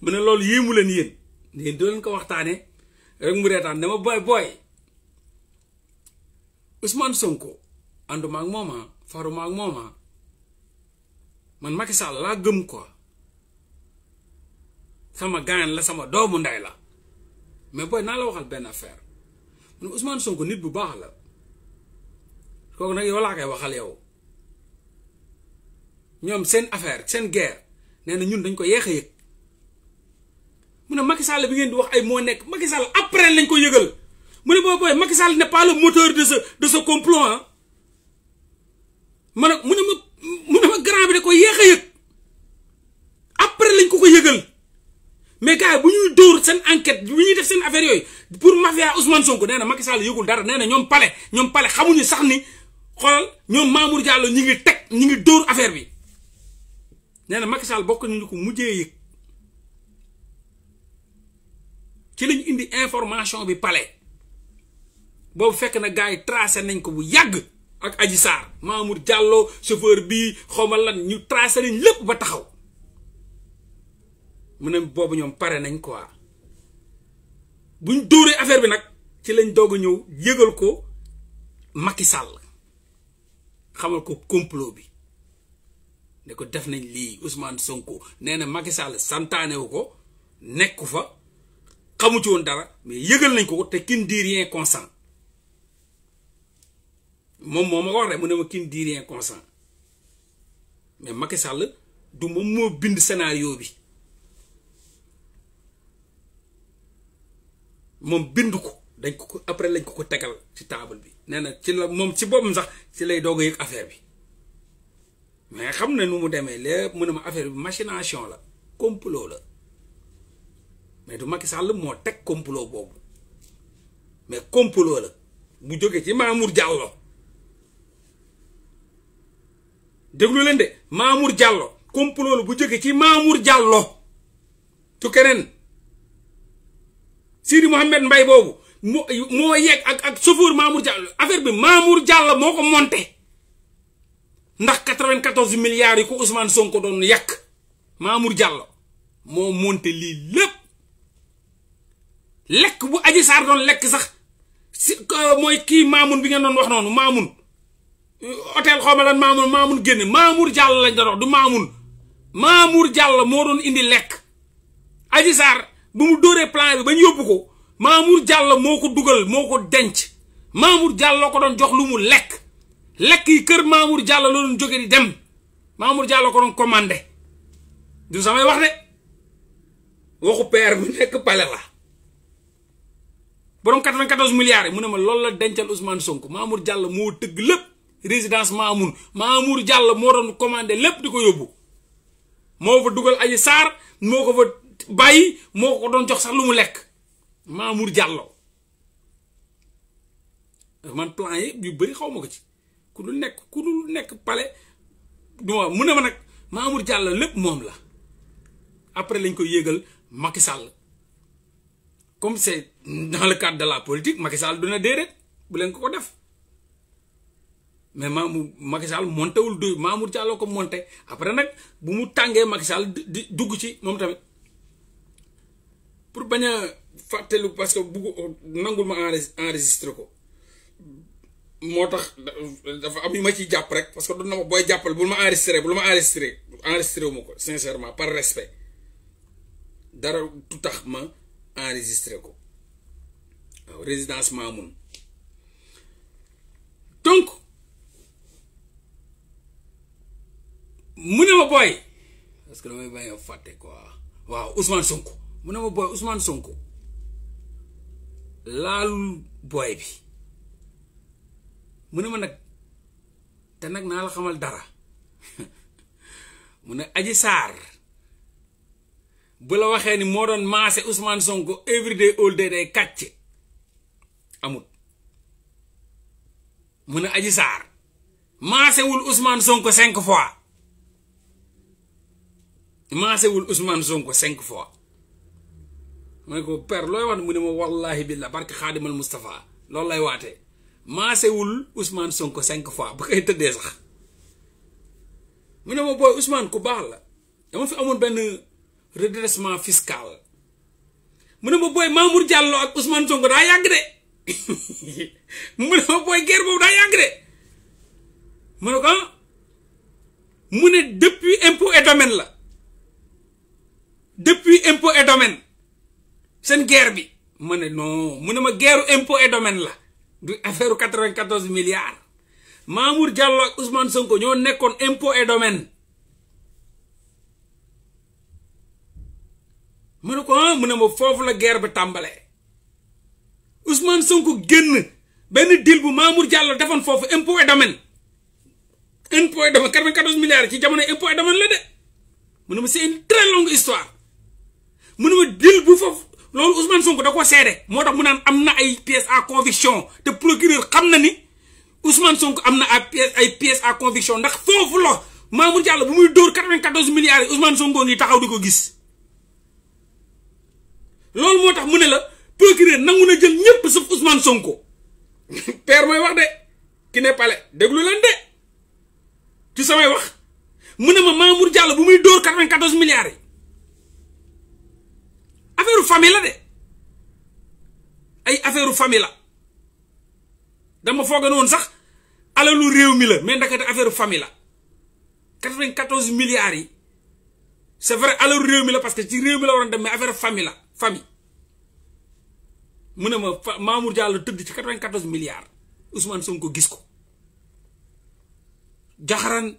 mu ne loolu yéemu leen yéen yéen doo leen ko waxtaanee rek mu reetaan dama booy booy Ousmane Sonko ànduma ak mooma ah, faruma ak mooma ah. man Macky Sall laa gëm ko sama gaañ la sama doomu ndey la mais booy naa la waxal benn affaire mu ne Ousmane nit bu baax la kooku nag yow laa koy waxal yow ñoom seen affaire seen guerre nee na ñun dañ ko yeex yëg. mu ne Macky Sall bi ngeen di wax ay moo nekk Macky Sall après lañ ko yëgal mu ne booy booy Macky Sall n'est pas le moteur de ce de ce complot ah ma ne mu ne ma mu ne grand bi da ko yéex a yëg après lañ ko ko yëgal mais gars yi bu ñuy dóor seen enquête bu ñuy def seen affaire yooyu pour mafia Ousmane Sonko nee na Macky Sall yëgul dara nee na ñoom pale ñoom pale xamuñu sax ni xoolal ñoom Mamour Diallo ñu ngi teg ñi ngi dóor affaire bi nee na Macky Sall bokk nañu ko mujjee yëg. ci lañ indi information bi palais boobu fekk na gaa yi tracé nañ ko bu yàgg ak aji Adji Sarr Mamour Diallo bi xaw ma lan ñu tracé nañ lépp ba taxaw mu ne boobu ñoom pare nañ quoi buñ dóoree affaire bi nag ci lañ doog a ñëw yëgal ko Macky Sall xamal ko complot bi ne ko def nañ lii Ousmane Sonko nee na Macky Sall santaane wu ko nekku fa. xamu ci won dara mais yeugal nañ ko te kin di rien consent mom moma ma ko wax mu ne ma kin di rien consent mais Macky Sall du mom mo bind scénario bi mom bind ko dañ ko après lañ ko ko tegal ci table bi néna ci la moom ci boppam sax ci lay doog a affaire bi mais xamna na nu mu démé lépp mu ne ma affaire bi machination la complot la. mais du Macky Sall mo tek complot bobu mais complot la bu joge ci Mamour Diallo deglu len de Mamour Diallo complot lu bu joge ci Mamour Diallo tu kenen Sidi Mohamed Mbaye bobu mo yek ak ak chauffeur Mamour Diallo affaire bi Mamour Diallo moko monter ndax 94 milliards ko Ousmane Sonko don yak Mamour Diallo mo monter li lepp lekk bu aji saar doon lekk sax si mooy kii maamun bi ngeen doon wax noonu maamun otel xaw ma lan maamun maamun génne maamour jàll lañ doon du maamun maamour jàll moo doon indi lekk aji saar bu mu dóoree plan bi ba ñu yóbbu ko maamour jàll moo ko dugal moo ko denc maamour jàll loo ko doon jox lu mu lekk lekk yi kër maamour jàll la doon jóge di dem maamour jàll ko doon commandé du samay wax de waxu père bu nekk pale la borom 94 milliards yi mu ne ma loolu la dencal Ousmane Sonko Mamour Diallo moo tëgg lépp résidence Mamoun Mamour Diallo moo doon commandé lépp di ko yóbbu moo fa dugal Adji saar moo ko fa bàyyi moo ko doon jox sax lu mu lekk Mamour Diallo man yi yu xaw ma ko ci ku nekk ku nekk palais du mu ne ma nag Mamour Diallo lépp moom la après lañ koy yéegal Macky sàll comme c'est dans le cadre de la politique Macky du duna déedéet bu leen ko ko def mais Mamour Macky Sall monté wul du Mamour Diallo ko monté après nag bu mu tàngee Macky di dugg ci moom tamit pour bañ a fàttelu parce que bugg nangul ma enregistré ko moo tax dafa am yu ma ciy jàpp rek parce que doon na ma booy jàppal bul ma enregistré lu ma enregistré enregistré wu ma ko sincèrement par respect dara du tax ma enregistré ko. résidence Mamoun donc mu boy, parce que damay bañ Usman fàtte quoi waaw Ousmane Sonko mu Boy, Ousmane Sonko laalul booy bi muna ne ma nag te la dara Mouna ne sar, Bula bu ni moo maase Ousmane Sonko everyday all day day kàcce amut mu ne sar masé wul Ousmane Sonko 5 fois wul Ousmane Sonko 5 fois ma ne ko per loy wax mu ne ma wallahi billah barke xaadimal mustafa lol lay masé wul Ousmane Sonko 5 fois bu kay teudé sax mu ne ma Ousmane ku bax la dama fi amone ben redressement fiscal mu ne Mamour Diallo ak Ousmane Sonko da yag de. (laughs) mune fa ma guerre bobu da yàgg mune ko mune depuis impôt et domaine la depuis impôt et domaine sen guerre bi mune non mune ma guerre impôt et domaine la du affaire 94 milliards Mamour Diallo ak Ousmane Sonko ñoo nekkon impôt et domaine mune ko mune ma fofu la guerre bi tambalé Ousmane Sonko génn benn deal bu Mamour jàll defoon foofu impôt et domaine impôt et domaine 94 milliards ci jamono impôt et domaine la de mu ne ma c'est une très longue histoire mu ne ma deal bu foofu loolu Ousmane Sonko da ko seede moo tax mu naan am na ay pièces à conviction te procureur xam na ni Ousmane Sonko am na ay pièces à conviction ndax foofu la Mamour Diallo bu muy dóor 94 milliards yi Ousmane Sonko ngi taxaw di ko gis loolu moo tax mu ne la. procureur nangu na jël ñepp sauf Ousmane Sonko père moy wax de ki né palé déglu leen dé ci samay wax mu ma Mamour Diallo bu muy door 94 milliards affaire famille la de ay affaire famille la dama foogoon non sax alalu réew mi la mais ndakate affaire famille la 94 milliards yi c'est vrai alalu réew mi la parce que ci réew mi la waron dem mais affaire famille la famille. mu ne ma Mamour Diallo tëdd ci 94 milliards Ousmane ko gis ko jaxaraan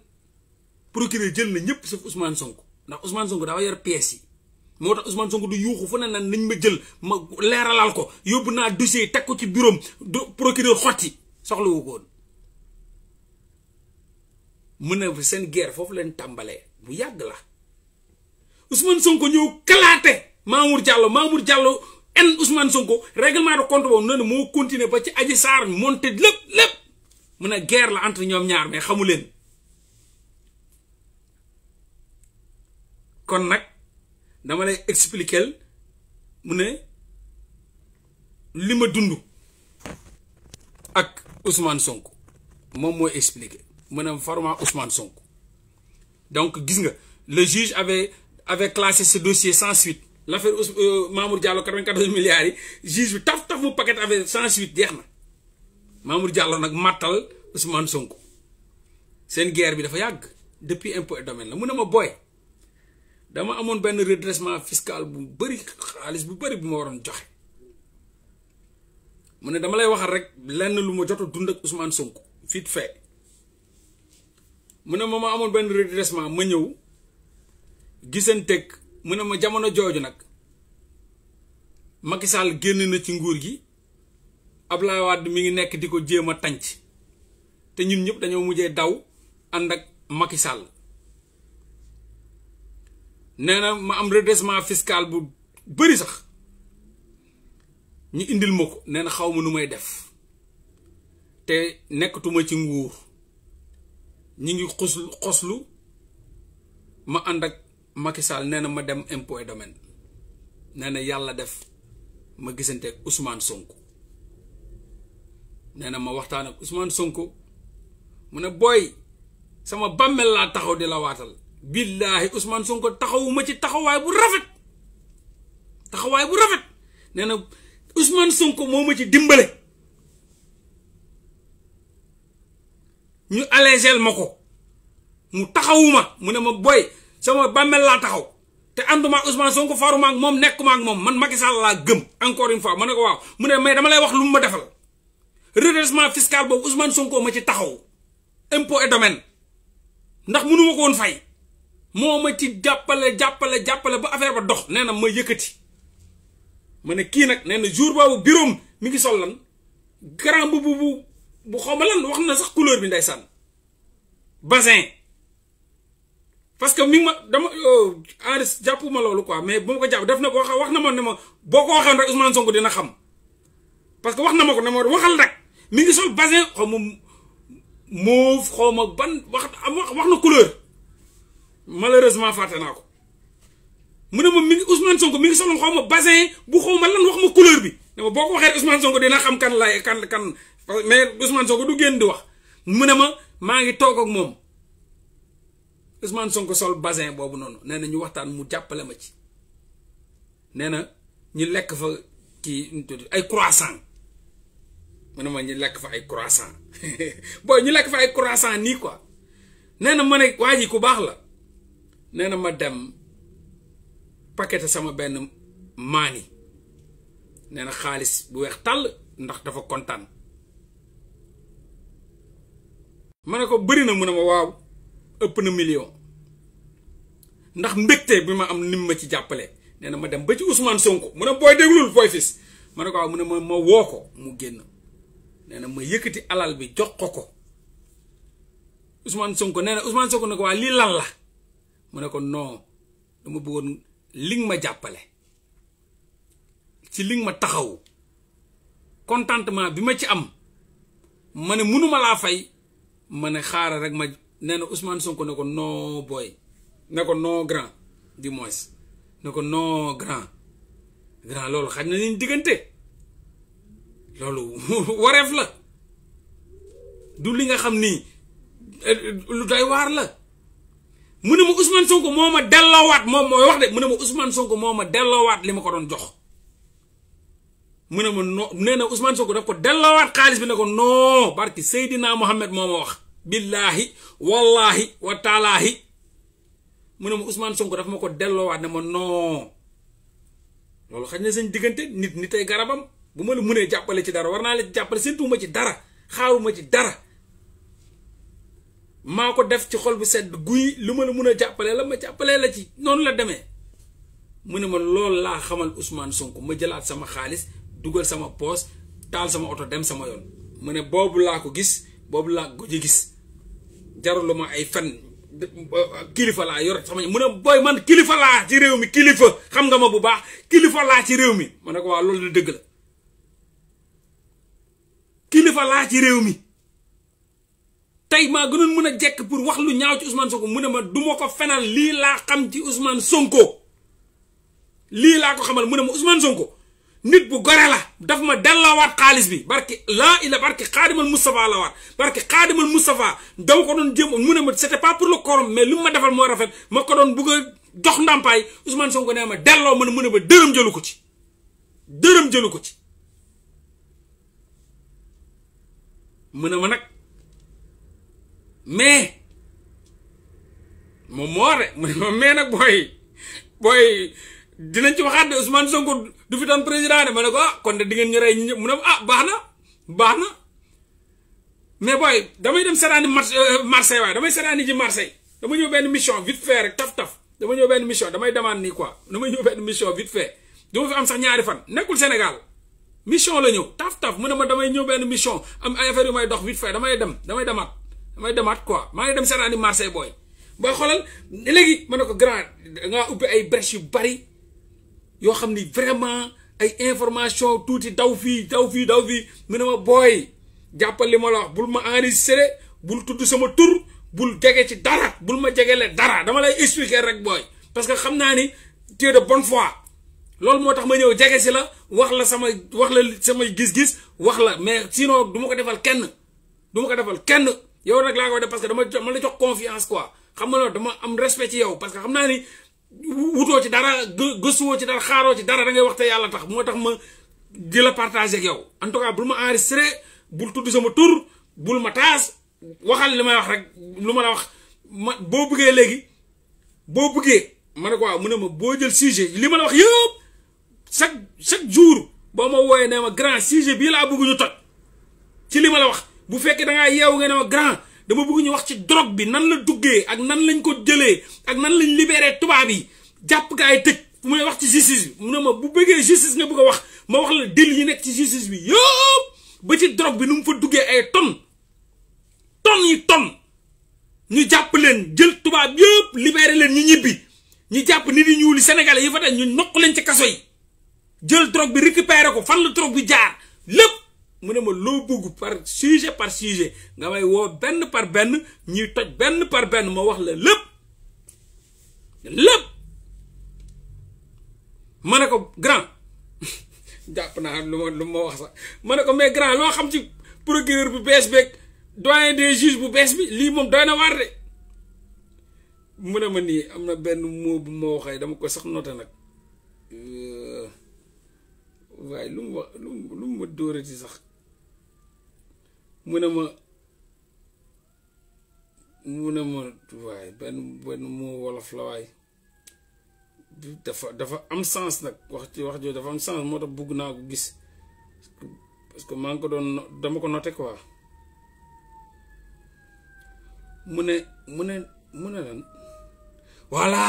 procureur jël na ñëpp sauf Ousmane Sonko ndax Ousmane Sonko dafa yor pièces yi moo tax usman Sonko du yuuxu fu ne nan nañ ma jël ma leeralal ko yóbbu naa dossier teg ko ci bureau du procureur xotti soxlawu ko woon mu seen guerre foofu leen tàmbalee bu yàgg la usman Sonko ñëw kalaate Mamour Diallo Mamour Diallo. Ousmane Sonko règlement de compte continuer ba ci monter guerre entre mais kon expliquer ak Ousmane Sonko mom nous expliquer Ousmane Sonko donc le juge avait avait classé ce dossier sans suite. l'affaire euh, Mamour Diallo 94 milliards yi juge bi taf taf mu paquet avec 108 suite Mamour Diallo nak matal Ousmane Sonko sen guerre bi dafa yag depuis impôt et domaine la mu ma boy dama amone ben redressement fiscal bu beuri xaalis bu beuri bu ma waron joxe mu ne dama lay waxal rek lenn lu ma jot dund ak Ousmane Sonko fit fee mu ne ma ma amoon redressement ma ñew gisentek mu ne ma jamono jooju nag Macky génn na ci nguur gi Abdoulaye Wade mi ngi nekk di ko jéem a tànc te ñun ñëpp dañoo mujjee daw ànd ak Macky Sall nee na ma am redressement fiskaal bu bëri sax ñu indil ma ko nee xaw ma nu may def te nekkatuma ci nguur ñi ngi xoslu xoslu ma ànd ak. Macky Sall nee na ma dem impôt domaine nee na yàlla def ma gisante ak Ousmane Sonko nee na ma waxtaan ak Ousmane Sonko mu ne booy sama bàmmeel laa taxaw di la waatal billaahi Ousmane Sonko taxawuma ci taxawaay bu rafet taxawaay bu nee na Ousmane Sonko moo ma ci dimbale ñu allégeel ma ko mu taxawuma mu ne ma booy sama bàmmeel laa taxaw te ànduma ak Ousmane Sonko faruma ak moom nekkuma ak moom man Macky Sall laa gëm encore une fois ma ne ko waaw mu ne mais dama lay wax lu mu ma defal redressement fiscal boobu Ousmane Sonko ma ci taxaw impôt et domaine ndax mënuma ko woon fay moo ma ci jàppale jàppale jàppale ba affaire ba dox nee na ma yëkkati ma ne kii nag nee na jour boobu biroom mi ngi sol lan bu bu bu xaw ma lan wax na sax couleur bi ndeysaan basin parce que mi ma dama enregistré oh, jàppuma loolu quoi mais bu ma ko def na wax wax na ma ne ma boo ko waxee rek Ousmane xam parce que wax na ma ko ne ma waxal rek mi ngi sol basin xaw xaw ma ban wax wax na couleur malheureusement fàtte naa ko mu ne ma mi ngi Ousmane mi ngi soloon xaw ma basin bu xaw ma lan wax ma couleur bi ne ma boo ko waxee Ousmane Sonko dina xam kan lay kan kan mais Ousmane Sonko du génn di wax mu ne ma maa ngi toog ak moom. Ousmane Sonko sol basin boobu noonu neena ñu waxtaan mu jàppale ma ci nee na ñu lekk fa kii ay croissant mu ne ma ñu lekk fa ay croissant (laughs) booy ñu lekk fa ay croissant nii ko nee na ma ne waa ji ku baax la nee na ma dem paquet sama benn maani nee na xaalis bu weex tàll ndax dafa kontaan ma ne ko bëri na mu ne ma waaw. ëpp na million ndax mbégte bi ma am nim ma ci jàppale nee na ma dem ba ci Ousmane Sonko mu ne booy déglul booy fis ma ne ko waaw mu ne ma ma woo ko mu génn nee na ma yëkkati alal bi jox ko ko Ousmane Sonko nee na Ousmane Sonko ne ko waa lii lan la mu ne ko noo dama bëggoon li ma jàppale ci li ma taxaw contentement bi ma ci am ma ne mënuma laa fay ma ne xaaral rek ma nee Ousmane Sonko nako no boy nako no gran, grand du moins nako no grand grand loolu xaj ni ñu diggante (laughs) waref la du li nga xamni ni eh, lu doy waar la munema Ousmane Sonko moma ma delloowaat moom mooy wax de munema Ousmane Sonko moma ma delloowaat ko don jox munema Ousmane Sonko bi nako no barki sayidina Muhammad moma wax billahi wallahi wa talahi mune mo ma Ousmane Sonko dafa mako delo wat ne mo non lolou xagne seen nit nit ay garabam Buma ma la mënee jàppale ci dara warna naa la jàppale séntu ma ci dara xawuma ci dara mako def ci xol bu sedd guy lu ma la mën a la ma jappale la ci non la demee mune ne ma loolu xamal Ousmane Sonko ma jelat sama Khalis, dugal sama pos tal sama auto dem sama Yon. mune bobu la ko gis boobu laa gëj a gis jarul ma ay fen kilifa laa yor sama mu ne booy man kilifa laa ci réew mi kilifa xam nga ma bu baax kilifa laa ci réew mi ma ne ko waaw loolu réew mi tey maa gënoon mën a jekk pour wax lu ñaaw ci Ousmane Sonko mu ne ma du ma fenal lii laa xam ci Ousmane Sonko lii laa ko xamal mun ne ma Ousmane Sonko. nit bu gore la daf ma delloowaat khalis bi barki la ila barki al mustafa la wat barki al mustafa daw ko don jéem mu ne ma c'était pas pour le korom mais li ma defal mo rafet ma don doon bugg a jox ndàmpaay Ousmane Sonko nee ma delloo ma ne mu ne jëlu ko ci deureum jëlu ci mu ma nak mais mo ma mais nak boy boy dinañ ci waxat de Ousmane Sonko. du fi doon président de ma ne ko ah kon de di ngeen ñu rey ñu mu ne ah baax na baax na mais booy damay dem seetaani euh, Marseille waaye damay seetaani ji Marseille dama ñëw benn mission vite fait rek taf taf dama ñëw benn mission damay demande nii quoi dama ñëw mission vite am sax ñaari fan nekkul Sénégal mission la ñëw taf taf mu ne ma damay ñëw benn mission am ay affaire yu may dox damay dem damay demaat damay demaat quoi maa ngi dem seetaani Marseille booy booy xoolal léegi ma ne ko grand nga ubbi ay brèche yu bari. yo xamni ni vraiment ay information touti daw fii daw fii daw fii mu ne ma booy jàppal li ma la wax bul ma enregistrer bul tuddu sama tur bul jege ci dara bul ma jegele dara dama lay expliquer rek boy, parce que xamna ni tu es de bonne foi lol motax ma ñew jege ci la wax la sama wax la sama gis-gis wax la mais sinon duma ko defal kenn duma ko defal kenn yow nak la ko def parce que dama ma la jox confiance quoi xam nga dama am respect ci yow parce que xamna ni wutoo ci dara gësuwoo ci dara xaaroo ci dara da ngay waxte yàlla tax moo tax ma di la partager ak yow en tout cas bul ma enregistré bul tudd sama tur bul ma taas waxal li may wax rek lu ma la wax ma boo buggee léegi boo buggee ma ne ko waaw mu ne ma boo jël sujet li ma la wax yëpp chaque chaque jour boo ma wooyee nee ma grand sujet bii laa bëgg ñu toj ci li ma la wax bu fekkee dangaa ngaa yeewu nga ne ma grand. dama bëgg ñu wax ci drogue bi nan la duggee ak nan lañ ko jëlee ak nan lañ libéré tubaab yi jàpp gaa yi tëj fu may wax ci justice bi mu ne ma bu bëggee justice nga bëgg a wax ma wax la dil yi nekk ci justice bi yëpp ba ci drogue bi nu mu fa duggee ay tonnes tonnes yi tonnes ñu jàpp leen jël tubaab yëpp libéré leen ñu ñibbi ñu jàpp nit yi ñuul sénégalais yi fa tey ñu nokk leen ci kaso yi jël drogue bi récupéré ko fan la drogue bi jaar lépp. mu ne ma loo bëgg par sujet par sujet nga may woo benn par benn ñuy toj benn par benn ma wax la lépp lépp ma ne ko grand (laughs) jàpp naa lu ma lu ma wax sax ma ne ko mais grand loo xam ci procureur bu bees beeg doyen des juges bu bees bi lii moom doy na waar de mu ne ma nii am na benn mot bu ma waxee dama ko sax noté nag euh, waaye lu mu wax lu mu ma dóorati sax mu ne ma mu ne ma waay benn benn moo wolof la waay dafa dafa am sens nag wax ci wax jooju dafa am sens moo tax bugg naa ko gis parce que maa ngi ko doon dama ko noté quoi mu ne mu ne mu ne lan voilà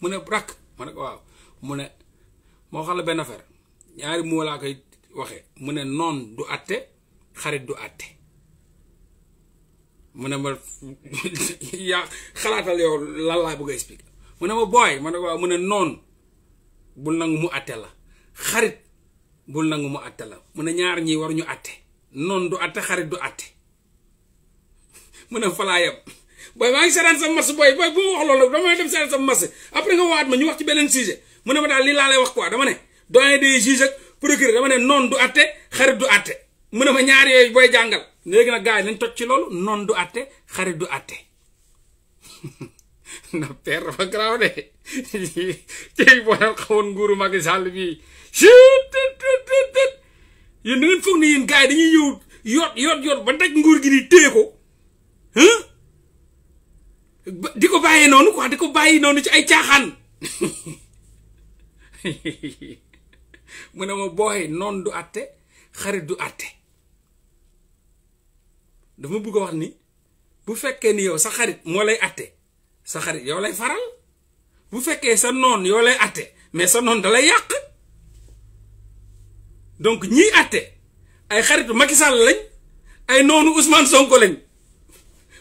mu ne rakk ma ne ko waaw mu ne moo xam la benn affaire ñaari moo laa koy waxee mu ne noon du àtte xarit du àtte mu ne ma (laughs) yaa xalaatal yow lan laa bëgg a expliquer mu ne ma boy ma ne ko mu ne noonu bul nangu mu atte la xarit bul nangu mu atte la mu ne ñaar ñi ñu atte noonu du atte xarit du atte (laughs) mu ne falaa yem booy maa ngi seetaan sa mas boy boy bu wax loolu damay dem seetaan sa mas après nga waat ma ñu wax ci beneen sujet mu ma daal lii laa lay wax quoi dama ne doyen des juges ak procureur dama ne du atte xarit du atte mu ne ma ñaar yooyu booy jàngal léegi nag gars yi nañ toj ci loolu noon du àtte xarit du àtte (laughs) na père dafa garaaw de tey (laughs) boo doon xawoon nguuru Macky Sall bii yéen da ngeen foog ne yéen gars yi dañuy yëw yoot yoot yoot ba daj nguur gi di téye ko di ko bàyyee noonu quoi di ko bàyyi noonu ci ay caaxaan (laughs) mu ne ma booy noon du àtte xarit du àtte dama bëgg wax ni bu ni yow sa xarit lay sa xarit yow lay faral bu sa lay mais sa noon da yàq donc ñiy atte ay xaritu lañ ay noonu Ousmane Sonko lañ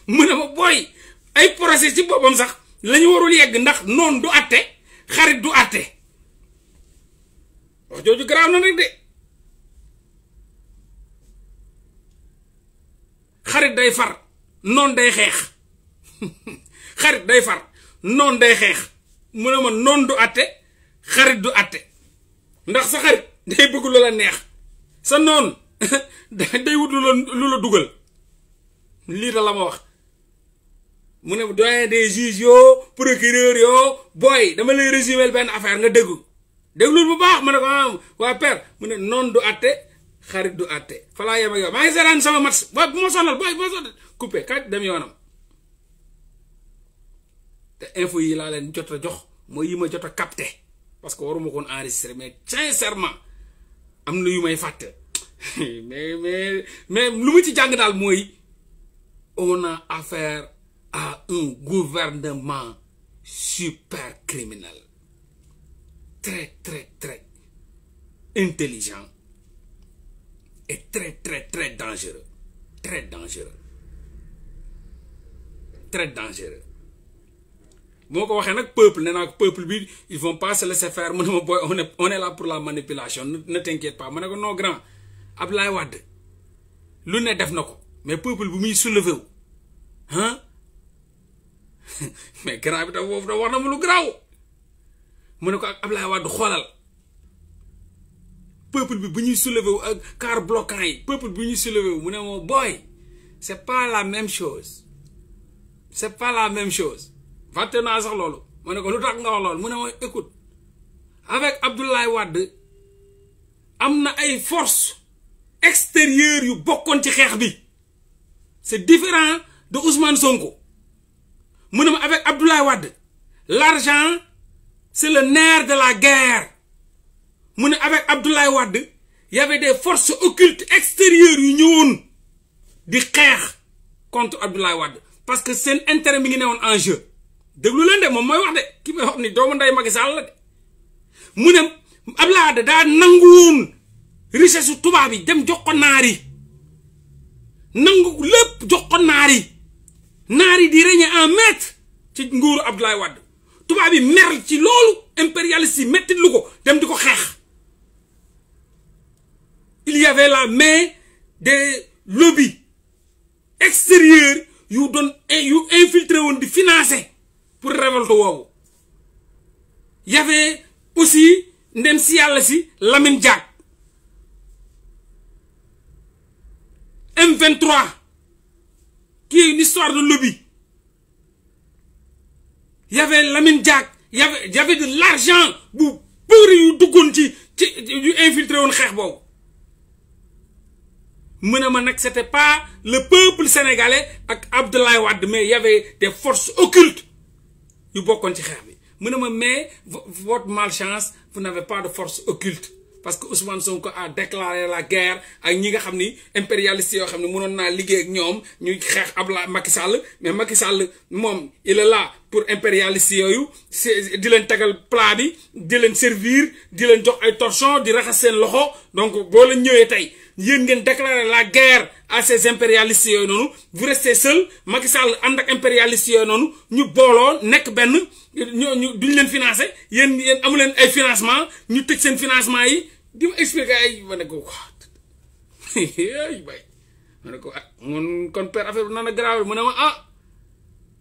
ma ay procès ci sax warul yegg ndax du atte du xarit day far noon day xeex (laughs) xarit day far noon day xeex mu ne ma noon du àtte xarit du àtte ndax sa xarit day bëgg lu la neex sa noon (laughs) day wut lu la lu la dugal lii da la ma wax mu ne doyen des juges yoo procureur yoo booy dama lay résumer benn affaire nga déggu déglul bu baax mu ne ko ah, waa père mu ne noon du àtte xarit du je fala sama match sonal coupé dem te info yi jox parce que mais sincèrement am na may (laughs) mais mais mais on a affaire à un gouvernement super criminel très très très intelligent très, très, très dangereux. Très dangereux. Très dangereux. Bon, on peuple peuple ils vont pas se laisser faire on est là pour la manipulation ne t'inquiète pas mon grand Abdoulaye lu def mais peuple vous soulever hein? (laughs) mais grave peuple bi ñuy soulever car bloquant peuple bi ñuy soulever wu mu Boy, c'est pas la même chose c'est pas la même chose fàtte na sax loolu ma ne ko lu tax nga wax mu écoute avec Abdoulaye Wade amna ay forces extérieures yu bokkoon ci xeex bi c'est différent de Ousmane Sonko mu ne avec Abdoulaye Wad, l'argent c'est le nerf de la guerre mune ne avec Abdoulaye Wade y avait des forces occultes extérieures yu ñewoon di xex contre abdoulay wad parce que sen intérêt mi ngi néwon en jeu deglu len de mom moy wax de ki may wax ni doomu nday magi Sall la mune abdoulay wad da Wade richesse su bi dem jox ko naar yi nangu lépp jox ko naar yi di régner en maître ci nguur abdoulay wad touba bi mer ci lolu imperialiste metti lu ko dem di ko il y avait la main des lobbies extérieurs qui ont infiltré des pour révolte Il y avait aussi ndem si A si Lamine Diak. M23 qui est une histoire de lobby Il y avait Lamine il y avait y avait de l'argent pour infiltrer du duggoon mu ne ma pas le peuple sénégalais ak Abdoulaye Wade mais il y avait des forces occultes yu faut ci xeex mais votre malchance vous n'avez pas de forces occultes parce que Ousmane Sonko a déclaré la guerre ak ñi nga xam ni impérialistes yoo xam ne mënoon naa ak ñuy Abdoulaye Macky Sall mais Macky Sall moom il est là pour impérialistes yooyu di leen tegal plat bi di leen servir di leen jox ay torchon di raxas loxo donc boo leen ñëwee là yéen ngeen déclarer la guerre à ces impérialistes yooyu noonu vous restez seul Macky Sall ànd ak impérialistes yooyu noonu ñu booloo nekk benn ñu duñ leen financer yéen yéen amu leen ay financement ñu tëj sen financement yi di ma expliqué ay mané ne ko bay (laughs) ma ko ah kon père affaire nana nar mu ne ma ah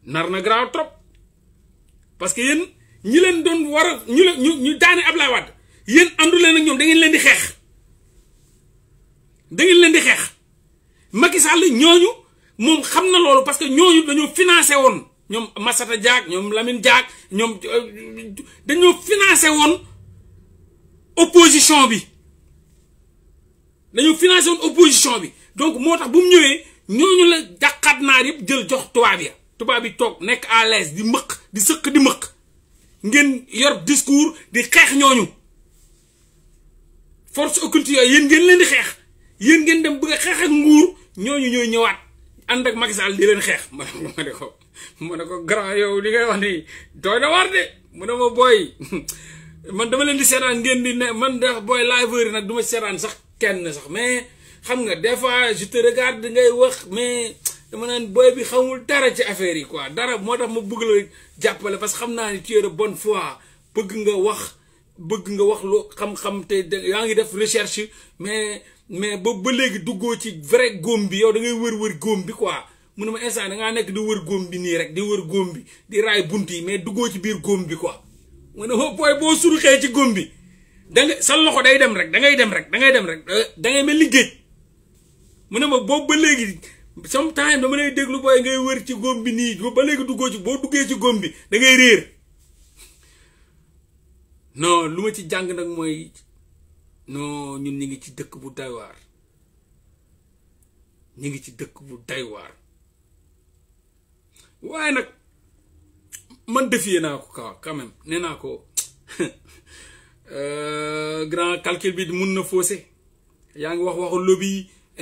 nar na garaaw trop parce que yéen ñi leen doon war ñu ñu daane Ablaye wad yéen andu leen ak ñom da ngeen leen di xex da leen di xeex Macky Sall ñooñu moom xam na loolu parce que ñooñu dañoo financé woon ñoom Massata Diack ñoom Lamine Diack ñoom euh, dañoo financé woon opposition bi dañoo financé woon opposition bi donc moo tax bu mu ñëwee ñooñu la jàqaat naar yëpp jël jox tubaab ya tubaab yi toog nekk à l'aise di mëq di sëq di mëq ngeen yor discours di xeex ñooñu force occulte yooyu yéen ngeen leen di xeex yéen ngeen dem bëgg a xeex ak nguur ñooñu ñooy ñëwaat ànd ak Macky Sall di leen xeex (laughs) ma ne ko ma ne ko grand yow li ngay wax nii doy na war de mu ne ma booy (laughs) man dama leen di seetaan ngeen di ne man da booy liveur yi nag du ma seetaan sax kenn sax mais xam nga des fois je te regarde ngay wax mais dama naan booy bi xamul dara ci affaire yi quoi dara moo tax ma bëgg la jàppale parce que xam naa ni tu es de bonne foi nga wax bëgg nga wax loo xam-xam te yaa ngi def recherche mais mais ba ba léegi duggoo ci vrai góom bi yow da ngay wër-wër góom bi quoi mu ne ma instant da ngaa nekk di wër góom bi nii rek di wër góom bi di raay bunt yi mais duggoo ci biir góom bi quoi mu ne oh booy boo suruxee ci góom bi da nga loxo day dem rek da dem rek da ngay dem rek da ngay mel ni mu ne ma boobu ba léegi sometime dama lay déglu booy ngay wër ci góom bi nii ba léegi duggoo ci boo duggee ci góom bi da réer. No lu ma ci jang nak moy non ñun ñi ngi ci dekk bu daywaar ñi ngi ci dekk bu daywaar waaye nak man defiyee naa ko kaw quand même né naa ko (laughs) euh, grand calcul bi na fossé ya nga wax waxu lobby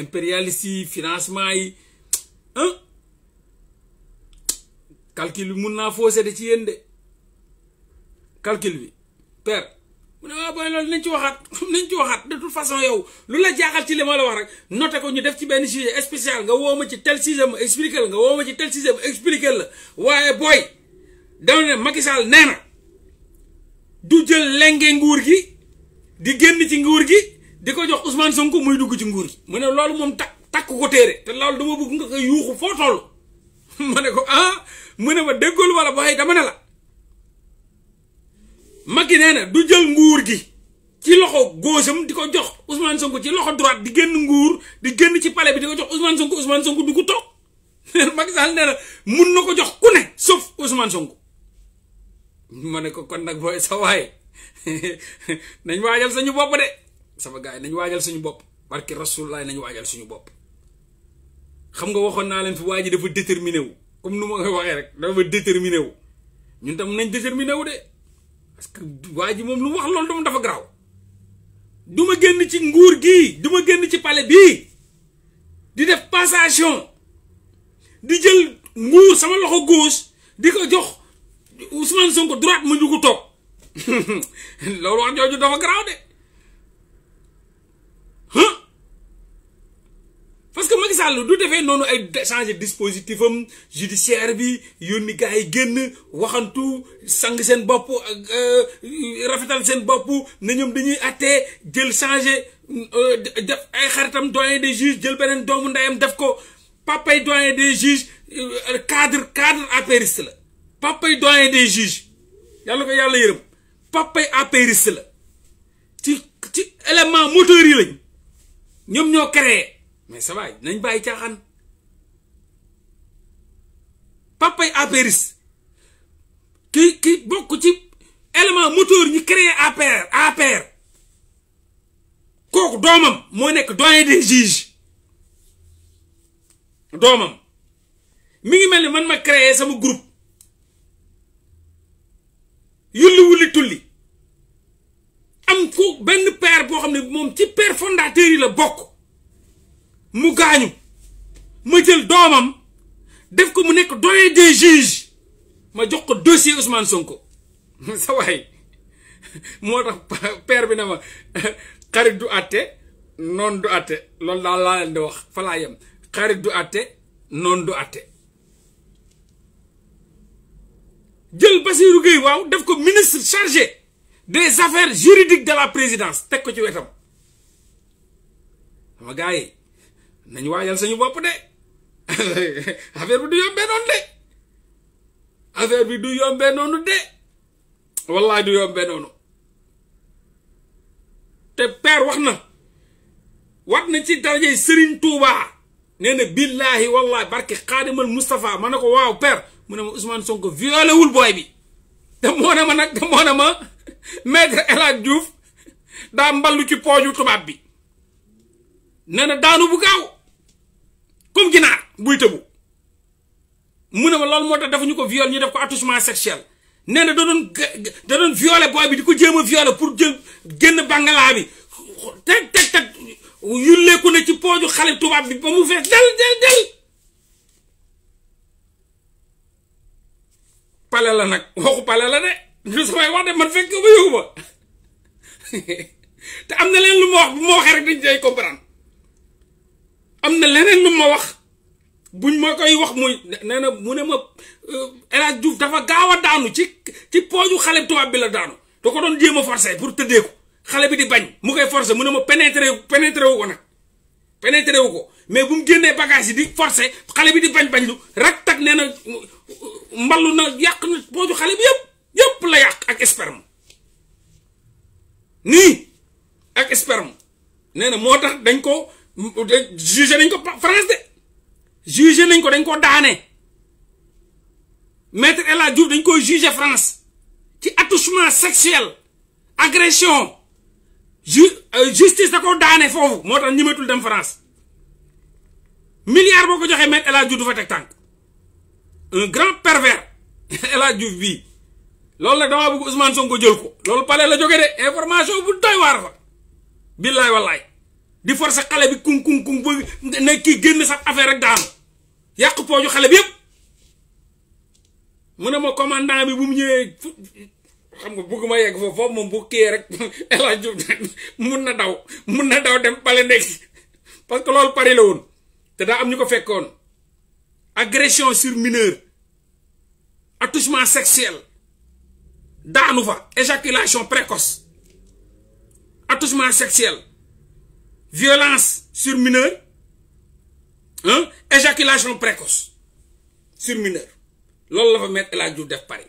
impérialiste financement yi ah calcul bi mun na fossé de ci yéen calcul bi pep mu ne waaw booy loolu nañ ci waxaat (laughs) nañ ci waxaat de toute façon yow lu la jaaxal ci li ma la wax rek noté ko ñu def ci benn sujet spécial nga woo ma ci tel sujet ma expliqué la nga woo ma ci tel la waaye booy dama ne Macky nee na du jël lenge nguur gi di génn ci nguur gi di ko jox Ousmane Sonko muy dugg ci nguur gi. mu ne loolu moom takk takk ko téere te loolu dama bëgg nga koy yuuxu foo toll (laughs) ma ne ko ah mu ne ma déggul wala booy dama ne la. Macky nee na du jël nguur gi ci loxo góosam di ko jox Ousmane Sonko ci loxo droite di génn nguur di génn ci palais bi di jox Ousmane Sonko Ousmane Sonko du ko toog (laughs) Macky Sall nee na mun na ko jox ku ne sauf Ousmane Sonko ma ne ko kon nag booy sa waaye (laughs) nañ waajal suñu bopp de sama nañ waajal suñu bopp barki rasulullah nañ waajal suñu bopp xam nga waxoon naa leen fi waa ji dafa déterminé wu comme nu ma koy waxee rek dafa déterminé wu ñun tam nañ déterminé wu de parce que waa ji moom lu wax loolu dama dafa garaaw duma génn ci nguur gi duma génn ci pale bi di def passation di jël nguur sama loxo góos di ko jox Ousmane Sonko droite mu ñu ko toog (laughs) loolu wax jooju dafa garaaw de parce que Macky Sall du defee noonu ay changer dispositif am judiciaire bi yónni gars yi génn waxantu sang seen bopp euh, rafetal Sen bopp ne ñoom dañuy attee jël changer euh, def ay xaritam doyen des juges jël Benen doomu ndeyam def ko papay doyen des juges euh, cadre cadre apériste la papay doyen des juges Yalla ko yàlla yërëm papay apériste la ci ci élément moteur yi lañ ñom ñoo créer mais sa waay nañ bàyyi caaxaan papay APRis ki ki bokk ci élément moteur ñi créé APR APR kooku doomam moo nekk doyen des juges doomam mi ngi mel ni man ma créé sama groupe yulli wulli tulli am ku benn père boo xam ne moom ci père fondateur yi la bokk mu gañu ma jël domam def ko mu nek doyé des juges ma jox ko dossier Ousmane Sonko (laughs) sa va y. père bi na ma xarit du atté non du atté loolu la la le di wax fa la yem xarit du atté non du atté jël Bassirou Gueye waaw def ko ministre chargé des affaires juridiques de la présidence tek ko ci wétam xam nga gars nañ waajal suñu bopp de (laughs) affaire bi du yombee noonu de affaire bi du yombee noonu te père wax na wat na ci darajey Serigne Touba nee na billaahi wallahi barke xaadimal Moustapha ma ne ko waaw père mu ne ma Ousmane Sonko violé wul booy bi te moo ma nag te moo ma (laughs) maître El Hadj daa mballu ci pooju tubaab bi nee na daanu bu gaaw comme ginaar buy tëbu mu ne ma loolu moo tax defuñu ko viol ñu def ko attouchement sexuel nee na da doon da doon violé boy bi di ko jéem a pour jël génn bangalaa bi teg teg teg yulleeku ne ci pooju xale tubaab bi ba mu fees del del pale la nag waxu pale la de lu samay wax de man fekk ba yóbbu ma (laughs) te am na leen lu ma wax bu ma waxee rek am na leneen lu ma wax buñ ma koy wax muy nee na mu ne ma euh, El Hadj Diouf dafa gaaw a daanu ci ci pooju xale tubaab bi la daanu da ko doon jéem a forcer pour tëddee ko xale bi di bañ mu koy forcer mu ne ma pénétrer pénétrer wu ko nag pénétrer wu ko mais bu mu génnee bagage yi di forcer xale bi di bañ bañ lu rak tak nee na euh, na yàq na pooju xale bi yëpp yëpp la yàq ak sperme nii ak sperme nee na moo tax dañ ko jugé nañ ko France de jugé nañ ko dañ ko daané maître ela Diouf dañ ko jugé France ci attouchement sexuel agression ju euh, justice da ko daané fofu motax tax ñimatul dem France milliard boko joxé maître ela Diouf du fa teg tànk un grand pervers (laughs) ela Diouf bi lolou nak dama bëgg Ousmane Sonko jël ko lolou pale la joggé de information bu doy war fa billahi wallahi di forcer xale bi kuŋ kuŋ kuŋ ba ne kii génn sax affaire a daanu yàq pooju xale bi yëpp mu ne ma commandant bi bu mu ñëwee xam nga bëgg ma yegg foofu foofu moom bu kii rek (laughs) El Hadj (laughs) mun na daw mun na daw dem pale nekk parce que loolu pari la woon te daa am ñu ko fekkoon agression sur mineur attouchement sexuel daanu fa éjaculation précoce attouchement sexuel. violence sur mineur précoce sur loolu la fa mettre El Hadj Diouf def pare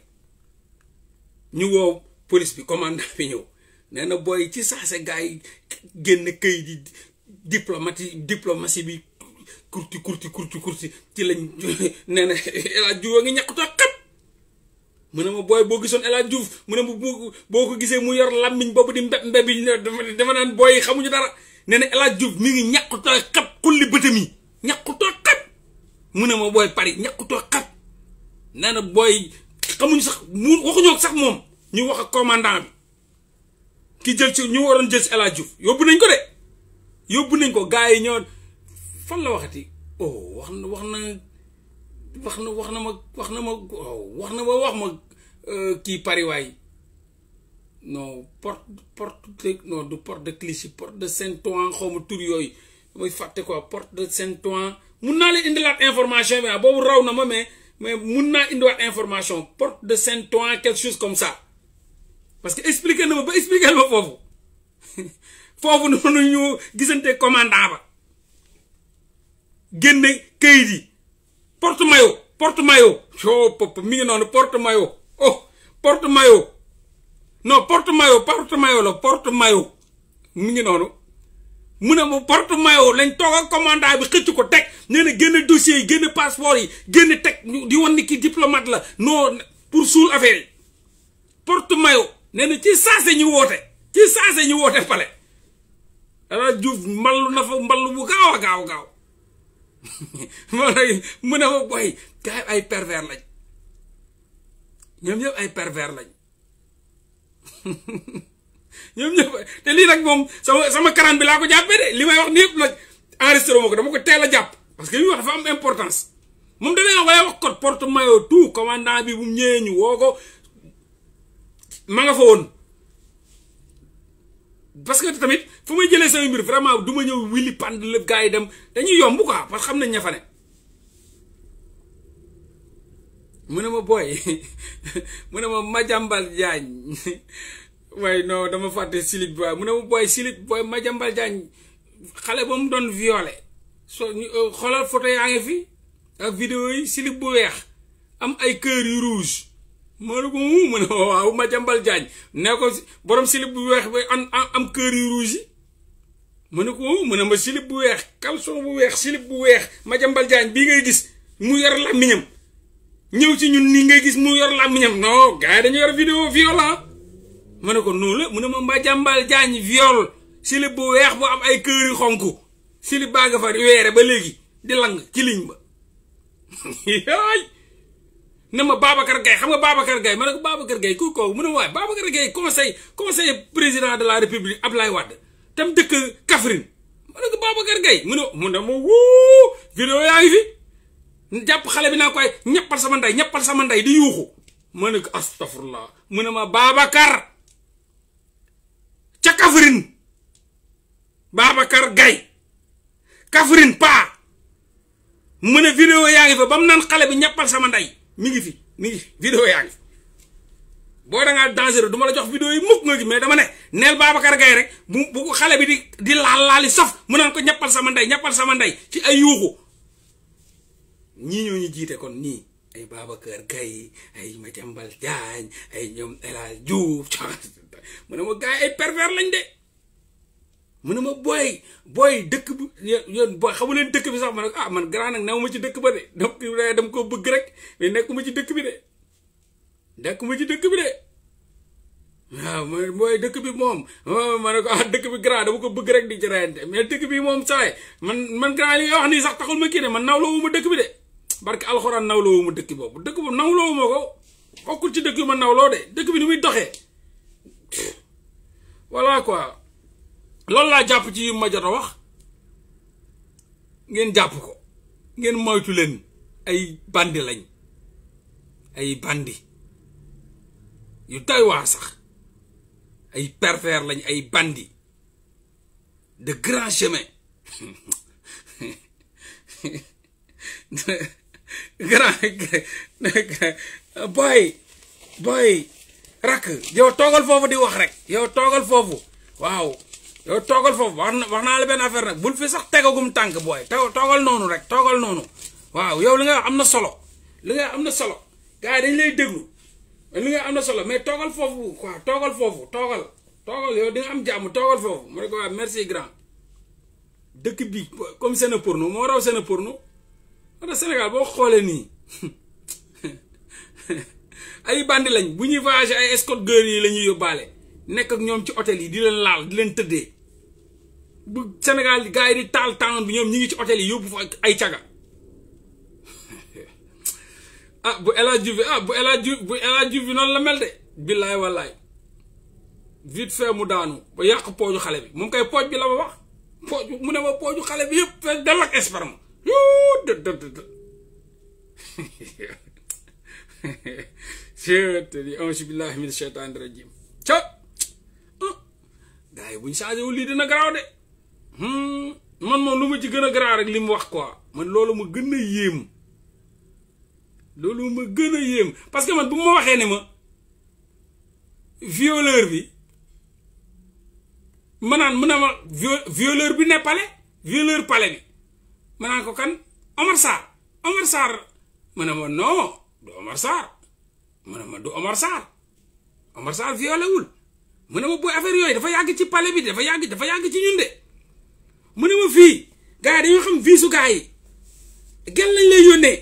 ñu woo police bi commandant bi ñëw nee na booy ci saase gars yi génn këy di diplomatie diplomatie bi kurti kurti kurti kurti ci lañ (laughs) nee na El Hadj Diouf ngi ñàkkutoo xëpp mu ne ma booy boo gisoon El Hadj Diouf mu ma boo ko gisee mu yor làmmiñ boobu di mbeb mbeb yi dafa naan booy xamuñu dara nee na El mi ngi ñàkkutoo xab xulli bëtam yi ñàkkutoo xab mu ne ma booy pari ñàkkutoo xab nee na booy xamuñu sax mu waxuñook sax moom ñu wax ak commandant bi ki jël ci ñu waroon jël si El yóbbu nañ ko de yóbbu nañ ko gars yi ñoo fan la waxati oh wax na wax na wax na wax na ma wax na ma oh, wax na ma wax ma euh, kii Paris waay non porte porte de non du porte de Clichy porte de Saint-Ouen xaw tour yoy moy faté quoi porte de Saint-Ouen mun naa leen d'informations, information ne ah, boobu pas ma mais mais n'ai pas indiwaat information porte de Saint-Ouen quelque chose comme ça parce que expliquez na expliquez ba expliquer ma fofu (laughs) nous nonu ñu gisante commandant ba genné kayit porte maillot porte maillot oh pop mi porte maillot oh porte maillot. non porte maillot porte maillot la porte maillot mu ngi noonu mu ne ma porte maillot lañ toog ak commandant bi xëcc ko teg nee na génn dossiers yi génn passeport yi génn teg di wan ni ki diplomate la non pour suul affaire yi porte maillot nee na ci saase ñu woote ci saase ñu woote pale dara Diouf mballu na fa mballu bu gaaw a gaaw gaaw (laughs) mu ne ma boy gars ay pervers lañ ñoom ñëpp ay pervers lañ ñoom ñëpp te lii nag moom sama sama karaan bi laa ko jàppee de li may wax nii yëpp nag enregistré ko dama ko teel a jàpp parce que li muy wax dafa am importance moom dana wax wax code porte maillot tout commandant bi bu mu ñëwee ñu woo ko ma nga fa woon. parce que tamit foo may jëlee sama mbir vraiment du ma ñëw wili pand la gars yi dem dañuy yomb quoi parce que xam nañ ña fa muna ma boy mu ne ma Madiambal Diagne way no dama faté Silip boy muna ma boy Silip boy majambal Diagne xale ba don doon violé so euh, xolal photo yaa ngi fi ak vidéo yi Silip bu wéx am ay cœur yu rouge ma lu ko mu ne waaw Madiambal Diagne ne ko borom Silip bu wéx bay am am yu rouge yi mana ko mu ma Silip bu wéx caleçon bu wéx Silip bu ma jambal Diagne bi ngay gis mu la làmmiñam ñëw ci ñun nii ngay gis mu yor làmmiñam non gars yi dañu yor vidéo viol ah ma ne ko noonu la mu ne ma mbaa jàmbaal jaañ viol weex bu am ay yu xonk silib baa nga fa weere ba léegi di lang ci liñ ba (laughs) ma Babacar Gaye xam nga Babacar Gaye ma ne ko Babacar Gaye ku ko mu ne waaye Babacar Gaye conseil conseiller président de la république Ablaye Wade tam dëkk Kaffrine ma ne ko Babacar Gaye mu ne mu ne ma wuu vidéo yaa ngi fi japp xalé bi na koy ñeppal sama nday ñeppal sama nday di yuxu mané ne ko ma babakar ca Kaffrine babakar gay Kaffrine pa mané vidéo yaangi fa bam nan xalé video bi ñeppal sama nday mi ngi fi mi ngi vidéo yaangi mana? da nga dangereux du ma la jox vidéo yi mukk nga gi mais dama né nel babakar gay rek bu ko xalé bi di di laal laali saf mu nan ko ñeppal sama nday ñeppal sama nday ci ay yuxu ñii ñoo ñu jiite kon nii ay Babacar Gaye ay Madiambal Diagne ay ñoom El Hadj Diouf (laughs) mu ne ma gars ay pervers lañ de mu ne ma booy booy dëkk bi yoon booy xamu leen dëkk bi sax ma ne ah, man grand nag newuma ci dëkk ba de donc dama ko bëgg rek mais nekkuma ci dëkk bi de nekkuma ci dëkk bi de waaw mooy dëkk bi moom ma ne ah, dëkk bi grand dama bëgg rek di ci reyante mais dëkk bi moom saay man man grand li nga wax nii sax taxul ma ki de man nawloo wu ma dëkk bi de. barke alxuraan nawloo ma dëkk boobu dëkk boobu nawloo bokkul ci dëkk yu ma nawloo de dëkk bi ni muy doxee voilà quoi loolu laa jàpp ci yu ma jot a wax ngeen jàpp ko ngeen moytu leen ay bandi lañ ay bandi yu doy waar sax ay pervers lañ ay bandi de grand chemin (laughs) grand boy boy rakk yow toogal foofu di wax rek yow toogal foofu waaw yow toogal foofu wax na wax naa la benn affaire nag bul fi sax tegagum tànk booy toogal noonu rek toogal noonu waaw yow li nga am na solo li nga am na solo gars dañ lay déglu li nga am na solo mais toogal foofu quoi toogal foofu toogal toogal yow di am jàmm toogal foofu mu ne ko waa merci grand dëkk bi comme seen porno moo raw seen porno wala Sénégal boo xoolee nii ay bandi lañ bu ñuy voyagé ay escorte girl yi la ñuy yóbbaale nekk ak ñoom ci hôtel yi di leen laal di leen tëddee bu Sénégal gars yi di taal taaloon bi ñoom ñi ngi ci hôtel yi yóbbu fa ay caga (laughs) ah bu El Hadj Diouf bi ah, bu El Hadj bu El bi noonu la mel de billaay wallaay vite fait mu daanu ba yàq pooju xale bi moom koy pooj bi la ma wax pooj mu ne ma pooju xale bi yëpp fekk dal ak esperma seetlu (laughs) auzu billaahi mina sheytaani rajiim ca ah! gars yi bu ñu changé wu lii dina garaaw de hmm. man moom lu ma ci gën a garaaw rek li mu wax quoi man loolu ma gën a yéem loolu ma gën a yéem parce que man bu ma waxee ne ma violeur bi ma naan mën a ma violeur bi ne palais violeur pale bi. manaa ko kan Omar Sarr Omar Sarr mu ne ma non du Omar Sarr mu ne ma du Omar Sarr Omar Sarr wul mu ne ma booy affaire yooyu dafa yàgg ci palais bi dafa yàgg dafa yàgg ci ñun de mu ne ma fii gars yi dañoo xam viisu yi gel lañ lay yónnee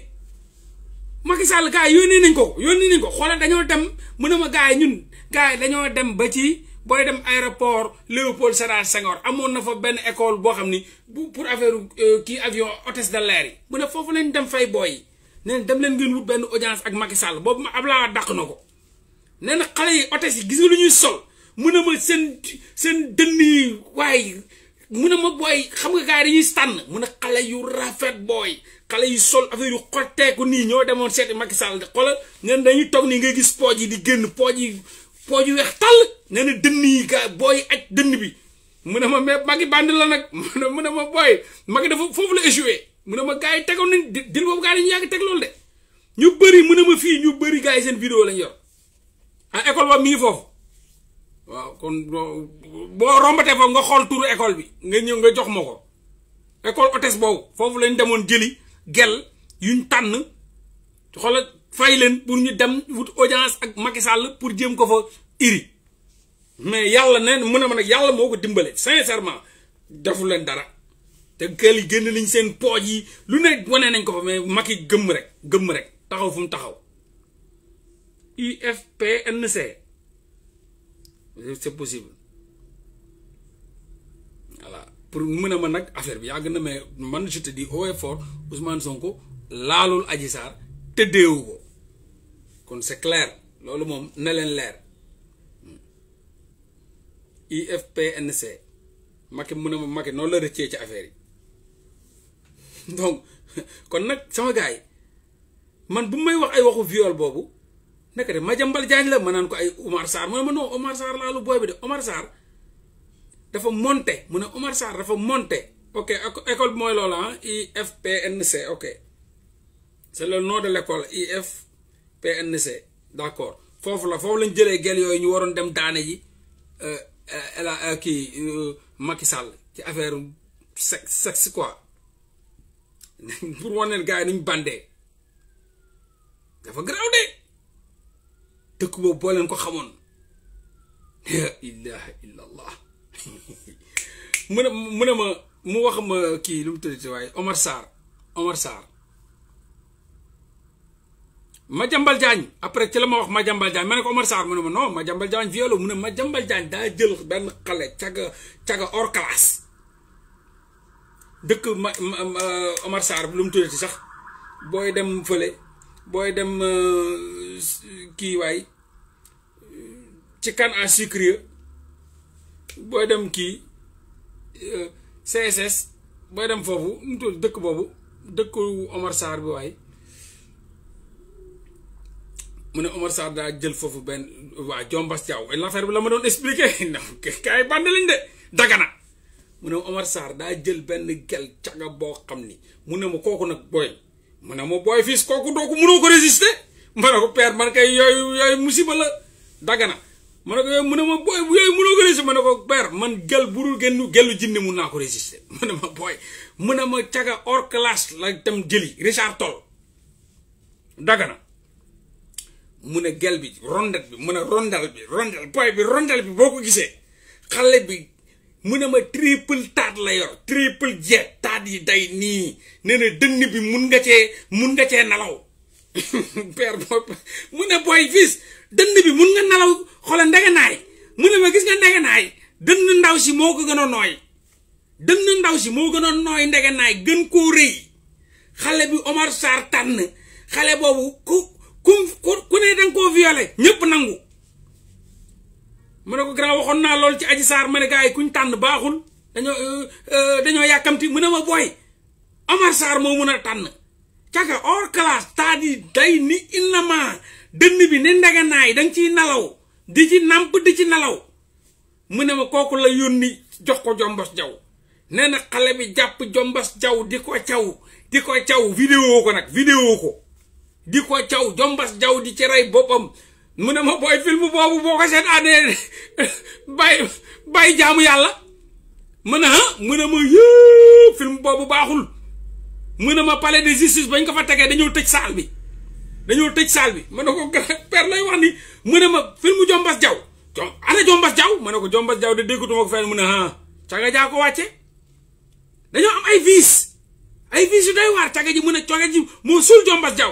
Macky Sall gars yoon yónnee nañ ko yónnee nañ ko xoolal dañoo dem mu ne ma gars yi ñun gars yi dañoo dem ba ci booy dem aéroport Léopold Sédar Senghor amoon na fa benn école boo xam ni bu pour affaire euh, kii avion hôtesse de l'air yi mu ne foofu leen dem fay booy yi nee dem leen ngeen bu benn audience ak Macky Sall boobu ma Ablaye dàq na ko nee na xale yi hôtesse yi gis nga sol mu ne ma seen seen dënn waaye mu ne ma booy xam nga gars yi dañuy mu ne xale yu rafet booy xale yu sol affaire yu xotteeku nii ñoo demoon seeti Macky Sall xoolal neen dañuy toog nii ngay gis pooj yi di génn pooj yi. poo ju weex tàll nee na dënn yi ka booy aj dënn bi mu ne ma mais magi bànd la nag (laughs) mu ne ma booy magi dafa foofu la échoué mu ne ma gars yi tegoon nañ dil boobu gars yi ñu teg loolu de ñu bëri mu ne ma fii ñu bëri gars yi seen vidéo lañ yor ah école ba mii foofu waaw kon boo rombatee foofu nga xool turu école bi nga ñëw nga jox ma ko école hôtesse boobu foofu lañ demoon jëli gel yuñ tànn xoolal fay leen pour ñu dem wut audience ak Macky sàll pour jéem ko fa iri mais yàlla neen mën a ma nag yàlla moo ko dimbale sincèrement defu leen dara te kël yi génn nañ seen pooj yi lu nekk wane nañ ko fa mais Macky gëmm rek gëmm rek taxaw fu taxaw UFPNC c'est possible voilà pour mu a ma nag affaire bi yàgg na mais man je te dis haut et fort Ousmane Sonko laalul Adji Sarr tëddeewu ko kon c'est clair loolu moom na leen leer IFPNC Macky mu ne ma noonu la rëccee ci affaire yi (laughs) donc kon nag sama gars yi man bu may wax ay waxu viol boobu nekk de Madiambal Diagne la ma naan ko ay Omar Sarr ma ne ma non Omar Sarr booy bi de Omar Sarr dafa monté mu ne Omar Sarr dafa monté ok école bi mooy loolu ah IFPNC ok c'est le nom de l'école IF PNC d' accord foofu la foofu lañ jëlee gel yooyu ñu waroon dem daane ji la euh, euh, euh, kii Macky Sall ci affaire sexe sexe quoi (laughs) pour wan leen gars yi niñ bandee dafa garaaw de dëkk boobu boo ko xamoon la ilaha illa allah (laughs) mu ne mu ma mu wax ma kii lu mu tëddati waaye Omar Sarr Omar Sarr jambal Diagne après ci la ma wax ma jambal ma mané ko Omar sar mu non ma jambal Madiambal violo jël ben xalé caga caga hors classe deuk Omar sar lu mu tuddati sax boy dem feulé boy dem euh, ki way ci kan à sucre boy dem ki euh, CSS boy dem fofu mu tudd deuk bobu deuk Omar sar bi way mun ne Omar jël foofu benn waa Jombas Diaw l'affaire bi la ma doon expliquer kaay bànn lañ de dagana mu ne Omar daa jël benn gel caga xam ni mu ne ma kooku nag booy mu ne ma booy kooku doo ko mënoo (laughs) ma ne man kay yooyu yooyu musiba ma ne ko ma booy ma man gel burul genn gellu jinne mun naa ko résister (laughs) mu ne ma booy mu ne ma caga la dem jëli Richard Toll dagana mu ne gel bi rondal bi mu ne rondal bi rondal bi rondal bi boo ko gisee xale bi mu ne ma triple taat la yor triple jet taat yi day nii nee na dënn bi mun nga cee mun nga cee nalaw (laughs) père bopp mu ne booy bi mun nga nalaw xoola ndegenaay mu ne ma gis nga ndegenaay dënn ndaw si moo ko gën a nooy dënn ndaw si moo gën a nooy naay gën koo rëy xale bi Omar Sarr tànn xale boobu ku ku ku ne danga koo violé ñëpp nangu mu ne ko grand waxoon naa loolu ci aji saar ma ne yi kuñ tànn baaxul dañoo euh, euh, dañoo yàkkamti mu ne ma booy Omar Sarr moo mun a tànn caka hors classe cest day ni innama dënn bi ne ndeganaay danga ciy nalaw di ci nàmp di ci nalaw mu ne ma kooku la yónni jox ko jombos jaw nee na xale bi jàpp jombos jaw di ko caw di ko caw vidéo ko nag vidéo ko di ko caw jombas jaw di ci rey boppam mu ne ma booy film boobu boo ko seetaanee bàyyi (laughs) bàyyi jaamu yàlla mu ne ah mu ne ma yëpp film boobu baaxul mu ne ma pale de justice bañ ko fa tegee dañoo tëj saal bi dañoo tëj saal bi ma ne ko père lay wax ni mën ne ma film jombas jaw jom ana jombas jaw ma ne ko jombas jaw de déggutuma ko fen mu ne ah caga jaa ko wàcce dañoo am ay vices ay vices yu doy waar caga mën mu ne caga ji moo suul jombas jaw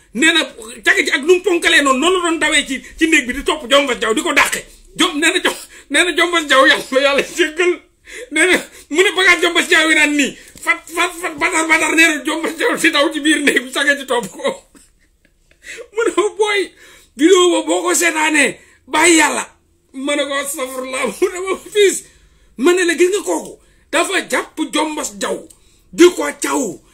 nee na ci ak nu mu non noonu noonu doon dawee ci ci néeg bi di topp jombas jaw diko ko dàqe jom nee na jom nee na jaw yalla yalla jéggal nee na mu ne bagaat jombas jaw yi naan fat fat fat badar badar nee na jombas jaw si daw ci bir néeg bi cage ci top ko (laughs) mu ne boy vidéo ba boo ko seetaanee bàyyi yàlla ma ne ko astafurlah (laughs) mu ne ma fils ma ne la gis nga koku dafa jàpp jombas jaw di ko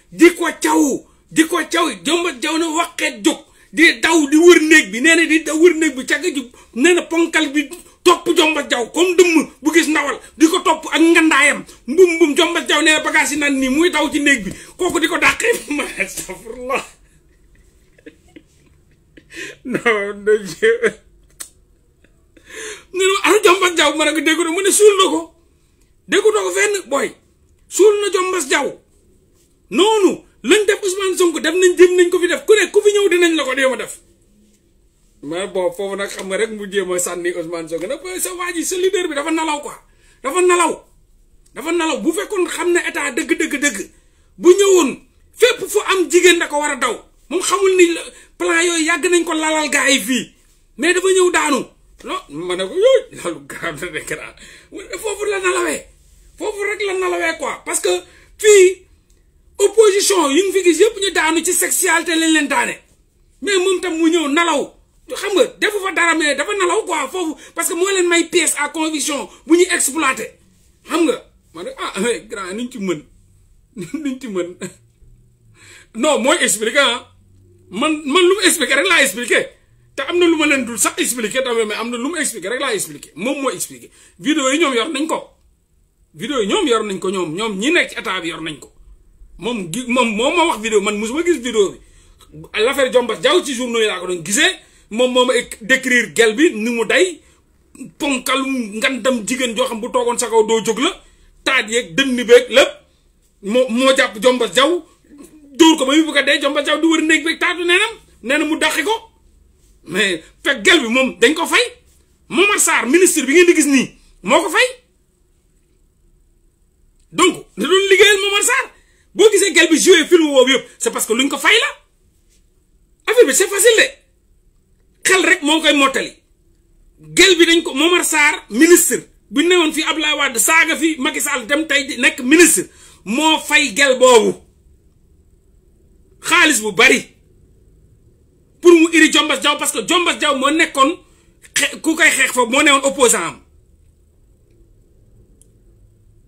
diko di ko di ko caw jombat jaw na waxeet jóg di daw di wër néeg bi nee di daw wër néeg bi cagga ji nee ponkal bi topp jombat jaw comme dëmm bu gis ndawal di ko topp ak ngandaayam mbum mbum jombat jaw nee na nii muy daw ci néeg bi kooku di ko dàqee (laughs) ma astafurlah (laughs) (laughs) jombas jaw ma ne ko déggu mu ne suul na ko déggu na ko fenn booy suul na jombas jaw noonu lañ def Ousmane Sonko def nañ jéem nañ ko fi def ku ne ku fi ñëw dinañ la ko déema def mais bon foofu nag xam nga rek mu jéem a sànni Ousmane Sonko nag sa waa ji sa leader bi dafa dafa nalaw dafa nalaw bu fekkoon xam ne état dëgg dëgg dëgg bu ñëwoon fépp fu am jigéen da ko war a daw moom xamul ni plan yooyu yàgg nañ ko lalal gaa yi fii mais dafa ñëw daanu non ma ne ko yooyu loolu garab la nekk foofu la nalawee foofu rek la nalawee quoi parce que fii. opposition yi nga fi gis yëpp ñu daanu ci sexualité lañ leen daane mais moom tam mu ñëw nalaw xam nga defu fa dara mais dafa nalaw quoi foofu parce que moo leen may pièce à conviction bu ñuy exploité xam nga ma ne ah grand nuñ ci mën (laughs) nuñ ci mën (laughs) non mooy expliqué ah man man lu mu expliqué rek laa expliqué te am na lu ma leen dul sax expliqué tamit mais am na lu mu expliqué rek laa expliqué moom moo expliqué vidéo yi ñoom yor nañ ko vidéo ñoom yor nañ ko ñoom ñoom ñi nekk ci état ko moom gi moom moom ma wax vidéo man ma gis vidéo bi l'affaire Diombas Diaw ci journaux yi laa ko doon gisee moom moo ma décrire gel bi ni mu day ponkalum ngandam jigéen joo xam bu toogoon sa kaw doo jóg la taat yeeg dënn beeg lépp moo moo jàpp Diombas Diaw dóor ko ba muy bëgg a dee Diombas Diaw du wër néeg beeg taatu neenam nee na mu daqi ko mais fekk gel bi moom dañ ko fay Momar Sarr ministre bi ngeen di gis nii moo ko fay donc da doon liggéeyal Momar boo gisee gel bi joué film woowu yëpp c'est parce que luñ ko fay la affaire bi c'est facile de xel rek moo koy mottali gel bi dañ ko Momar Sarr ministre bu ñu newoon fii Abdoulaye de saaga fi Macky Sall dem tey nekk ministre moo fay gel boobu xaalis bu bari pour mu iri Jombas Jaw parce que Jombas Jaw moo nekkoon ku koy xeex foofu moo newoon opposant am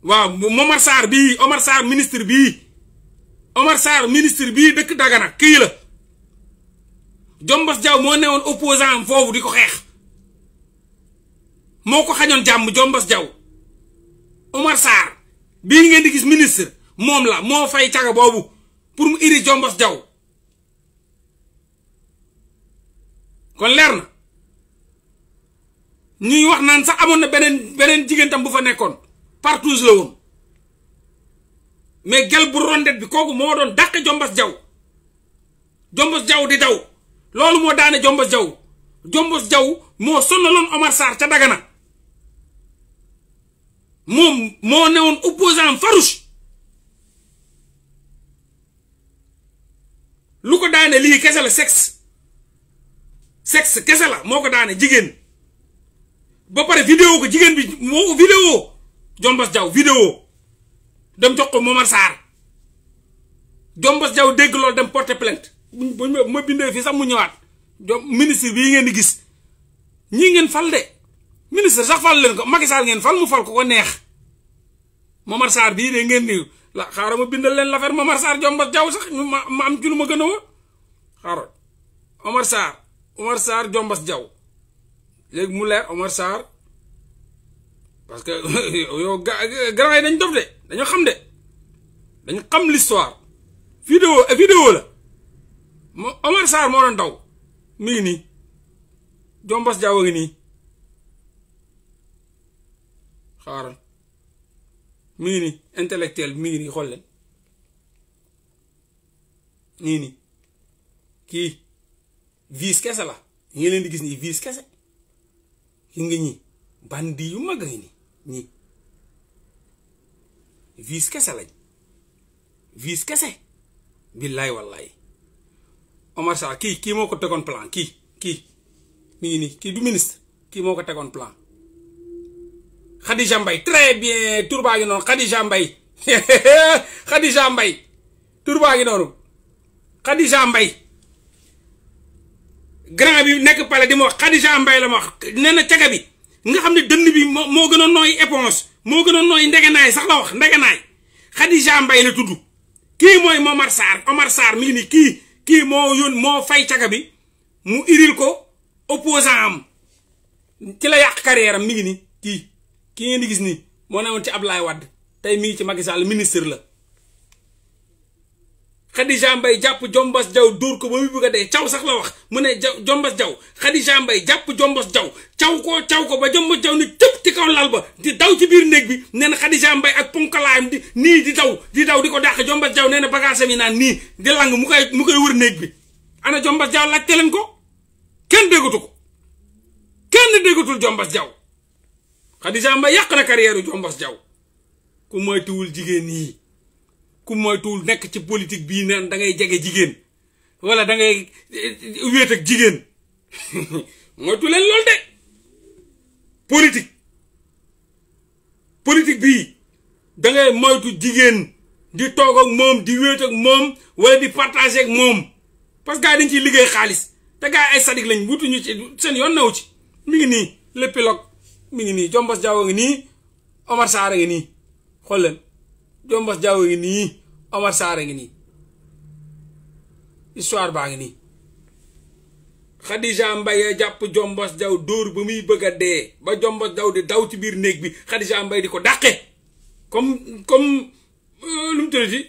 waaw Momar Sarr bii Omar Sarr ministre bii Omar Sarr ministre bii dëkk Dagana kii la Jombos Diaw moo newoon opposant am foofu di ko xeex moo ko xañoon jàmm Jombos Diaw Omar Sarr bii ngeen di gis ministre moom la moo fay caga boobu pour mu iri Jombos Diaw kon leer na ñuy wax naan sax amoon na beneen jigéen tam bu fa nekkoon partout la woon mais gel bu rondet bi kooku moo doon dàq jombas jaw jombos jaw di daw loolu moo daane jombos jaw jombos jaw moo sonnaloon Omar Sarr ca Dagana moom moo newoon opposant farouche lu ko daane lii kese la sex sexe kese la moo ko daane jigéen ba pare vidéo ko jigéen bi moo vidéo jombos jaw vidéo dem jox ko Momar Sarr Jombos Jaw dégg loolu dem porter plainte bu ma bindee fii sax mu ñëwaat jom ministre bii ngeen di gis ñii ngeen fal de ministre sax fal leen ko Macky Sall ngeen fal mu fal ko ko neex Momar Sarr bii de ngeen nii la xaaral ma bindal leen l'affaire Momar Sarr Jombos Jaw sax ma ma am ci lu ma gën a wa xaaral Omar Sarr Omar Sarr Jombos Jaw léegi mu leer Omar Sarr parce que (laughs) yo, grand yi dañ dof de dañu xam de dañ xam l'histoire vidéo vidéo la Omar Sarr mo don daw mi ni Jombas Jawo ni xaar mi ni intellectuel mi ni xol xool ni nii nii kii la ngi di gis ni vis kessa gis nga bandi yu mag ni ñi vice kese lañ vice kese billaay wallaay Omar Sarr kii kii moo ko tegoon plan kii kii mi nii kii du minis kii moo ko tegoon plan Khadija Mbaye très bien turbaa ngi noonu Khadija Mbaye (laughs) Khadija Mbaye turbaa ngi noonu Khadija Mbaye grand bi nekk pale di ma wax Khadija la ma wax nee bi nga xam ne dënd bi moo moo gën a nooy éponge moo gën a nooy ndegenaay sax la wax ndegenaay Khadija Mbaye la tudd kii mooy Momar Sarr Omar Sarr mi ngi nii kii kii moo yón moo fay caga bi mu iril ko opposant am ci la yàq carrière am mi ngi nii kii kii ngeen di gis nii moo ne woon ci Ablaye Wade tey mi ngi ci Macky Sall ministre la Khadija Mbaye jàpp Jombas Jaw dóor ko ba muy bëgg a dee caw sax la wax mu ne ja Jombas Jaw Khadija Mbaye jàpp Jombas Jaw caw ko caw ko ba Jombas Jaw ni tëpp ci kaw lal di daw ci biir néeg bi nee na Khadija Mbaye ak ponkalaayam nii di daw di daw di ko dàq Jombas Jaw nee na bagaasam nii di lang mu mu koy wër néeg bi ana ko kenn déggatu ko kenn déggatul Jombas Jaw Khadija yàq na carrière Jombas Jaw ku moytuwul jigéen ñi. ku moytuwul nekk ci politique bii neen dangay ngay jigéen wala da ngay eh, eh, jigéen (laughs) moytu leen loolu de politique politique bii da moytu jigéen di toog ak moom di wéet ak moom wala di partager moom parce que gars yi dañ ciy liggéey xaalis te gars ay sadik lañ wutuñu ci seen yoon naw ci mi ngi nii le pilote mi ngi nii Jombos Diaw a ngi nii Omar Sarr nii xool Jombas Diaw yi nii Omar Sarr ngi nii histoire baa ngi nii Khadija Mbaye jàpp Jombas Diaw dóor ba muy bëgg a dee ba Jombas Diaw di daw ci biir néeg bi Khadija Mbaye di ko dàqe comme comme euh, lu mu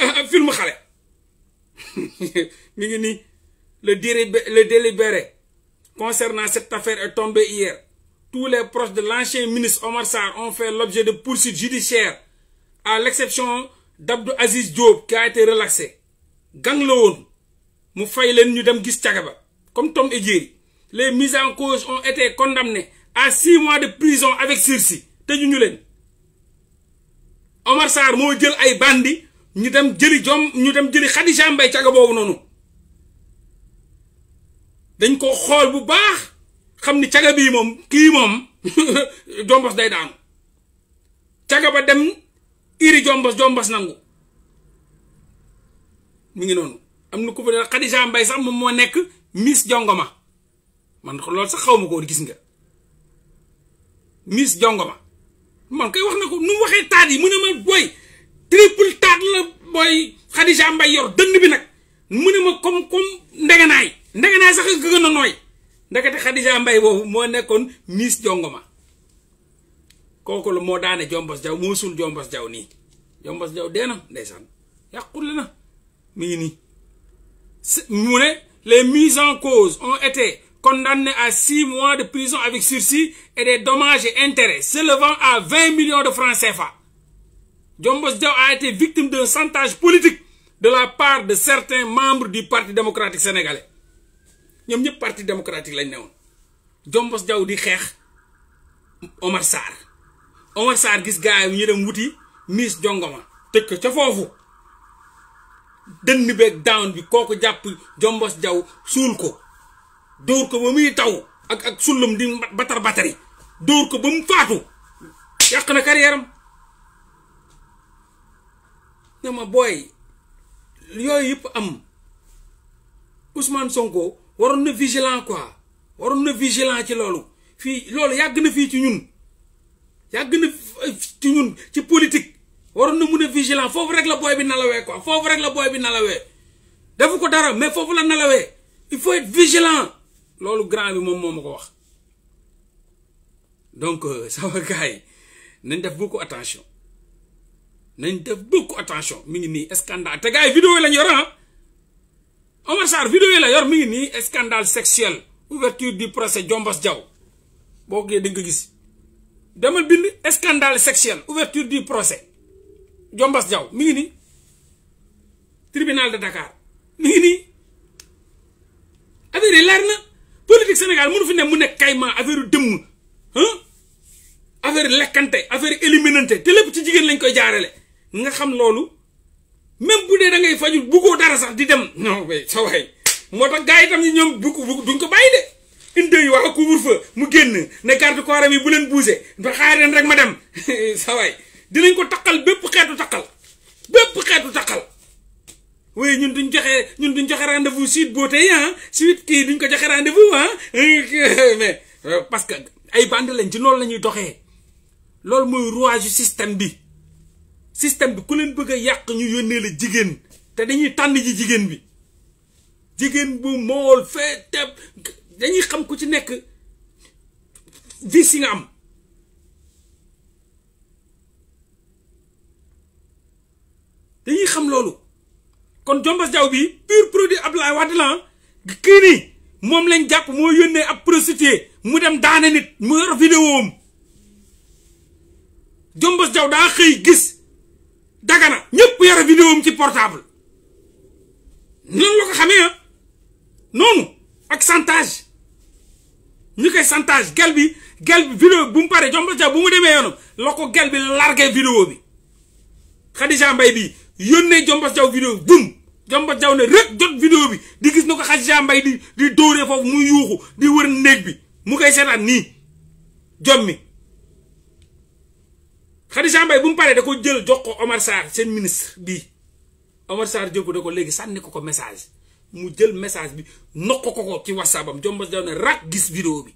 euh, film xale (laughs) mi ngi nii le délibéré le délibéré concernant cette affaire est tombé hier tous les proches de l'ancien ministre Omar Sarr ont fait l'objet de poursuites judiciaires, à l'exception d'Abdou Aziz Diop qui a été relaxé. Gang Lone, Moufaïlen Nudem Tchagaba. comme Tom Edjiri, les mises en cause ont été condamnées à six mois de prison avec sursis. C'est Omar Sarr moo jël ay bandi ñu dem jëli jom ñu dem jëli Khadija Mbaye xam ni caga bii moom kii moom (laughs) jombos day daanu caga ba dem iri jombos jombos nangu mu ngi noonu am na ku fa Khadija Mbaye sax moom moo nekk miis Jongoma man loolu sax xaw ma ko gis nga Miss Jongoma man koy wax na ko nu waxee taat yi mu ne ma booy triple taat la booy Khadija Mbaye yor dënn bi nag mu ne ma comme comme ndegenaay ndegenaay sax gën na nooy les mises en cause ont été condamnées à six mois de prison avec sursis et des dommages et intérêts s'élevant à 20 millions de francs CFA Djombos Jaw a été victime d'un chantage politique de la part de certains membres du Parti démocratique sénégalais ñom ñep parti démocratique lañ néwon jombos jaw di xex Omar Sar, Omar Sar gis gaay yi ñu dem wuti Miss Jongoma tekk ca fofu dënn beeg down bi koku japp jombos jaw sul ko door ko ba muy taw ak ak sulum di batar batari door ko ba mu faatu yak na carrière am ne ma boy yooyu am Ousmane Sonko On est vigilant quoi on est vigilant ci lolou fi y a na ci ñun ci ñun ci politique na vigilant fofu rek la boy bi nalawé quoi fofu rek la boy bi nalawé defu ko dara mais fofu la nalawé il faut être vigilant Lolo grand bi mom momako wax donc euh, (laughs) ça va gay nañ def beaucoup attention nañ def beaucoup attention mi ngi scandale te vidéo ah. Omar Sarr vidéo yi la yor mi ngi nii scandale sexuel ouverture du procès jombas jaw boo ko di nga gis demal bind scandale sexuel ouverture du procès Diombos Diaw mi ngi nii tribunal de Dakar mi ngi nii affaire yi leer na politique Sénégal mënu fi ne mu nekk kayma affaire yu dëmm affaire lekkante affaire éliminante te lépp ci jigéen lañ koy jaarale nga xam loolu. même boudé da ngay fajul ko dara sax di dem non way sa way motax gaay gars yi tam ñoom bugg bugg duñ ko bayi de. inde yi wax wuur fa mu genn ne carte corps yi bu len bougé ndax xaar rek ma dem (laughs) sa waay dinañ ko takal bépp xétu takal bépp xétu takal way ñun duñ joxé ñun duñ joxé rendez-vous suite beauté hein ah suite ki duñ ko joxé rendez-vous hein (laughs) mais euh, parce que ay bande lañ ci lool lañuy doxé lool moy rouage système bi. système bi ku leen bëgg a yàq ñu yónnee la jigéen te dañuy tànn ji jigéen bi jigéen bu mool fee teb dañuy xam ku ci nekk vis am dañuy xam loolu kon Jombas Diaw bi pur produit Abdoulaye Wade la kii nii moom lañ jàpp moo yónnee ab prostituée mu dem daane nit mu yor vidéo am Jombas Diaw daa xëy gis dagana ñëpp yore vidéo am ci portable noonu la ko xamee ah noonu ak chantage ñu koy chantage gel bi gel bi vidéo bu mu paree jomba ja bu mu demee yoonam la ko gel bi largué vidéo bi Khadija Mbaye bi yónnee Jombas bum Jombas Jaw ne rek jot vidéo bi di gis na ko Khadija Mbaye di di dóoree foofu muy yuuxu di wër néeg bi mu koy seetaan nii jommi Khadija Mbaye bu mu paree da ko jël jox ko Omar Sarr seen ministre bii Omar Sarr jël ko da ko léegi sànni ko ko message mu jël message bi noq ko ko ci whatsapp am Jombas daw gis vidéo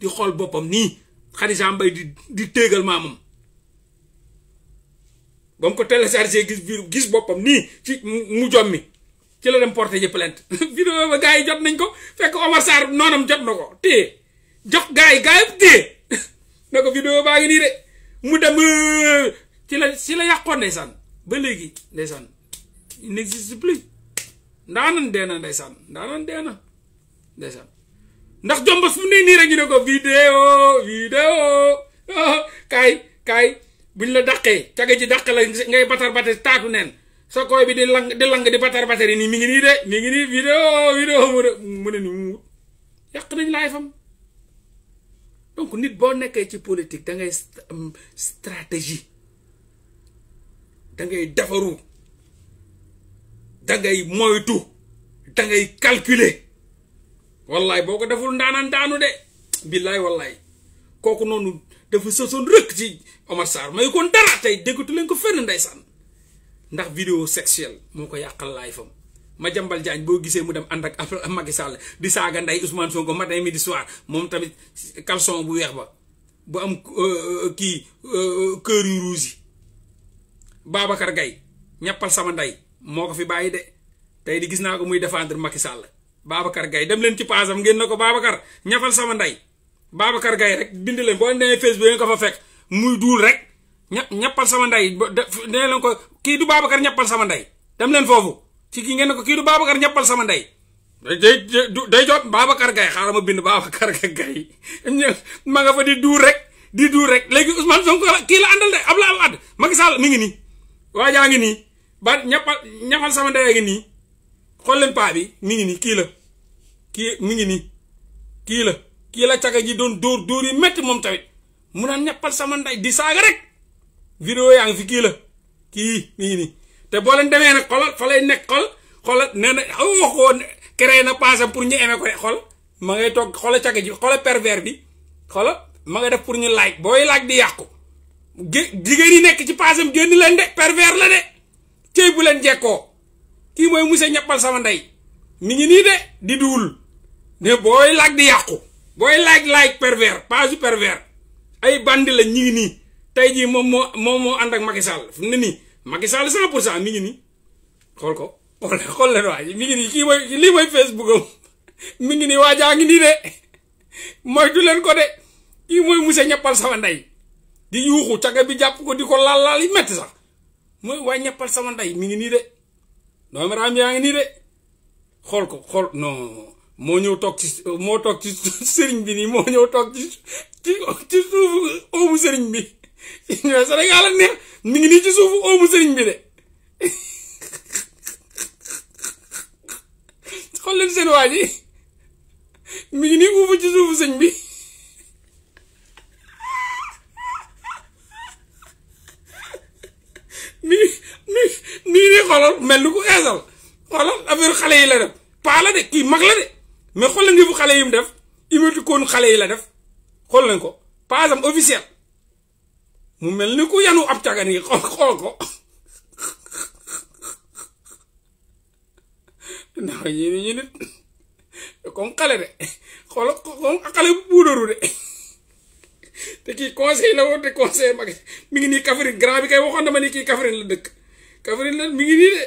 di xool boppam nii Khadija Mbaye di di téegal maamam ba mu ko téléchargé gis vidéo gis boppam nii ci mu jommi ci la dem porté ji plainte (laughs) vidéo ba gars yi jot nañ ko fekk Omar Sarr noonam jot na ko téye jox gars yi gars yëpp (laughs) ne ko vidéo baa ngi nii de mu dem euh, ci la ci la yàqoon ndaysan ba legui ndaysan il n'existe plus ndaanan dee na ndeysaan ndaanan dee na ndax jombos mu ne ni rek ñu ne ko vidéo vidéo ah, kay kay buñ la daqé tagé ci daq la ngay batar batar taatu nen so koy bi di lang di lang di batar batar ni mi ngi ni de mi ngi ni vidéo vidéo mu ne ni yak nañ fam donc nit boo nekkee ci politique da ngay stratégie da ngay defaru da ngay moytu da ngay calculer wallaay boo ko deful ndaanaan ndaanu de billaay wallaay kooku noonu dafa sosoon rëkk ci Omar Sarr may kon dara tey déggatu leen ko fenn ndeysaan ndax vidéo sexuelle moo ko yàqal laay fam jambal jañ bo gisé mu dem ànd ak Macky Sall di saga nday Ousmane Sonko matin midi soir mom tamit caleçon bu wex ba bu am euh, euh, ki euh, cœur yu rouge Babacar Gaye ñappal sama nday moko fi bàyyi de tay di gis naa ko muy défendre Macky Sall Babacar Gaye dem len ci pasam ngeen nako Babacar ñafal sama nday Babacar Gaye rek bind leen bo nee Facebook nga ko fa fek muy dul rek ñappal sama nday nee leen ko ki du Babacar ñappal sama nday dem len fofu ci ki ngeen ko ki du babakar ñeppal sama nday day jot babakar gay xaram ma bind Babacar gay ma nga fa di duur rek di duur rek legi Ousmane Sonko ki la andal de Abdoulaye Wade Macky Sall mi ngi ni waa ngi ni ba ñeppal ñeppal sama nday a ngi nii leen pa bi mi ngi ni ki la ki mi ngi ni ki la ki la caga ji don yi mu na ñeppal sama nday di saga rek video yang fi ki la ki mi ngi ni te boo leen demee nag xolal fa lay nekk xol xolal na aw wax ko woon créé na passé pour ñu aimé ko xol ma ngay toog xola cagg ji xola pervers bi xola ma nga def pour ñu like booy like di yàqu jigéen yi nekk ci paasam génn leen de pervers la de cëy bu leen jekkoo kii mooy monsieur ñeppal sama ndey mi ngi nii de di duwul ne booy like di yàqu booy like like pervers page pervers ay bandi la ñi ngi nii tey jii moom moo moom moo ànd ak Macky Sall fu mu ne nii maki sal cent pour cent mi ngi nii xool ko xool xool le waa ji mi ngi nii kii mooy li mooy Facebook am mi ngi nii ngi de moytu ko de kii mooy monsieur ñeppal sama di yuuxu caga bi ko di kol laal laal yi metti sax mooy waa ñeppal sama ndey mi ngi de no, raam yaa ngi nii de xool ko xool non moo ñëw toog ci moo toog ci sëriñ bi nii moo ñëw toog ci ci ci bi (laughs) neex mi ngi nii ci suufu oomu sëriñ bi de xool leen seen waa ji mi ngi nii uufu ci suufu sëñ bi mi mi mi ngi nii xoolal mel ni ku eesal xoolal affaire xale yi la def paa la de kii mag la de mais xool leen ni bu xale yi mu def imati koon xale yi la def xool leen ko paasam officiel mu mel ni ku yanu ab caga nii xool xool ko ndax ñi xool comme xale bu buudaru de te kii conseil la woon te mi ngi nii Kaffrine grand bi kay waxoon dama ni kii Kaffrine la dëkk Kaffrine mi ngi nii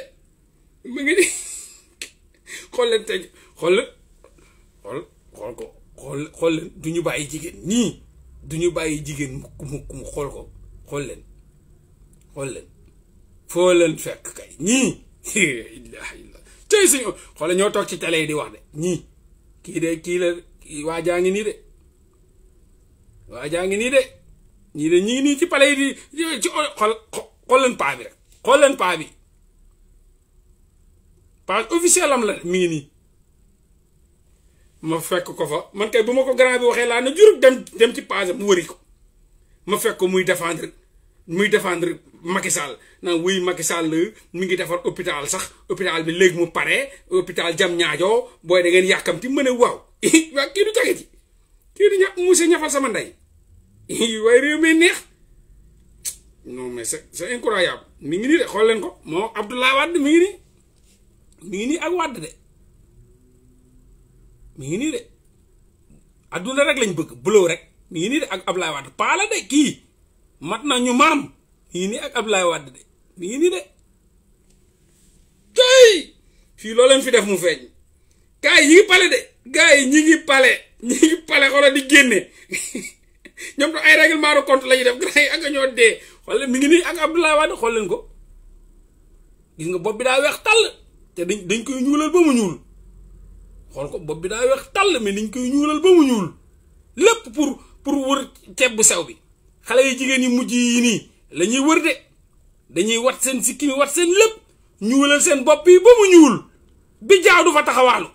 ngi nii xool leen xool leen xool xool du ñu bàyyi jigéen nii du ñu bàyyi jigéen mukk mukk mu xool ko xool leen xool leen foo leen fekk kay ñii ilaha illa tey suñu xoole ñoo toog ci tale yi di wax de ñii kii de kii la waa jaa ngi nii de waa jaa ngi nii de ñii de ñi ngi nii ci pale yi di ci xool xool leen paa bi rek xool leen paa bi page lam la mi ngi nii ma fekk ko fa man kay bu ma ko grand bi waxee laa ne jurub dem dem ci page mu wëri ko ma fekk ko muy défendre muy défendre Macky Sall na wuy Macky Sall euh, mi ngi défar hôpital sax hôpital bi légui mu pare hôpital jam ñaajo boy da ngeen yakam ti a waw (laughs) wa ki du cagati ki du ña musse ñafal sama ndey (laughs) way rew mi neex non mais c'est c'est incroyable mi ngi ni de xool leen ko mo Abdoulaye Wade mi ngi ni mi ngi ak Wade de mi ngi nii de adduna rek lañ bëgg buloo rek mi ngi ni de ak Abdoulaye Wade pa la de ki mat ñu maam nii nii ak ablay Wade de nii ni de tey fii loo leen fi def mu feeñ gars yi ñi ngi pale de gaay yi ñi ngi pale ñi ngi pale xoolal di génne (laughs) ñoom ay règlement de compte lañu def gars ak ñoo dee xool leen mi ngi ni ak Abdoulaye Wade xol leen ko gis nga bopp bi daa weex tàll te dañ dañ koy ñuulal ba mu ñuul xol ko bopp bi daa weex tàll mais dañ koy ñuulal ba mu ñuul lépp pour pour wër ceeb bu sew bi xalé yi jigéen yi mujj yi ni la wër de dañuy wat seen sikki mi wat seen lépp ñuulal seen bopp yi ba mu ñuul bi jaaw du fa taxawaalu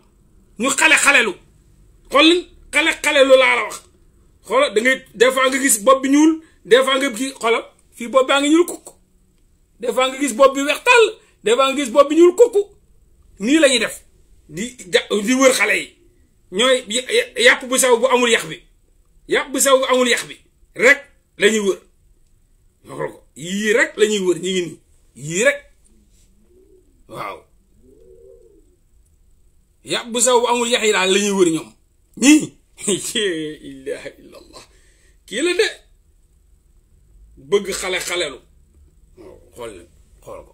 ñu xale xalelu xool xale xalelu laa la wax xol da ngay des fois nga gis bopp bi ñuul des fois nga gis xol fii bopp baa ngi ñuul kukk des nga gis bopp bi nga gis bopp bi ñuul kukk nii la ñuy def di di wër xale yi ñooy ya, ya, yàpp bu sew bu amul yax bi yàpp bu sew bu amul yax bi rek lañuy wër wax la ko yii rek lañuy wër ñi ngi nii yii rek waaw yàbb saw bu amul yaxi daal lañuy wër ñoom ñii (laughs) ilaha illallah kii la de bëgg xale xalelu xool leen xool ko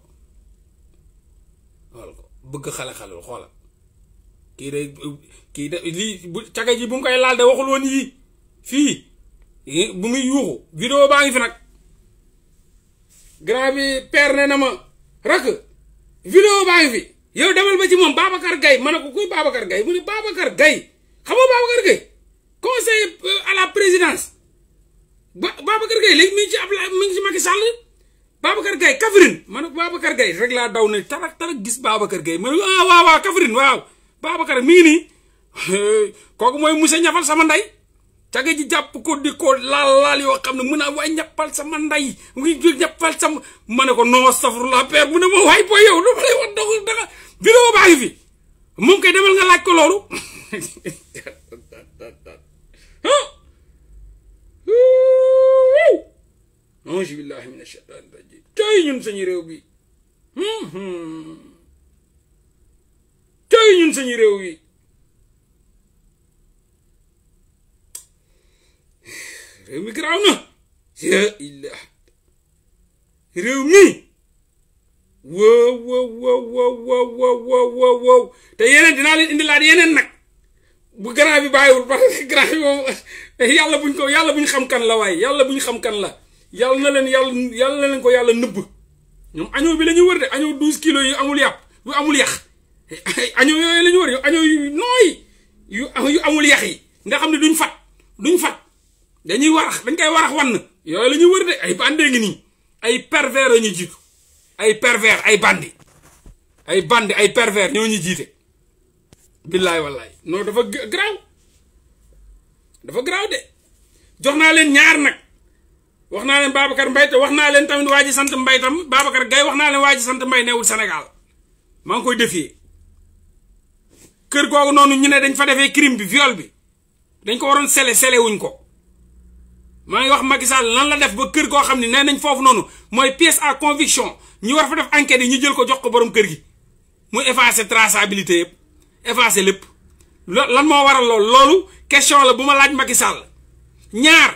xool ko bëgg xale xalelu xoolal kii de kii de lii bu caga ji bu mu koy laal de waxul woon yii fii bu muy yuuxu vidéo baa ngi fi nag grand bi père ne na ma rakk vidéo baa ngi fi yow demal ba ci moom Babacar Gaye ma ne ko kuy Babacar Gaye mu ne Babacar Gaye xam nga Babacar Gaye conseiller euh, à la présidence ba Babacar Gaye léegi mi ngi ci Abdoulaye mi ngi ci Macky Sall Babacar ma ne ko Babacar Gaye rek laa daw ne tarak tarak gis Babacar Gaye ma ne ah waa waaw Kaffrine waaw Babacar mi ngi (laughs) kooku mooy monsieur ñafal sama ndey cage ji japp ko di ko lalal yo xamne muna way ñappal man nday ngi jul ñappal sa mané ko no astaghfirullah la père muna mo way bo yow lu lay won dogu da vidéo baangi fi mu ngi demal nga laaj ko lolu أعوذ بالله من الشيطان الرجيم tay ñun suñu rew bi hmm tay ñun suñu rew bi réew mi garaaw na illa réew mi wow wow wow wow wow wow wow te yeneen dinaa leen indilaat yeneen nag bu grand bi bàyyiwul parce que grand bi eh, yàlla buñ ko yàlla buñ xam kan la waaye yàlla buñ xam kan la yàlla na leen yàlla yàlla na leen ko yàlla nëbb ñoom añoo bi la ñuy wër de añoo douze kilos yu amul yàpp yu amul yax eh, añoo yooyu la ñu wër yu añoo yu amul yax yi nga xam ne duñ fat duñ fat dañuy warax dañ koy warax wann yooyu la ñuy wër de ay bandee ngi nii ay pervers la ñu jiitu ay pervers ay bandi ay bandi ay pervers ñoo ñu jiite billaay wallaay non dafa graw dafa garaaw de jox naa leen ñaar nag wax naa leen Babacar Mbaye te wax naa leen tamit waa ji sant Mbaye tam Babacar gay wax naa leen waa ji sant Mbaye neewul Sénégal maa ngi koy defee kër googu noonu ñu ne dañ fa defee crime bi viol bi dañ ko waroon sele sele wuñ ko maa ngi wax Macky Sall lan la def ba kër goo xam ne nee nañ foofu noonu mooy pièce à conviction ñu war fa def enquête yi ñu jël ko jox ko borom kër gi muy effacer traçabilité yëpp effacer lépp lan moo waral loolu loolu question la bu ma laaj Macky Sall ñaar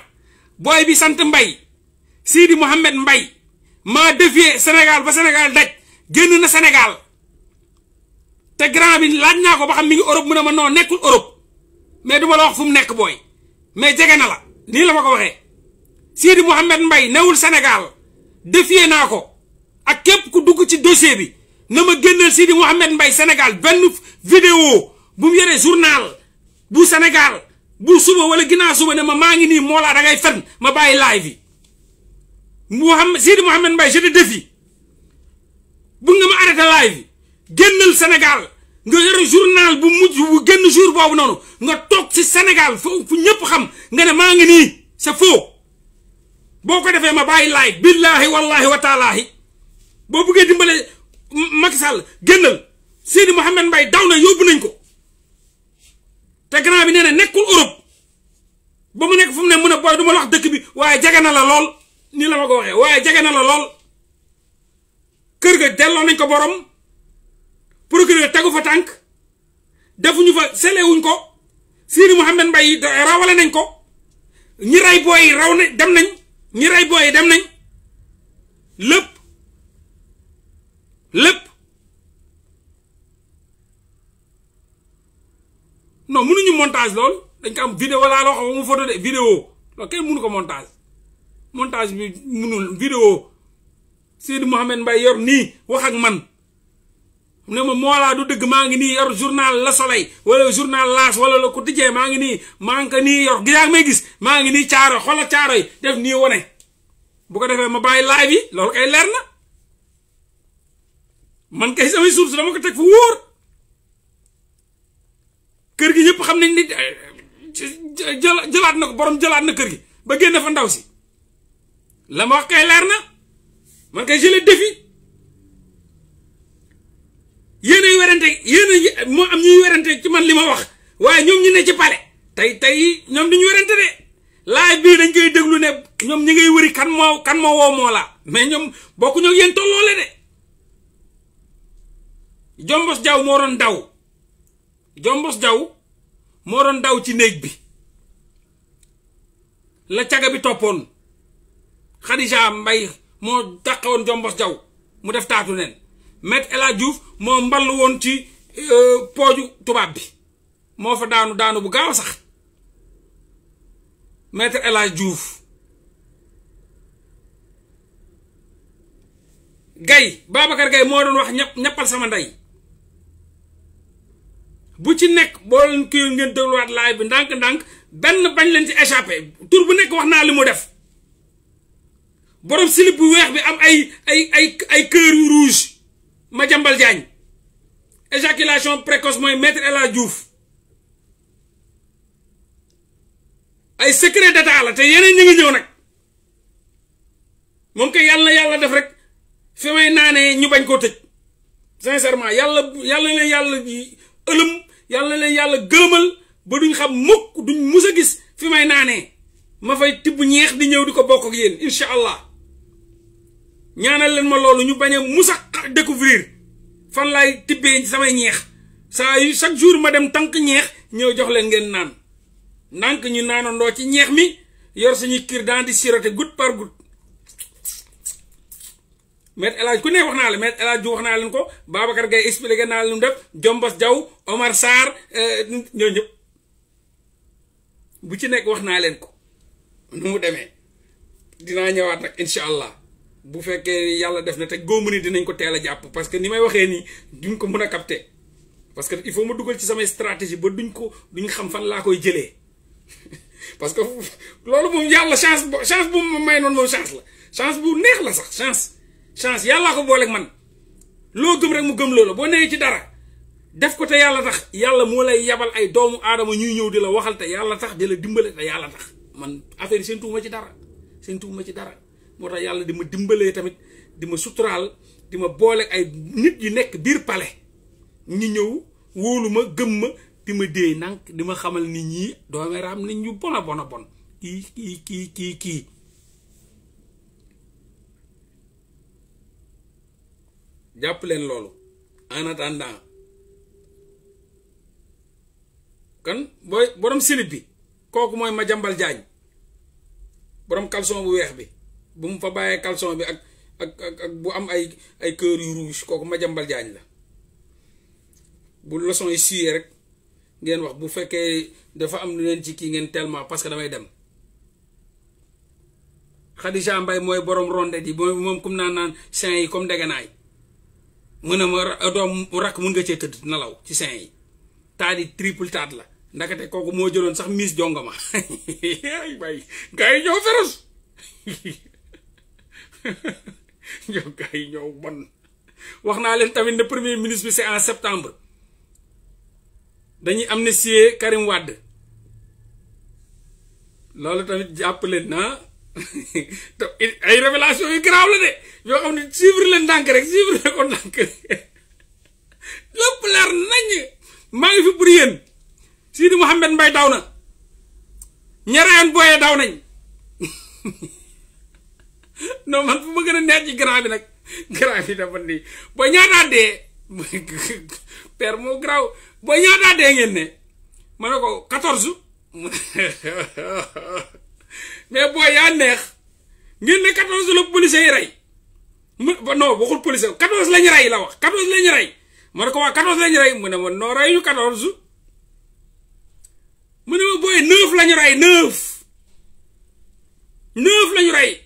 booy bi sant mbay Mbaye Sidi Mohamed Mbaye maa défier Sénégal ba Sénégal daj génn na Sénégal te grand bi laaj naa ko ba xam mi ngi Europe mu ne ma noo nekkul Europe mais du la wax fu mu nekk booy mais jege na la. nii la ma ko waxee Sidi Mouhamed Mbaye newul Sénégal défier naa ko ak képp ku dugg ci dossier bi na ma génneel Sidi Mouhamed Mbaye Sénégal benn vidéo bu mu yoree journal bu Sénégal bu suba wala ginnaaw suba ne ma maa ngi nii Mollah da ngay fen ma bàyyi live yi Mouhamed Sidi Mouhamed Mbaye je te défie bu nga ma arrêté live yi génnal nga yore journal bu mujj bu génn jour boobu noonu nga toog ci Sénégal fu ñëpp xam nga ne maa ngi nii c'est faux boo ko defee ma bàyyi laay billaahi wallaahi wa taalaahi boo buggee dimbale Macky Sall génnal Seydi Mouhamed mbay daw na yóbbu nañ ko te grand bi nee na nekkul Europe ba mu nekk fu ne mën a booy du ma la dëkk bi waaye jege na la lool nii la ma ko waxee waaye jege na la lool kër ga delloo nañ ko borom. procureur tegu fa tànk defuñu fa selewuñ ko Siri Mouhamed Mbaye rawale nañ ko ñi rey booy raw na dem nañ ñi rey booy dem nañ lépp lépp non mënuñu montage lool dañ ko am vidéo laa la wax mu photo de vidéo loolu kenn mënu ko montage montage bi mënul vidéo Sidi Mouhamed Mbaye yor nii wax ak man ne ma moolaa du deug ma ngi ni yor journal la soleil wala journal las wala le quotidien ma ngi ni maa ni yor gi ngi may gis ma ngi ni tiara xol caaro def ni woné bu ko defé ma bay live yi lolou kay leer na man kay sama source dama ko tek fu wor kër gi ñëpp xam nañ ni eh, jëlaat na borom jëlaat na kër gi ba génn fa ndaw si lama wax kay man kay le défi yéenay werante yéen moo am ñuy werante ci man li ma wax waaye ñoom ñu ne ci pare tey tey ñoom duñu werante de laaj bii dañ koy déglu ne ñoom ñi ngay wëri kan moo kan moo woo moo la mais ñoom bokku ñoo yéen tolloo la de jombos jaw moo doon daw jombos jaw moo daw ci néeg bi la caga bi toppoon Khadija Mbay moo dàqawoon jombos jaw mu def taatu neen Maître El Hadj moo mball woon ci euh, pooju tubaab bi moo fa daanu daanu bu gaaw sax Maître El Hadj Diouf Gaye Babacar Gaye moo doon wax ñepp ñeppal sama ndey bu ci nekk boo leen kii ngeen dégluwaat laay bi ndànk-ndànk benn bañ leen ci échappé tur bu nekk wax naa li mu def borom silib bu weex bi am ay ay ay ay cœur rouge Je Diagne éjaculation précoce mooy maître El Diouf ay secret d'état la yeneen ñi ngi yalla, yalla, def rek ñu bañ sincèrement yalla, yalla, leen yàlla y'allait y'allait leen yalla, y'allait ba duñ xam duñ gis ma ñaanal leen ma loolu ñu bañ a mus a découvrir fan lay tibbee samay ñeex saa yu chaque jour ma dem tànk ñeex ñëw jox leen ngeen naan ndànk ñu naanandoo ci ñeex mi yor suñu kir daan di siroté gut par gut met El ku ne wax naa la met El wax naa leen ko Babacar gay expliqué naa leen def Jombos jaw Omar Sar, eh, ñoo ñëpp bu ci nekk wax naa leen ko nu mu demee dinaa ñëwaat nag incha allah bu fekkee yàlla def na te góomu ni dinañ ko teel a jàpp parce que ni may waxee nii duñ ko mën a capter parce que il faut ma dugal ci samay stratégie ba duñ ko duñ xam fan laa koy jëlee (laughs) parce que loolu moom yàlla chance chance bu ma may noonu moom chance la chance bu neex la sax chance yàlla yàllaa ko booleeg man loo gëm rek mu gëm loola boo nee ci dara def ko te yàlla tax yàlla moo lay yabal ay doomu aadama ñuy ñëw di la waxal te yàlla tax di la dimbale te yàlla tax man affaire yi seen tuuma ci dara seen tuuma ci dara. motax yalla dima di tamit dima sutural dima bolé ay nit yu nek bir palais ñi ñew wuluma gëm ma di dé nank di xamal nit ñi doomeeraam nit ñu bona bona bon kii kii kii kii kii japp len lolu en attendant kan booy borom silib bi kooku moy ma jambal jaaj borom kalson bu weex bi bu mu fa baye calçon bi ak ak ak bu am ay ay cœur yu rouge ma jambal Diagne la bu leçon yi suyee rek ngeen wax bu fekkee dafa am lu leen ci ki ngeen tellement parce que damay dem Khadija mbay moy borom rondet di mom kum nan nan saint yi comme ndeganaay mëna ma euh, doom rak mu nga ci teud nalaw ci saint yi tali triple tat la ndakate koku mo jëloon sax miis jongoma bay (laughs) gay ñoo feras (laughs) (laughs) ñoo gars yi ñoo bon wax naa leen tamit ne premier ministre bi c'est en septembre dañuy am amnistier Karim Wade loolu tamit jàpp leen na (laughs) ay révélation yu garaaw la de yoo xam ne suivre leen ndànk rek suivre leen ko ndànk (laughs) lépp leer nañ maa ngi fi pour yéen Sidi Mouhamed Mbaye daw na ña reyoon booyee daw nañ non man fu ma gën a neex ci grand bi nag grand bi dafa nii booy ñaataa dee (laughs) père moo garaaw booy ñaataa dee ngeen ne ko quatorze (laughs) mais booy yaa neex ngeen ne quatorze la policier yi rey mu non waxul policier quatorze lañu rey la wax quatorze lañu rey ma ne ko waa quatorze mu ne ma noo rey ñu quatorze mu ne ma booy neuf lañu rey neuf neuf lañu rey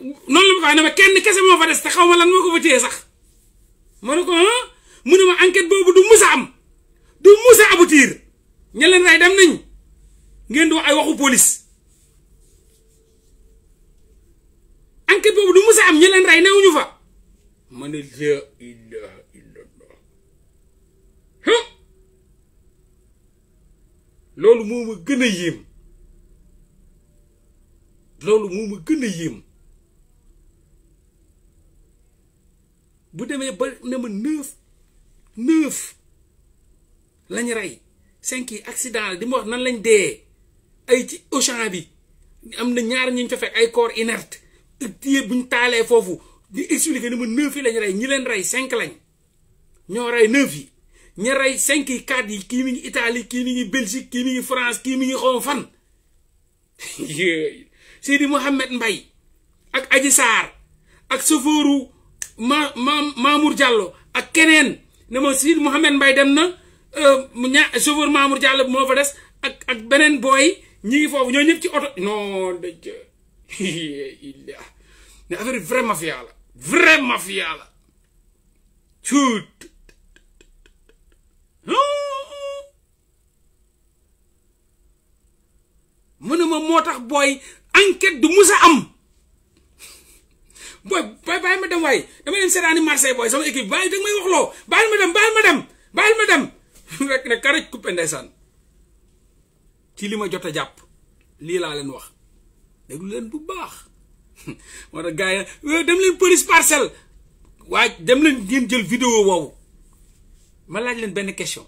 noonu la ma ko ne ma kenn kese moo fa des te xaw ma lan moo ko fa téye sax ma ne ko ah, mu ne ma enquête boobu du mus a am du mus a aboutir rey dem nañ ngeen di wax ay waxu police enquête a am ña leen rey newuñu fa ma ne loolu moo ma gën a yéem loolu moo ma gën a yéem bu demee ba ne ma neuf neuf rey cinq yi accident la di ma wax nan lañ dee ay ci Auchan bi am na ñaar ñu ñu fa ay corps inerte téye buñ taalee foofu di expliqué ne ma neuf yi lañu rey ñu leen rey cinq lañ ñoo rey neuf yi ñi rey cinq yi quatre yi kii mi ngi Italie kii mi ngi Belgique kii mi ngi France kii mi ngi xaw fan (laughs) Seydi Mouhamed mbay ak Adji Sarr ak sofooru ma ma Mamour jàlloo ak keneen ne ma si Mouhamed Mbaye dem na ña chauffeur Mamour bi moo fa des ak ak beneen booy ñi foofu ñoo ñëpp ci oto non daj mais affaire vrai mafia la vrai mafia la cuut mu ne ma moo tax booy enquête du mus am booy bàyyi ma dem waay dama leen seetaani Marseille booy sama équipe bàyyi danga may wax loo bàyyi ma dem bàyyi ma dem bàyyi ma dem rek (laughs) ne karaj coupé ndeysaan ci li ma jot a jàpp lii laa leen wax déglu leen bu baax (laughs) moo tax gars yi eh, dem leen police parcelle waaye dem leen ngeen jël vidéo woowu ma laaj leen benn question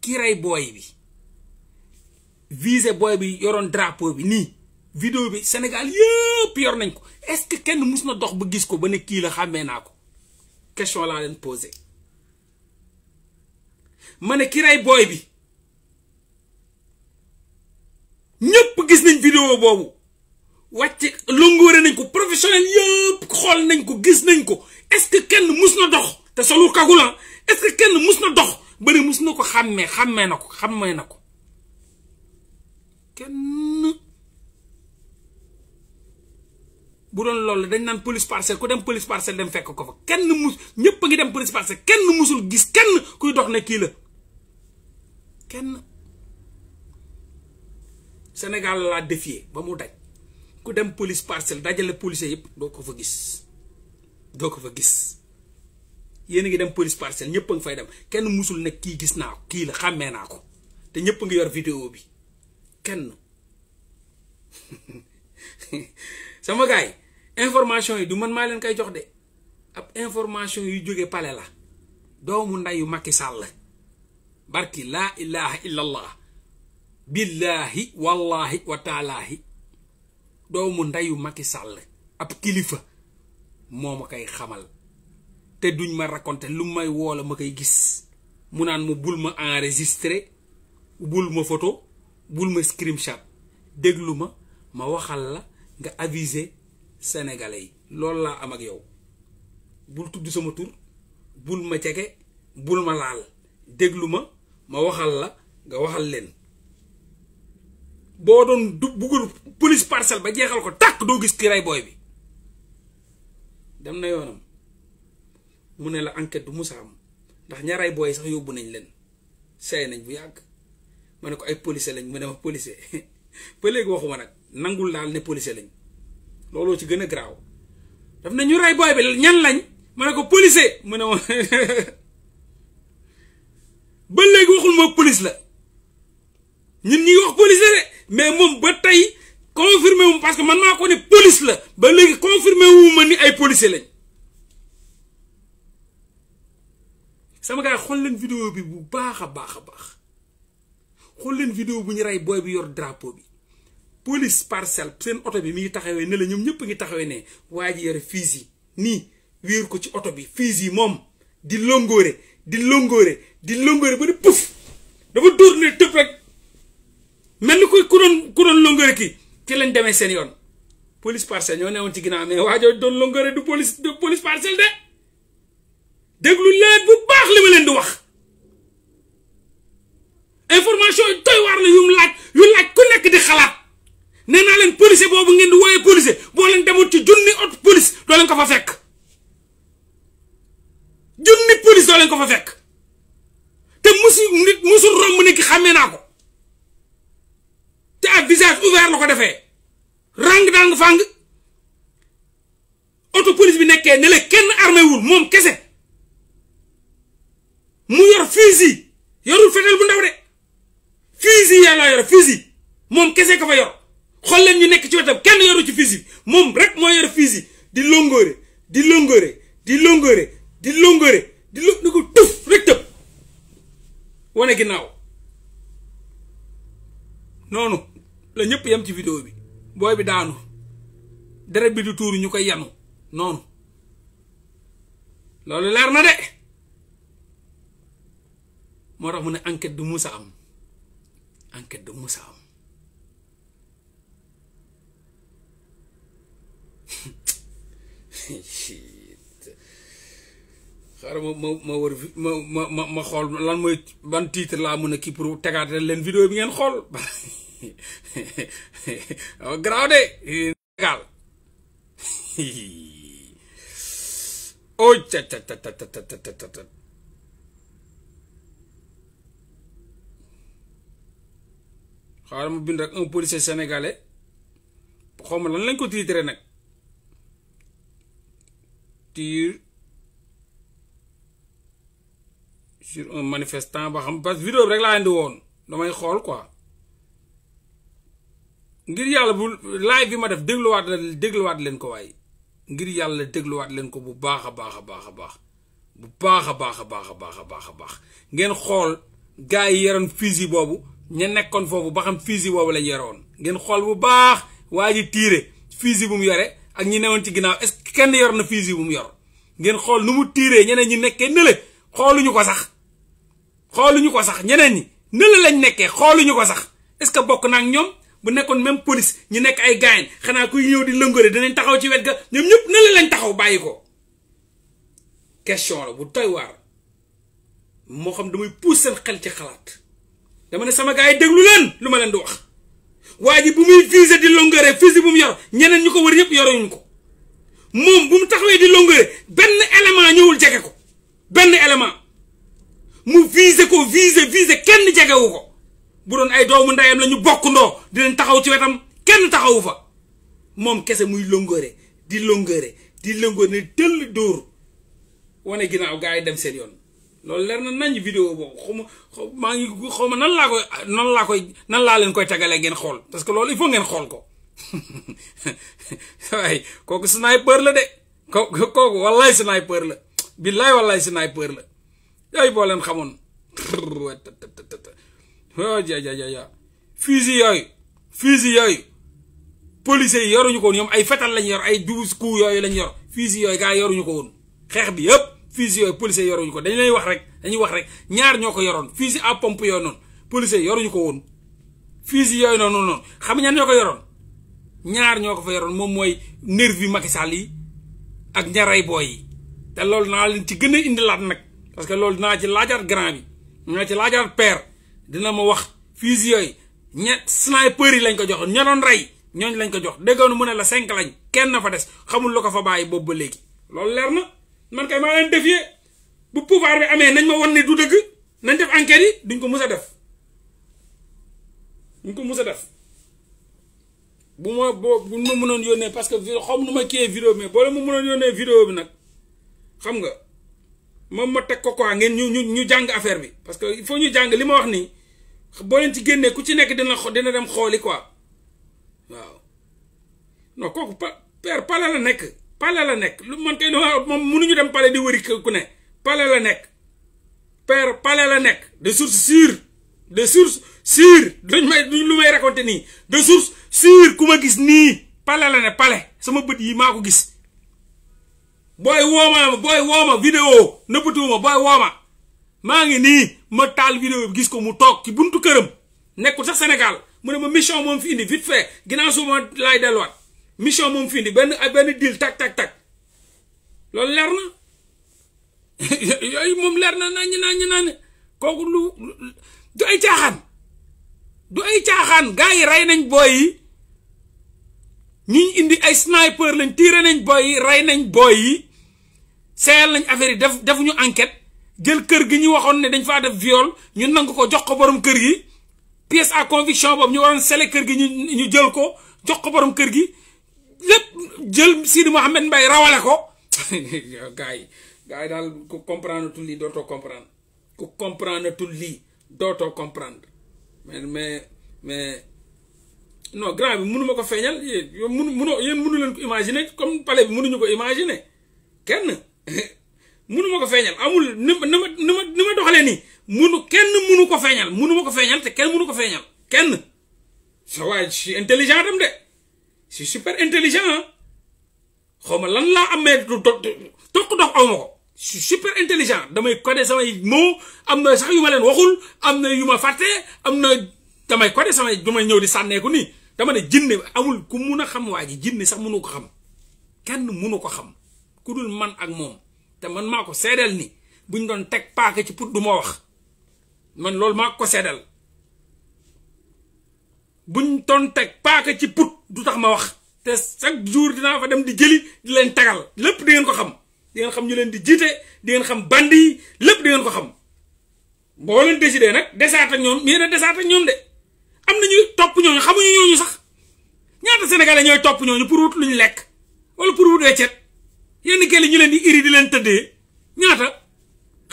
kii rey booy bi visé booy bi yoroon drapeau bi nii vidéo bi Sénégal yépp yor nañ ko est-ce que kenn mus na dox ba gis ko ba ne kii la xàmmee naa ko question laa leen posé ma ne ki booy bi ñëpp gis nañ vidéo boobu wàcce longoore nañ ko professionnel yépp xool nañ ko gis nañ ko est-ce que kenn mus na dox te solu kagulan ah. est-ce que kenn mus na dox ba ne mus na ko xàmmee xàmmee na ko xàmmee na ko kenn. bu doon loolu dañ naan police parcelle ku dem police parcelle dem fekk ko fa kenn mus ñëpp a ngi dem police parcelle kenn musul gis kenn kuy dox ne kii kenn Sénégal laa défier ba mu daj ku dem police parcelle dajale policier yëpp doo ko fa gis doo ko fa gis yéen a ngi dem police parcelle ñëpp a ngi fay dem kenn musul ne kii gis naa ko kii la xàmmee naa ko te ñëpp a ngi yor vidéo bi kenn (laughs) sama gars information yi du man maa leen koy jox de ab information yu jóge pale la doomu ndeyu Macky Sall barki laa ilaha illallah billahi wallahi wa taalaahi doomu ndeyu Macky Sall ab kilifa moo ma koy xamal te duñ ma raconter lu may woola ma koy gis mu naan ma bul ma enregistré bul ma photo bul ma screenshot déglu ma ma waxal la nga aviser sénégalais yi loolu laa am ak yow bul tudd sama tur bul ma cege bul ma laal déglu ma ma waxal la nga waxal leen boo doon du buggul police parcelle ba jeexal ko tàkk doo gis ki rey booy bi dem na yoonam mu ne la enquête du musa am ndax ña rey booy sax yóbbu nañ leen say nañ bu yàgg ma ne ko ay policier lañ mu ne ma policier (laughs) ba léegi waxuma nag nangul daal ne policier lañ looloo ci gën a garaaw daf na ñu ray booy bi ñan lañ ma ne ko policier mu ne woon (laughs) ba léegi waxul moo police la ñun ñuy wax police la de mais moom ba tey confirmé wu parce que man maa ko ne police la ba léegi confirmé wu ma ni ay policier lañ sama gars xool leen vidéo bi bu baax a baax a baax xool leen vidéo bu ñu rey booy bi yor drapeau bi. police parcelle seen oto bi mi ngi taxawee ne la ñoom ñëpp ngi taxawee ne waa ji yore fiis yi nii wéer ko ci oto bi fiis yi moom di longóore di longóore di longóore ba ne puf dafa dóor ne tëb rek mel ni koy ku doon ku doon longóore kii ci lañ demee seen yoon police parcelle ñoo newoon ci ginnaaw mais waa jooju doon longóore du police du police parcelle de déglu leen bu baax li ma leen di wax information yi waar la yu mu laaj yu laaj ku nekk di xalaat nee naa leen policier boobu ngeen di wooyee policier boo leen demoon ci junni ot police doo leen ko fa fekk junni police doo leen ko fa fekk te musu nit musul romb nit ki naa ko te ak visage ouvert la ko defee rang dang fang oto police bi nekkee ne la kenn armé wul moom kese mu yor fusil yorul fetel bu ndaw de fusil yàlla yor fusil moom kese ka fa yor. xool leen ñu nekk ci wetam kenn yoru ci fusil moom rek moo yor fusil di longore di longore di longore di longore di lo ni ko tuf rek tëb wane ginnaaw noonu la ñëpp yem ci vidéo bi booy bi daanu deret bi du tuuru ñu koy yanu noonu loolu leer na de moo tax mu ne enquête du Moussa am enquête du Moussa am xaaral ma ma ma war ma ma ma ma xool lan mooy ban titre laa mën a kii pour tegaat leen vidéo bi ngeen xool (laughs) oh, garaaw de Sénégal (laughs) oh ca ca ca ca xaaral ma bind rek un policier sénégalais xaw ma lan lañ ko titré nag sur un manifestant ba parce vidéo rek laa indi quoi ngir live bi ma def dégluwaat dégluwaat leen ko waaye ngir vais dégluwaat leen ko bu un ak ñi newoon ci ginnaaw est kenn yor na fusil bu mu yor ngeen xool nu mu tiiree ñeneen ñi nekkee nële xooluñu ko sax xooluñu ko sax ñeneen ñi nële lañ nekkee xooluñu ko sax est-ce que bokk na ñoom bu nekkoon même police ñu nekk ay gaayen xanaa kuy ñëw di lëngale dinañ taxaw ci wet ga ñoom ñëpp nële lañ taxaw bàyyi ko question la bu doy waar moo xam damay puus seen xel ci xalaat dama ne sama gars yi déglu leen lu ma leen di wax. waa ji bu muy visé di longoré fusil bu mu yor ñeneen ñu ko wër yëpp yoruñu ko moom bu mu taxawee di longoré benn élément ñëwul jege ko benn élément mu visé ko visé visé kenn jegewu ko bu doon ay doomu ndeyam la ñu bokk ndoo dinañ taxaw ci wetam kenn taxawu fa moom kese muy longoré di longoré di longoré tëll dóor wane ginnaaw gaa yi dem seen yoon. loolu leer na nañ vidéo boobu xaw ma maa ngi xaw ma nan laa koy nan laa koy nan laa leen koy tagalee ngeen xool parce que loolu il faut ngeen xool ko (laughs) waaye kooku sniper la de kooku kooku wallaay sniper la billaay wallaay sniper la yooyu boo leen xamoon waaw oh, ja ja yooyu fusil yooyu ko ñoom ay fetal lañ yor ay douze coups yooyu lañ yor fusil yooyu gaa yoruñu ko woon xeex bi yëpp. fusil yooyu policiers yoruñu ko dañ lay wax rek dañuy wax rek ñaar ñoo ko yoroon fusil à pompe yooyu noonu policiers yoruñu ko woon fusil yooyu noonu noonu xam ñaan ñoo ko yoroon ñaar ñoo ko fa yoroon moom mooy nervi Macky Sall yi ak ñaray booy yi te loolu naa leen ci gën a indilaat nag parce que loolu naa ci laajaat grand bi naa ci laajaat père dina ma wax fusil yooyu ña sniper yi lañ ko jox ña doon rey ñooñu lañ ko jox déggoon mu ne la cinq lañ kenn fa des xamul lu ko fa bàyyi boobu ba léegi loolu leer na. man kay maa leen défier bu pouvoir bi amee nañ ma won ne du dëgg nañ def enquête yi duñ ko mus a def duñ ko mus a def bu ma boo bu ma mënoon yónnee parce que xam nu ma kiiyee vidéo mais boo la ma mënoon yónnee vidéo bi nag xam nga moom ma teg ko quoi ngeen ñu ñu ñu jàng affaire bi parce que il faut ñu jàng li ma wax nii boo leen ci génnee ku ci nekk dina dina dem xooli quoi waaw non kooku pa père pale la nekk. pale la nek lu man kay moom mënuñu dem pale di wëri ku ne pale la nek père pale la nek de source sûre de source sûre dañ may lu may raconter ni de source sûre kuma gis ni pale la ne pale sama bëtt yi mako gis boy woma boy woma vidéo nëbbatuwuma boy woma maa ngi nii ma taal vidéo gis ko mu tok ci buntu kërëm nekkul sax Sénégal mu ne ma mission mom fi indi vite fait ginnaaw suba laay delluwaat mission moom fii nii benn benn deal tak tak tak loolu leer na (laughs) moom leer na naa ñu naa ñu naa ne kooku lu du ay caaxaan du ay caaxaan gaa yi rey nañ booy yi ñu indi ay sniper lañ tiire nañ booy yi rey nañ booy yi seyal nañ affaire yi def defuñu enquête jël kër gi ñu waxoon ne dañ faa def viol ñu nangu ko jox ko borom kër gi pièce à conviction boobu ñu waroon sele kër gi ñu jël ko jox ko borom kër gi. lépp jël Sidi Mouhamed Mbaye rawale ko (laughs) gars yi gars yi daal ku comprendre tul lii dootoo comprendre ku comprendre tul lii dootoo comprendre mais mais mais non grand bi mënu ma ko feeñal yéen mënu mënoo yéen mënu leen ko imaginer comme bi mënuñu ko imaginer kenn (laughs) mënu ma ko feeñal amul ni ma ni ma ni ma ma doxalee nii mënu kenn mënu ko feeñal mënu ko feeñal te kenn mënu ko feeñal kenn sa waay je intelligent de. si super intelligent xaw lan la amé du tok dox aw ko si super intelligent damay codé sama mots amna sax yuma ma waxul amna yuma faté amna damay codé sama duma ñew di sané ko ni dama né jinne amul ku mëna xam jinné sax mënu ko xam kenn mënu ko xam ku man ak mom té man mako sédel ni buñ doon tek paaka ci put duma wax man lool mako sédel bu ñu doon teg paaka ci put du tax ma wax te chaque jour dinaa fa dem di jëli di leen tagal lépp di ngeen ko xam di ngeen xam ñu leen di jiite di ngeen xam bandi yi lépp di ngeen ko xam boo leen décidé nag desaat ak ñoom yéen a desaat ñoom de am na ñuy topp ñooñu xamuñu ñooñu sax ñaata sénégalais ñooy topp ñooñu pour wut ñu lekk wala pour wut weccet yenn kelli ñu leen di iri di leen tëddee ñaata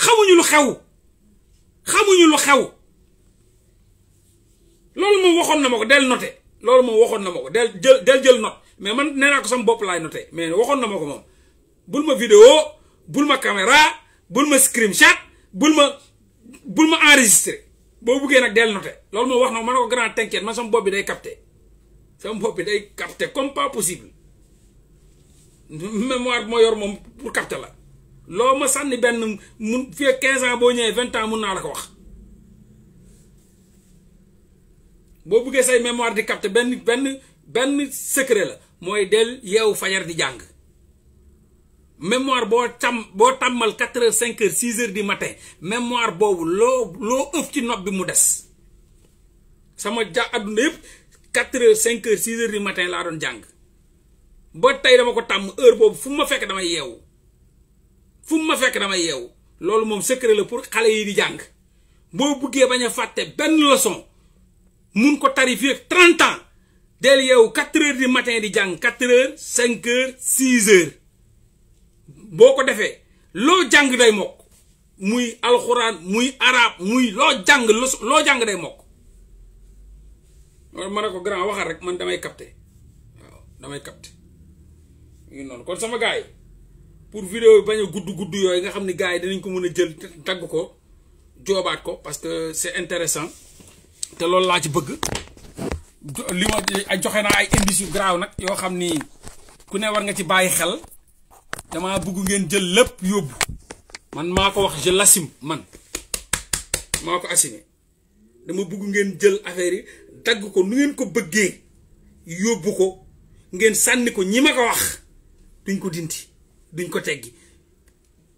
xamuñu lu xew xamuñu lu xew. loolu moom waxoon na ma ko del loolu moom waxoon na ma ko del jël del jël note mais man nee naa ko sama bopp laay noté mais waxoon na ma ko moom bul ma vidéo bul ma caméra bul ma screenshot bul ma bul ma enregistré boo buggee nag del noté loolu moom wax na ma ne ko grand t'inquiète man sama bopp bi day capté sama bopp bi day capté comme pas possible mémoire moo yor moom pour capté la loo ma sànni benn mun fii 15 ans boo ñëwee 20 ans mun naa la ko wax boo buggee say mémoire di capté benn benn benn secret la mooy dell yeewu fajar di jàng mémoire boo tam boo tàmmal quatre heures cinq heures six heures du matin mémoire boobu loo loo ëf ci nopp bi mu des sama ja àdduna yëpp quatre heures cinq heures six heures du matin laa doon jàng ba tey dama ko tàmm heure boobu fu ma fekk damay yeewu fu mu ma fekk damay yeewu loolu moom secret la pour xale yi di jàng boo buggee bañ a fàtte benn leçon mun ko tarifé 30 ans del yeewu 4 h du matin di jang 4 h 5 h 6 h boko ko lo jang day mok muy alcorane muy arab muy lo jang lo jang day mok ma ne grand waxal rek man damay capté damay capté ngi non kon sama gars pour vidéo baña gudd gudd yoy nga xamni ne dañ ko mëna jël tag ko jobat ko parce que c'est intéressant te loolu laa ci bëgg li joxe naa ay indice yu garaaw nag yoo xam ni ku ne war nga ci bàyyi xel dama bugg ngeen jël lépp yóbbu man maa ko wax je l'assume man maa ko assumer dama bugg ngeen jël affaire yi dagg ko nu ngeen ko bëggee yóbbu ko ngeen sànni ko ñi ma ko wax duñ ko dindi duñ ko teggi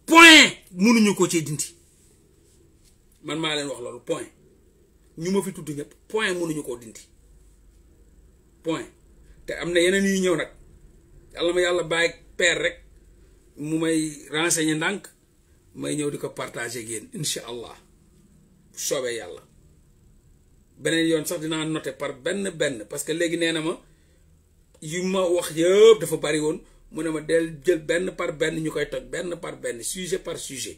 point mënuñu ko cee dindi man maa leen wax loolu point ñu ma fi tuddu ñep point mënuñu koo dindi point té amna na yeneen yu ñëw nak yalla ma yalla baye père rek mu may renseigner ndank may ñëw diko partager gën inshallah sobe allah benen yàlla yoon sax dina noter par ben ben, parce que légui néna ma yu ma wax yépp dafa bari won mu ne ma del jël ben par ben ñu tok ben par ben, sujet par sujet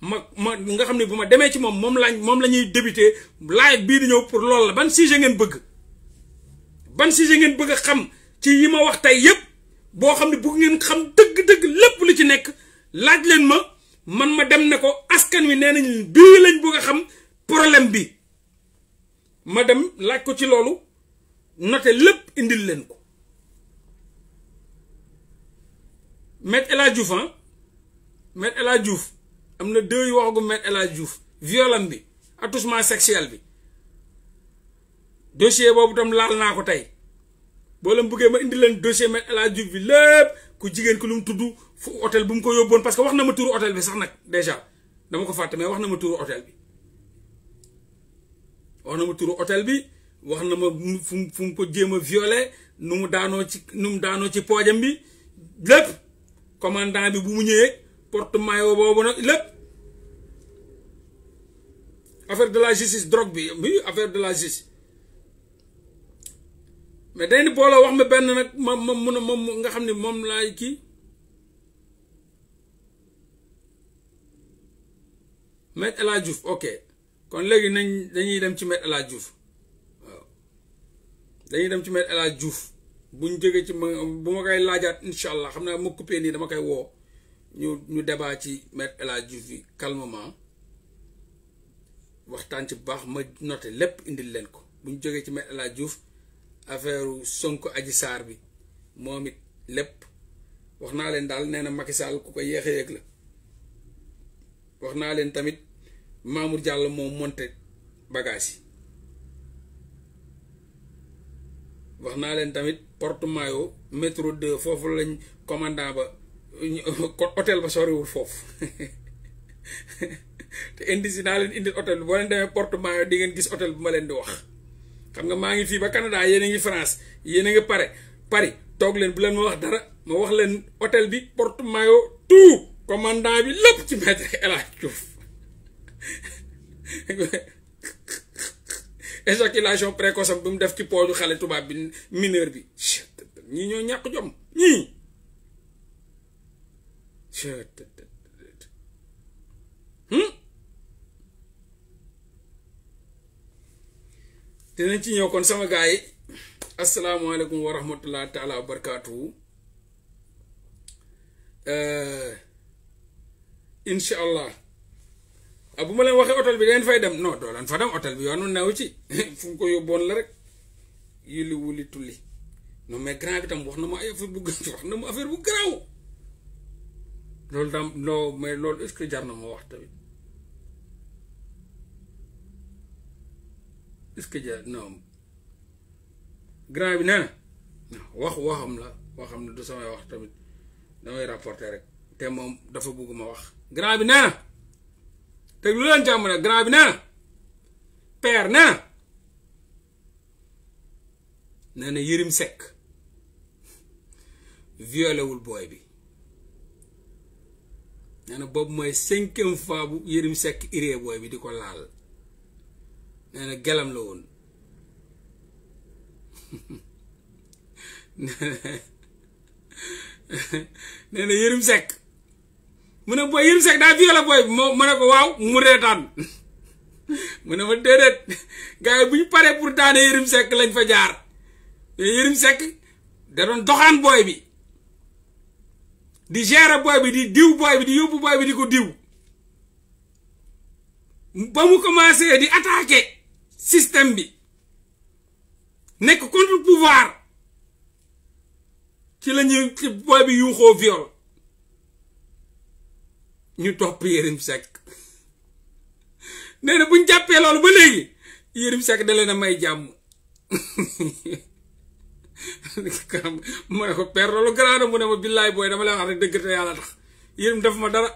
ma ma nga xam ne bu ma demee ci moom moom laañ moom la ñuy débuté live bii di ñëw pour lool la ban sujet ngeen bëgg ban sujet ngeen bëgg a xam ci yi ma wax tey yépp boo xam ne bëgg ngeen xam dëgg-dëgg lépp lu ci nekk laaj leen ma man ma dem ne ko askan wi nee nañ bii lañ bëgg a xam problème bi ma dem laaj ko ci loolu noté lépp indil leen ko Maître El Hadj Diouf ah Maître El am na deux yu waxagum Me El Hadji Diouf violam bi attouchement sexuel bi dossier boobu tam laal naa ko tey boo leen bëggee ma indi leen dossier Me El Hadji Diouf bi lépp ku jigéen ki lu mu tudd fu otel bu mu ko yóbboon parce que wax na ma turu hôtel bi sax nag déjà dama ko fàtte mais wax na ma turu hôtel bi wax na ma turu fu mu fu mu ko jéem a violé nu mu daanoo ci nu mu daanoo ci poojam bi lépp commandant bi bu mu ñëwee. porte maillot boobu nag lépp affaire de la justice drogue bi oui affaire de la justice mais dañ boole wax ma benn nag ma ma mun a moom nga xam ne moom laay kii Maître El Hadj Diouf ok kon léegi nañ dañuy dem ci Maître El Hadj waaw dañuy dem ci Maître El Hadj Diouf buñ jógee ci ma bu ma koy laajaat incha xam naa ma coupé nii dama koy woo. ñu ñu débat ci maître El bi Diouf calmement waxtaan ci bu baax ma noté lépp indil leen ko bu ñu jógee ci maître El Hadji Diouf affaire Sonko Adji Sarr bi moom it lépp wax naa leen daal nee na Macky Sall ku ko yéex a yéeg la wax naa leen tamit Mamour jàll moom monté bagaas yi wax naa leen tamit porte maillot métro 2 foofu lañ commandant ba kon hôtel ba soriwul foofu te indi si naa leen indil hôtel bi boo leen demee Porto Mayo di ngeen gis hôtel bu ma leen di wax xam nga maa ngi fii ba Canada yéen a ngi France yéen a ngi pare Paris toog leen bu leen ma wax dara ma wax leen hôtel bi Porto Mayo tu commandant bi lépp ci maître El Hadj Diouf éjaculation bi mu def ci pooju xale tubaab bi mineur bi ñii ñoo ñàkk jom ñii Hmm? dinañ ci ñëw kon sama gaay assalamu alaykum wa rahmatullahi taala wa barakatuh euh allah Abu ah, ma leen waxe hôtel bi leen fay dem non do lan fa dem hôtel bi yoonu neew ci (laughs) fu ko yobon la rek yulli wuli tulli non mais grand bi tam wax na ma ay affaire bu wax na ma affaire bu garaaw. loolu tam loo mais loolu est-ce que jar na ma wax tamit est-ce que jar non grand bi nee na wax waxam la waxam la du samay wax tamit damay rapporter rek te moom dafa bëgg ma wax grand bi nee na te lu leen jàmm nag grand bi nee na père nee na nee na Yërim Seck violewul booy bi nana bob moy 5e fois bu yerim sek iree boy bi di kolal, laal gelam la won (laughs) nana yerim sek muna boy yerim sek da viola boy violé booy bi ko waaw mu reetaan (laughs) muna ma dedet gaay buñ paré pour yerim sek lañ fa jaar yerim sek da doon doxane boy bi di gérer booy bi di diw booy bi di yóbbu booy bi di ko diw ba mu commencé di attaquer système bi nekk contre pouvoir ci la ñuy ci bi yuuxoo viol ñu topp Yérim Seck (laughs) nee na bu jàppee loolu ba léegi Yérim Seck da leen a may jàmm (laughs) (laughs) ma ne ko père loolu grand mu ne ma billaay booy dama lay wax rek dëgg te yàlla tax yërim def ma dara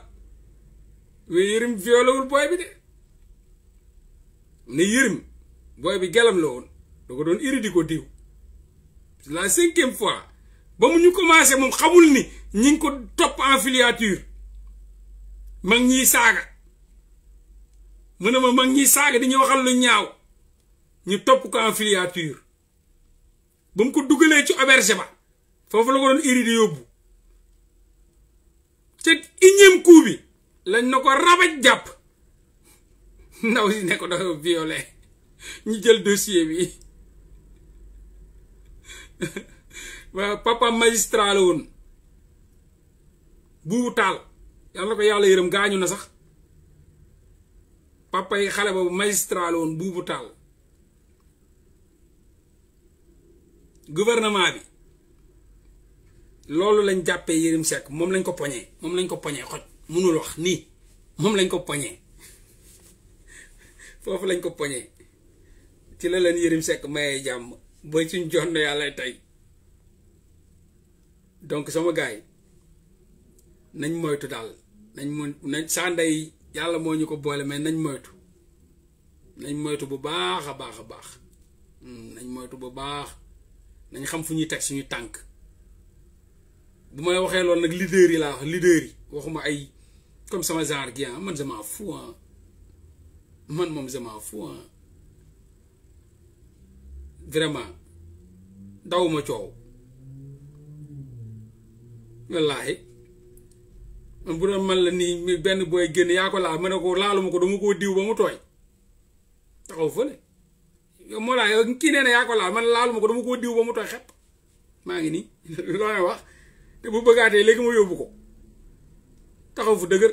mais yërim violewul booy bi de ne yërim booy bi gelam la woon da doon iri di ko diw la cinquième fois ba mu ñu commencé moom xamul ni ñi ko topp en filiature mag ñiy saaga mu ne ma mag ñi saaga di ñu waxal lu ñaaw ñu topp ko en ba mu ko duggalee ci auberge ba foofu la ko doon iri di yóbbu ca iñeem coup bi lañ na ko rabaj jàpp ndaw yi ne ko dafa violé ñu jël dossier bi papa magistrat la woon buubu taal yàlla ko yàlla yërëm gaañu na sax papa yi xale boobu magistrat la woon buubu taal gouvernement bi loolu lañ jàppee Yérim Seck moom lañ ko poñee moom lañ ko poñee xoj munul wax nii moom lañ ko poñee (laughs) foofu lañ ko poñee ci la leen Yérim sekk mayee jàmm ba suñ jonn yàlla tey donc sama gars yi nañ moytu daal nañ mën nañ sànday yàlla moo ñu ko boole mais nañ moytu nañ moytu bu baax a baax a baax hmm, nañ moytu bu baax nañ xam fu ñuy teg suñu tànk bu may waxee loolu nag leader yi laa wax leader yi waxuma ay comme sama genre gi ah, man je m'en fous ah. man moom je m'en fous ah. vraiment dawuma coow wallaahi man bu doon man la nii benn booy génn yaa ko laal ma ne ko laaluma ko dama koo diw ba mu tooy taxaw fële mola moo laa yow kii nee na laal man laaluma ko dama koo diw ba mu tooy xepp maa ngi nii loo ne wax te bu bëggaatee léegi ma yóbbu ko taxaw fu dëgër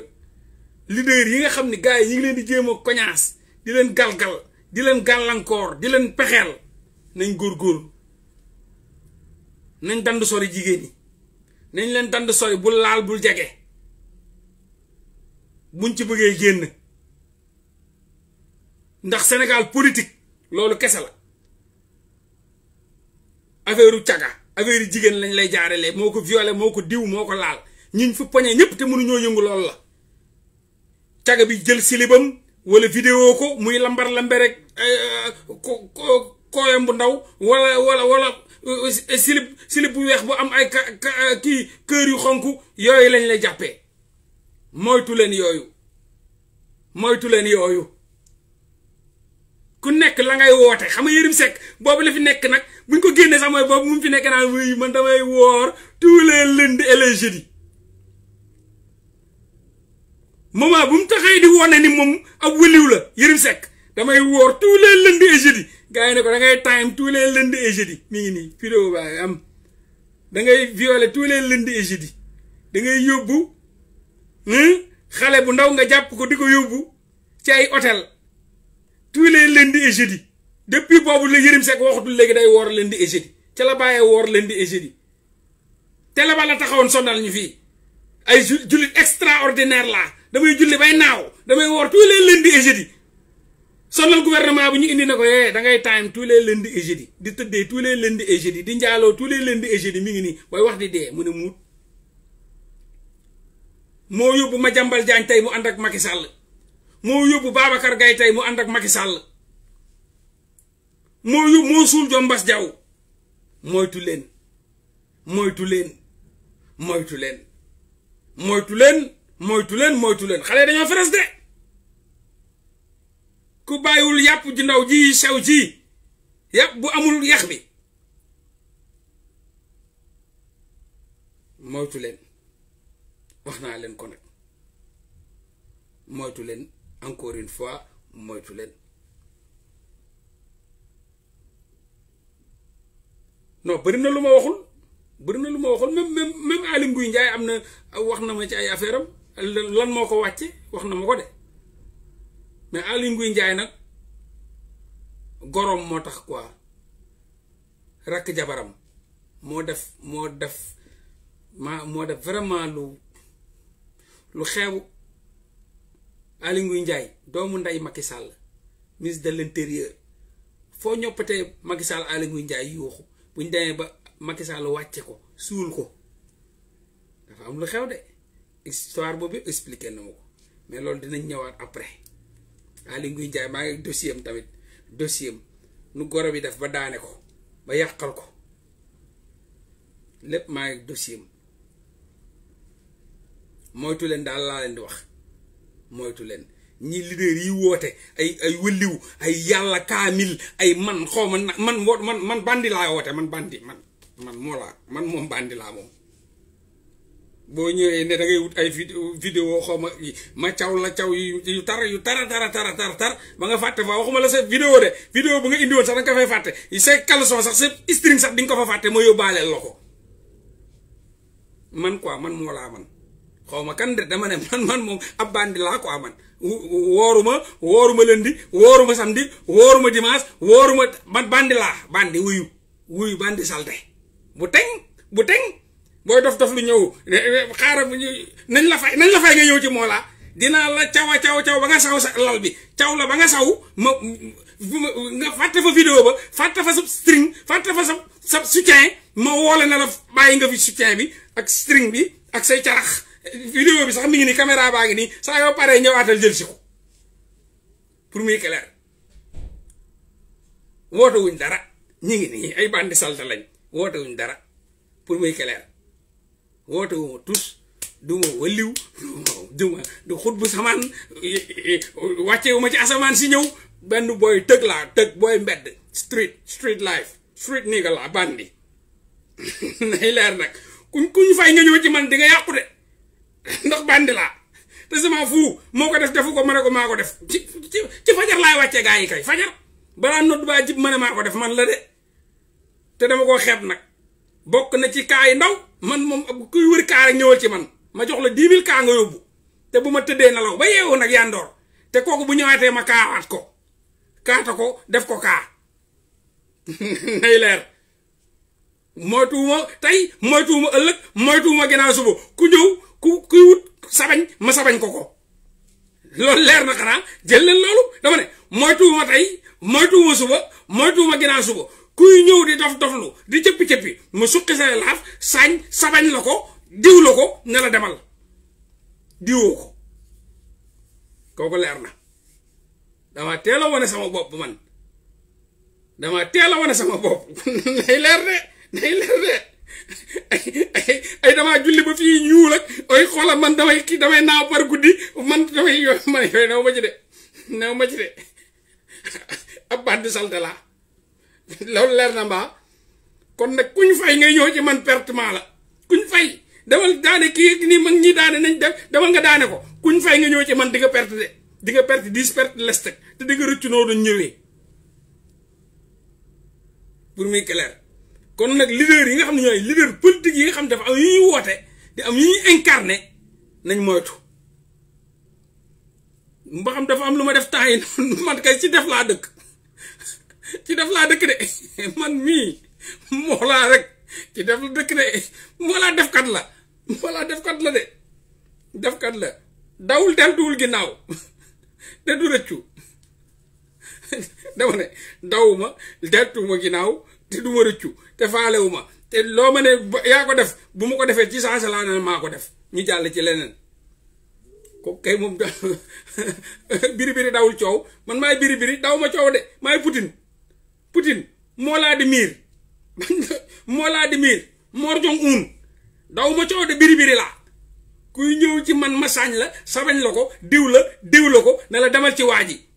leader yi nga xam ne yi ngi leen di jéem a di len galgal di leen gàllankoor di len pexeel nañ góorgóorlu nañ dand sori jigéen ñi nañ len dand sori bul laal bul jege buñ ci bëggee génn ndax Sénégal politique loolu kese la affaire caga affaire jigéen lañ lay jaarale moo ko violé moo ko diw moo ko laal ñiñ fa poñe ñëpp te mënuñoo yëngu loolu la caga bi jël silibam wala vidéo ko muy lambar lambe rek euh, bu ndaw walla wala wala euh, silib silib bu weex bu am ay kii kër yu xonk yooyu lañ lay jàppe moytu leen yooyu moytu leen yooyu ku nekk la ngay woote xam nga Yérim sekk boobu la fi nekk nag buñ ko génnee sax mooy boobu mu fi nekk naan wuy man damay woor tous les lundis et les jeudis bu mu taxay di wone ni moom ab wëliw la Yérim sekk damay woor tous les lundis et jeudis gars yi ne ko da time tous les lundis et mi ngi nii vidéo baa ngi am da ngay violer tous les lundis et da ngay yóbbu hmm, xale bu ndaw nga jàpp ko di ko yóbbu ci ay hôtel tous les lundis et jeudi depuis boobu la Yërim Seck waxatul léegi day woor lundi et jeudi ca la bàyyee woor lundi et jeudi télé ba la taxawoon sonal ñu fii ay jullit extraordinaire laa damay julli bay naaw damay woor tous les lundis et jeudi sonal gouvernement bu ñu indi na ko yee eh, da ngay time tous les lundis et jeudi di tëddee tous les lundis et di njaaloo tous les lundis et jeudi mi ngi nii booy wax di dee mu ne muut moo yóbbu ma jàmbal jaañ tey mu ànd ak Macky Sall mo yobbu babakar gay tay mu ànd ak Macky Sall mo yu moo suul Jom Bas Jaw moytu leen moytu leen moytu len moytu leen moytu leen moytu len xale dañu fess de ku bayul yap ji ndaw ji sew ji yap bu amul yakh bi moytu leen wax naa leen ko nag moytu len encore une fois moytu non bëri luma waxul bëri luma waxul même même même a Ngouille Ndiaye am ci ay affaiream lan moko ko wàcce ko de mais Aly Ngouille ndjay nak gorom motax quoi rak jabaram mo def mo def ma def vraiment lu lu Aly Ngouille Ndiaye doomu ndey Macky Sall ministre de l'intérieur foo ñoppatee Macky Sall Aly Ngouille Ndiaye yuuxu bu ñu demee ba Macky Sall wàcce ko suul ko dafa am lu xew de histoire boobu expliqué na mais loolu dinañ ñëwaat après Aly Ngouille Ndiaye maa ngi dossier tamit dossier am nu goro bi def ba daane ko ba yàqal ko lépp maa ngi dossier am moytu leen daal laa leen di wax. moytu leen ñi leader yi woote ay ay wëlliw ay yàlla kaamil ay man xaw ma na man woo man man bandi laa woote man bandi man man moo laa man moom bàndi laa moom boo ñëwee ne da ngay wut ay vidéo xaw ma ma caw la caw yu tar yu tara tara tara tar tar ba nga fàtte fa waxuma la sa vidéo de vidéo bu nga indiwoon sax da ko fay fàtte say caleçon sax sa string sax di ko fa fàtte ma yóbbaaleel la ko man quoi man moo laa man xaw ma kan de dama ne man man moom ab bandi laa quoi man wooruma wooruma lundi wooruma samedi wooruma dimanche wooruma man bandi laa bandi wuyu wuyu bandi salte bu teng bu teng booy dof dof lu ñëw xaaral nañ la fay nañ la fay nga ñëw ci Mollah dinaa la caw a caw ba nga saw sa lal bi caw la ba nga saw ma nga fàtte fa vidéo ba fàtte fa sa string fàtte fa sa sa soutien ma woole na la bàyyi nga fi soutien bi ak string bi ak say carax video bi sax mi ngi ni caméra ba ngi nii saa yoo paree ñëwaatal jël ci ko pour muy clair woto wuñ dara ñi ngi ni ay bandi salte lañ woto wuñ dara pour muy clair woto wu tous tus du mo waliw du ma du khutbu samaan wu ma ci asaman si ñëw benn boy tegg la tegg boy mbedd street street life street nigga la bandi (laughs) nay leer nak kuñ kuñ fay nga ñëw ci man di nga yaqku de ndax bandi laa te sama fu moo ko def defu ko ma ne ko maa ko def ci ci fajar laay wàccee gaa yi kay fajar balaa nodd baa jib ma ne maa ko def man la de te dama koo xeeb nag bokk na ci kaa yi ndaw man moom kuy wër kaa rek ñëwal ci man ma jox la dix mille kaa nga yóbbu te bu ma tëddee nelaw ba yeewu nag yandoor te kooku bu ñëwaatee ma kaawaat ko kaata ko def ko kaa (laughs) nay leer moytuwuma tey moytuwuma ëllëg moytuwuma ginnaaw suba ku ñëw ku kuy wut sabañ ma sabañ ko ko loolu leer na xanaa jël leen loolu dama ne moytuwuma tey moytuwuma suba moytuwuma ginnaaw suba kuy ñëw di dof doflu di cëppi cëppi ma suqi sa laaf saañ sabañ la ko diw la ko ne la demal diwoo ko kooku leer na dama teel a sama bopp man dama teel a sama bopp nay (laughs) leer de day leer de ay ay damaa julli ba fii ñuul ak ay xoola man damay kii damay naaw par guddi man damay yooyu man yooyu naw ma ci de naw ma ci de ab baat di la laa loolu leer na mbaa kon nag kuñ fay ngay ñëw ci man pertement la kuñ fay demal daane kii nii mag ñi daane nañ def demal nga daane ko kuñ fay nga ñëw ci man di perte de di perte dix perte lest te di nga rëccu noonu pour mi clair kon nag leader yi nga xam ne ñooy leader politique yi nga xam ne dafa am yu ñuy woote di am yu ñuy incarné nañ moytu mba xam dafa am lu ma def temps yi man kay ci def laa dëkk ci def laa dëkk de man mii moo laa rek ci def la dëkk de moo laa defkat la moo laa defkat la de defkat la dawul dem ginnaaw te du rëccu dama ne dawuma deltuuma ginnaaw te du ma rëccu te faale ma te loo ma ne yaa ko def bu ma ko defee ci saa laa ne maa ko def ñu jàll ci leneen kooku kay moom (laughs) biri biri dawul coow man maay biri biri daw ma coow de maay Poutine Poutine Vladimir Vladimir (laughs) Mor Jong-un daw ma coow de biri biri laa kuy ñëw ci man ma sañ la sabañ la ko diw la diw la ko ne la demal ci waa ji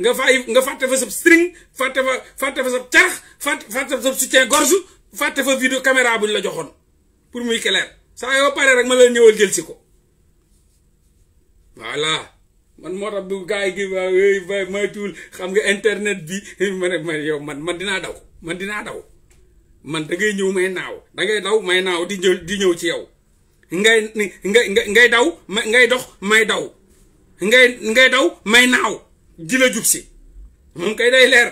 nga fay nga fàtte fa sa string fàtte fa fàtte fa sa carax fàtte fàtte fa sa soutien gorge fàtte fa vidéo caméra buñ la joxoon pour muy clair saa yoo pare rek ma la ñëwal jël si ko voilà man moo tax bu gars yi gi waaw tool, xam nga internet bi (laughs) ma ne ma yow man man dinaa daw man dinaa daw man da ngay ñëw may naaw da ngay daw may naaw di ñëw di ñëw ci yow ngay ngay ngay daw ma ngay dox may daw ngay ngay daw may naaw ji la jub si moom kay day leer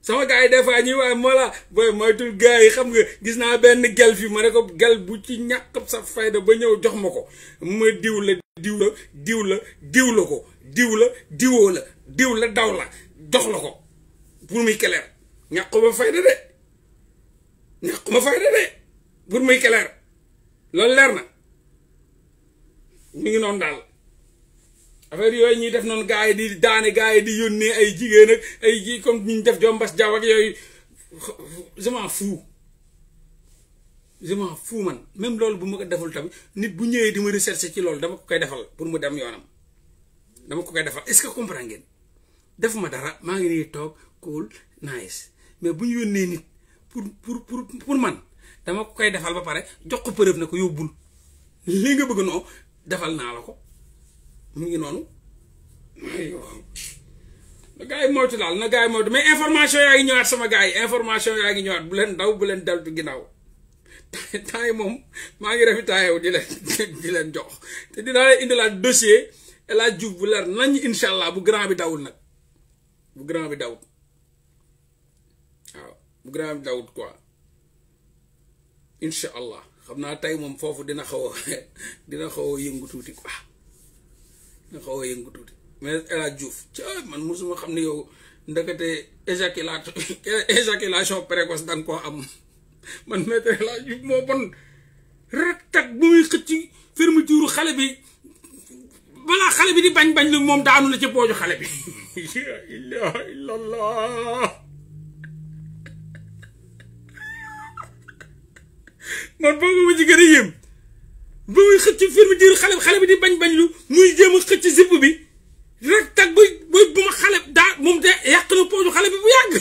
sama gars yi des fois ñuy waaye moo la booy moytul gars yi xam nga gis naa benn gel fi ma ne ko gal bu ci ñàkk sa fayda ba ñëw jox ma ko ma diw la diw la diw la diw la ko diw la diwoo diw la daw la jox la ko pour muy clair ñàkkuma fayda de ñàkkuma fayda de pour muy clair loolu leer na ñu ngi noonu daal affaire yooyu ñuy def noonu gars yi di daane gars yi di yónnee ay jigéen ak ay ji comme ñu def jombas jaw ak yooyu je m'en fous je m'en fous man même loolu bu ma ko deful tamit nit bu ñëwee di ma recherche ci loolu dama ko koy defal pour mu dem yoonam dama ko koy defal est-ce que comprendre ngeen def ma dara maa ngi nii toog cool nice mais bu ñu yónnee nit pour pour pour pour man dama ko koy defal ba pare jox ko preuve na ko yóbbul li nga bëgg noo defal naa la ko. mu ngi noonu na gars yi moytu daal na gars yi moytu mais information yaa ngi ñëwaat sama gars yi information yaa ngi ñëwaat bu leen daw bu leen dal ginnaaw (laughs) temps yi moom maa ngi refi temps di leen di leen jox te dinaa leen indilaat dossier El Hadj Diouf bu leer nañ incha allah bu grand bi dawul nag bu grand bi dawul waaw bu grand bi dawul quoi incha allah xam naa tey moom foofu dina xaw a (laughs) dina xaw a yëngu tuuti quoi. nga xaw a yëngu tuuti mais El Hadj Diouf ci man mosuma xam ne yow ndekete éjaculation (laughs) éjaculation précoce da nga koo am man maître El moo bon rakkat bu muy xëcc fermeture xale bi balaa xale bi di bañ bañ lu moom daa am la ci booju xale bi. ilaha (laughs) illallah man boobu ma ci gën a yëm. ba xëcc firme diir xale xale bi di bañ bañ lu muy jéem a xëcc zipp bi rek tag buy buy bu ma xale daa moom de yàq na pooju xale bi bu yàgg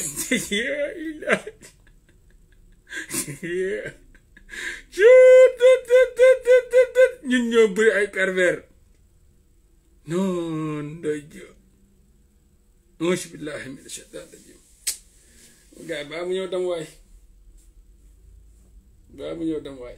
ñun ñoo bëri ay pervers non ndoy jo auzu billahi mina shaytan rajim gars baa mu ñëw dem waay baa mu ñëw dem waay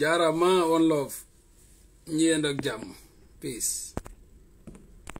jaarama one love ñi yend ak jàmm peace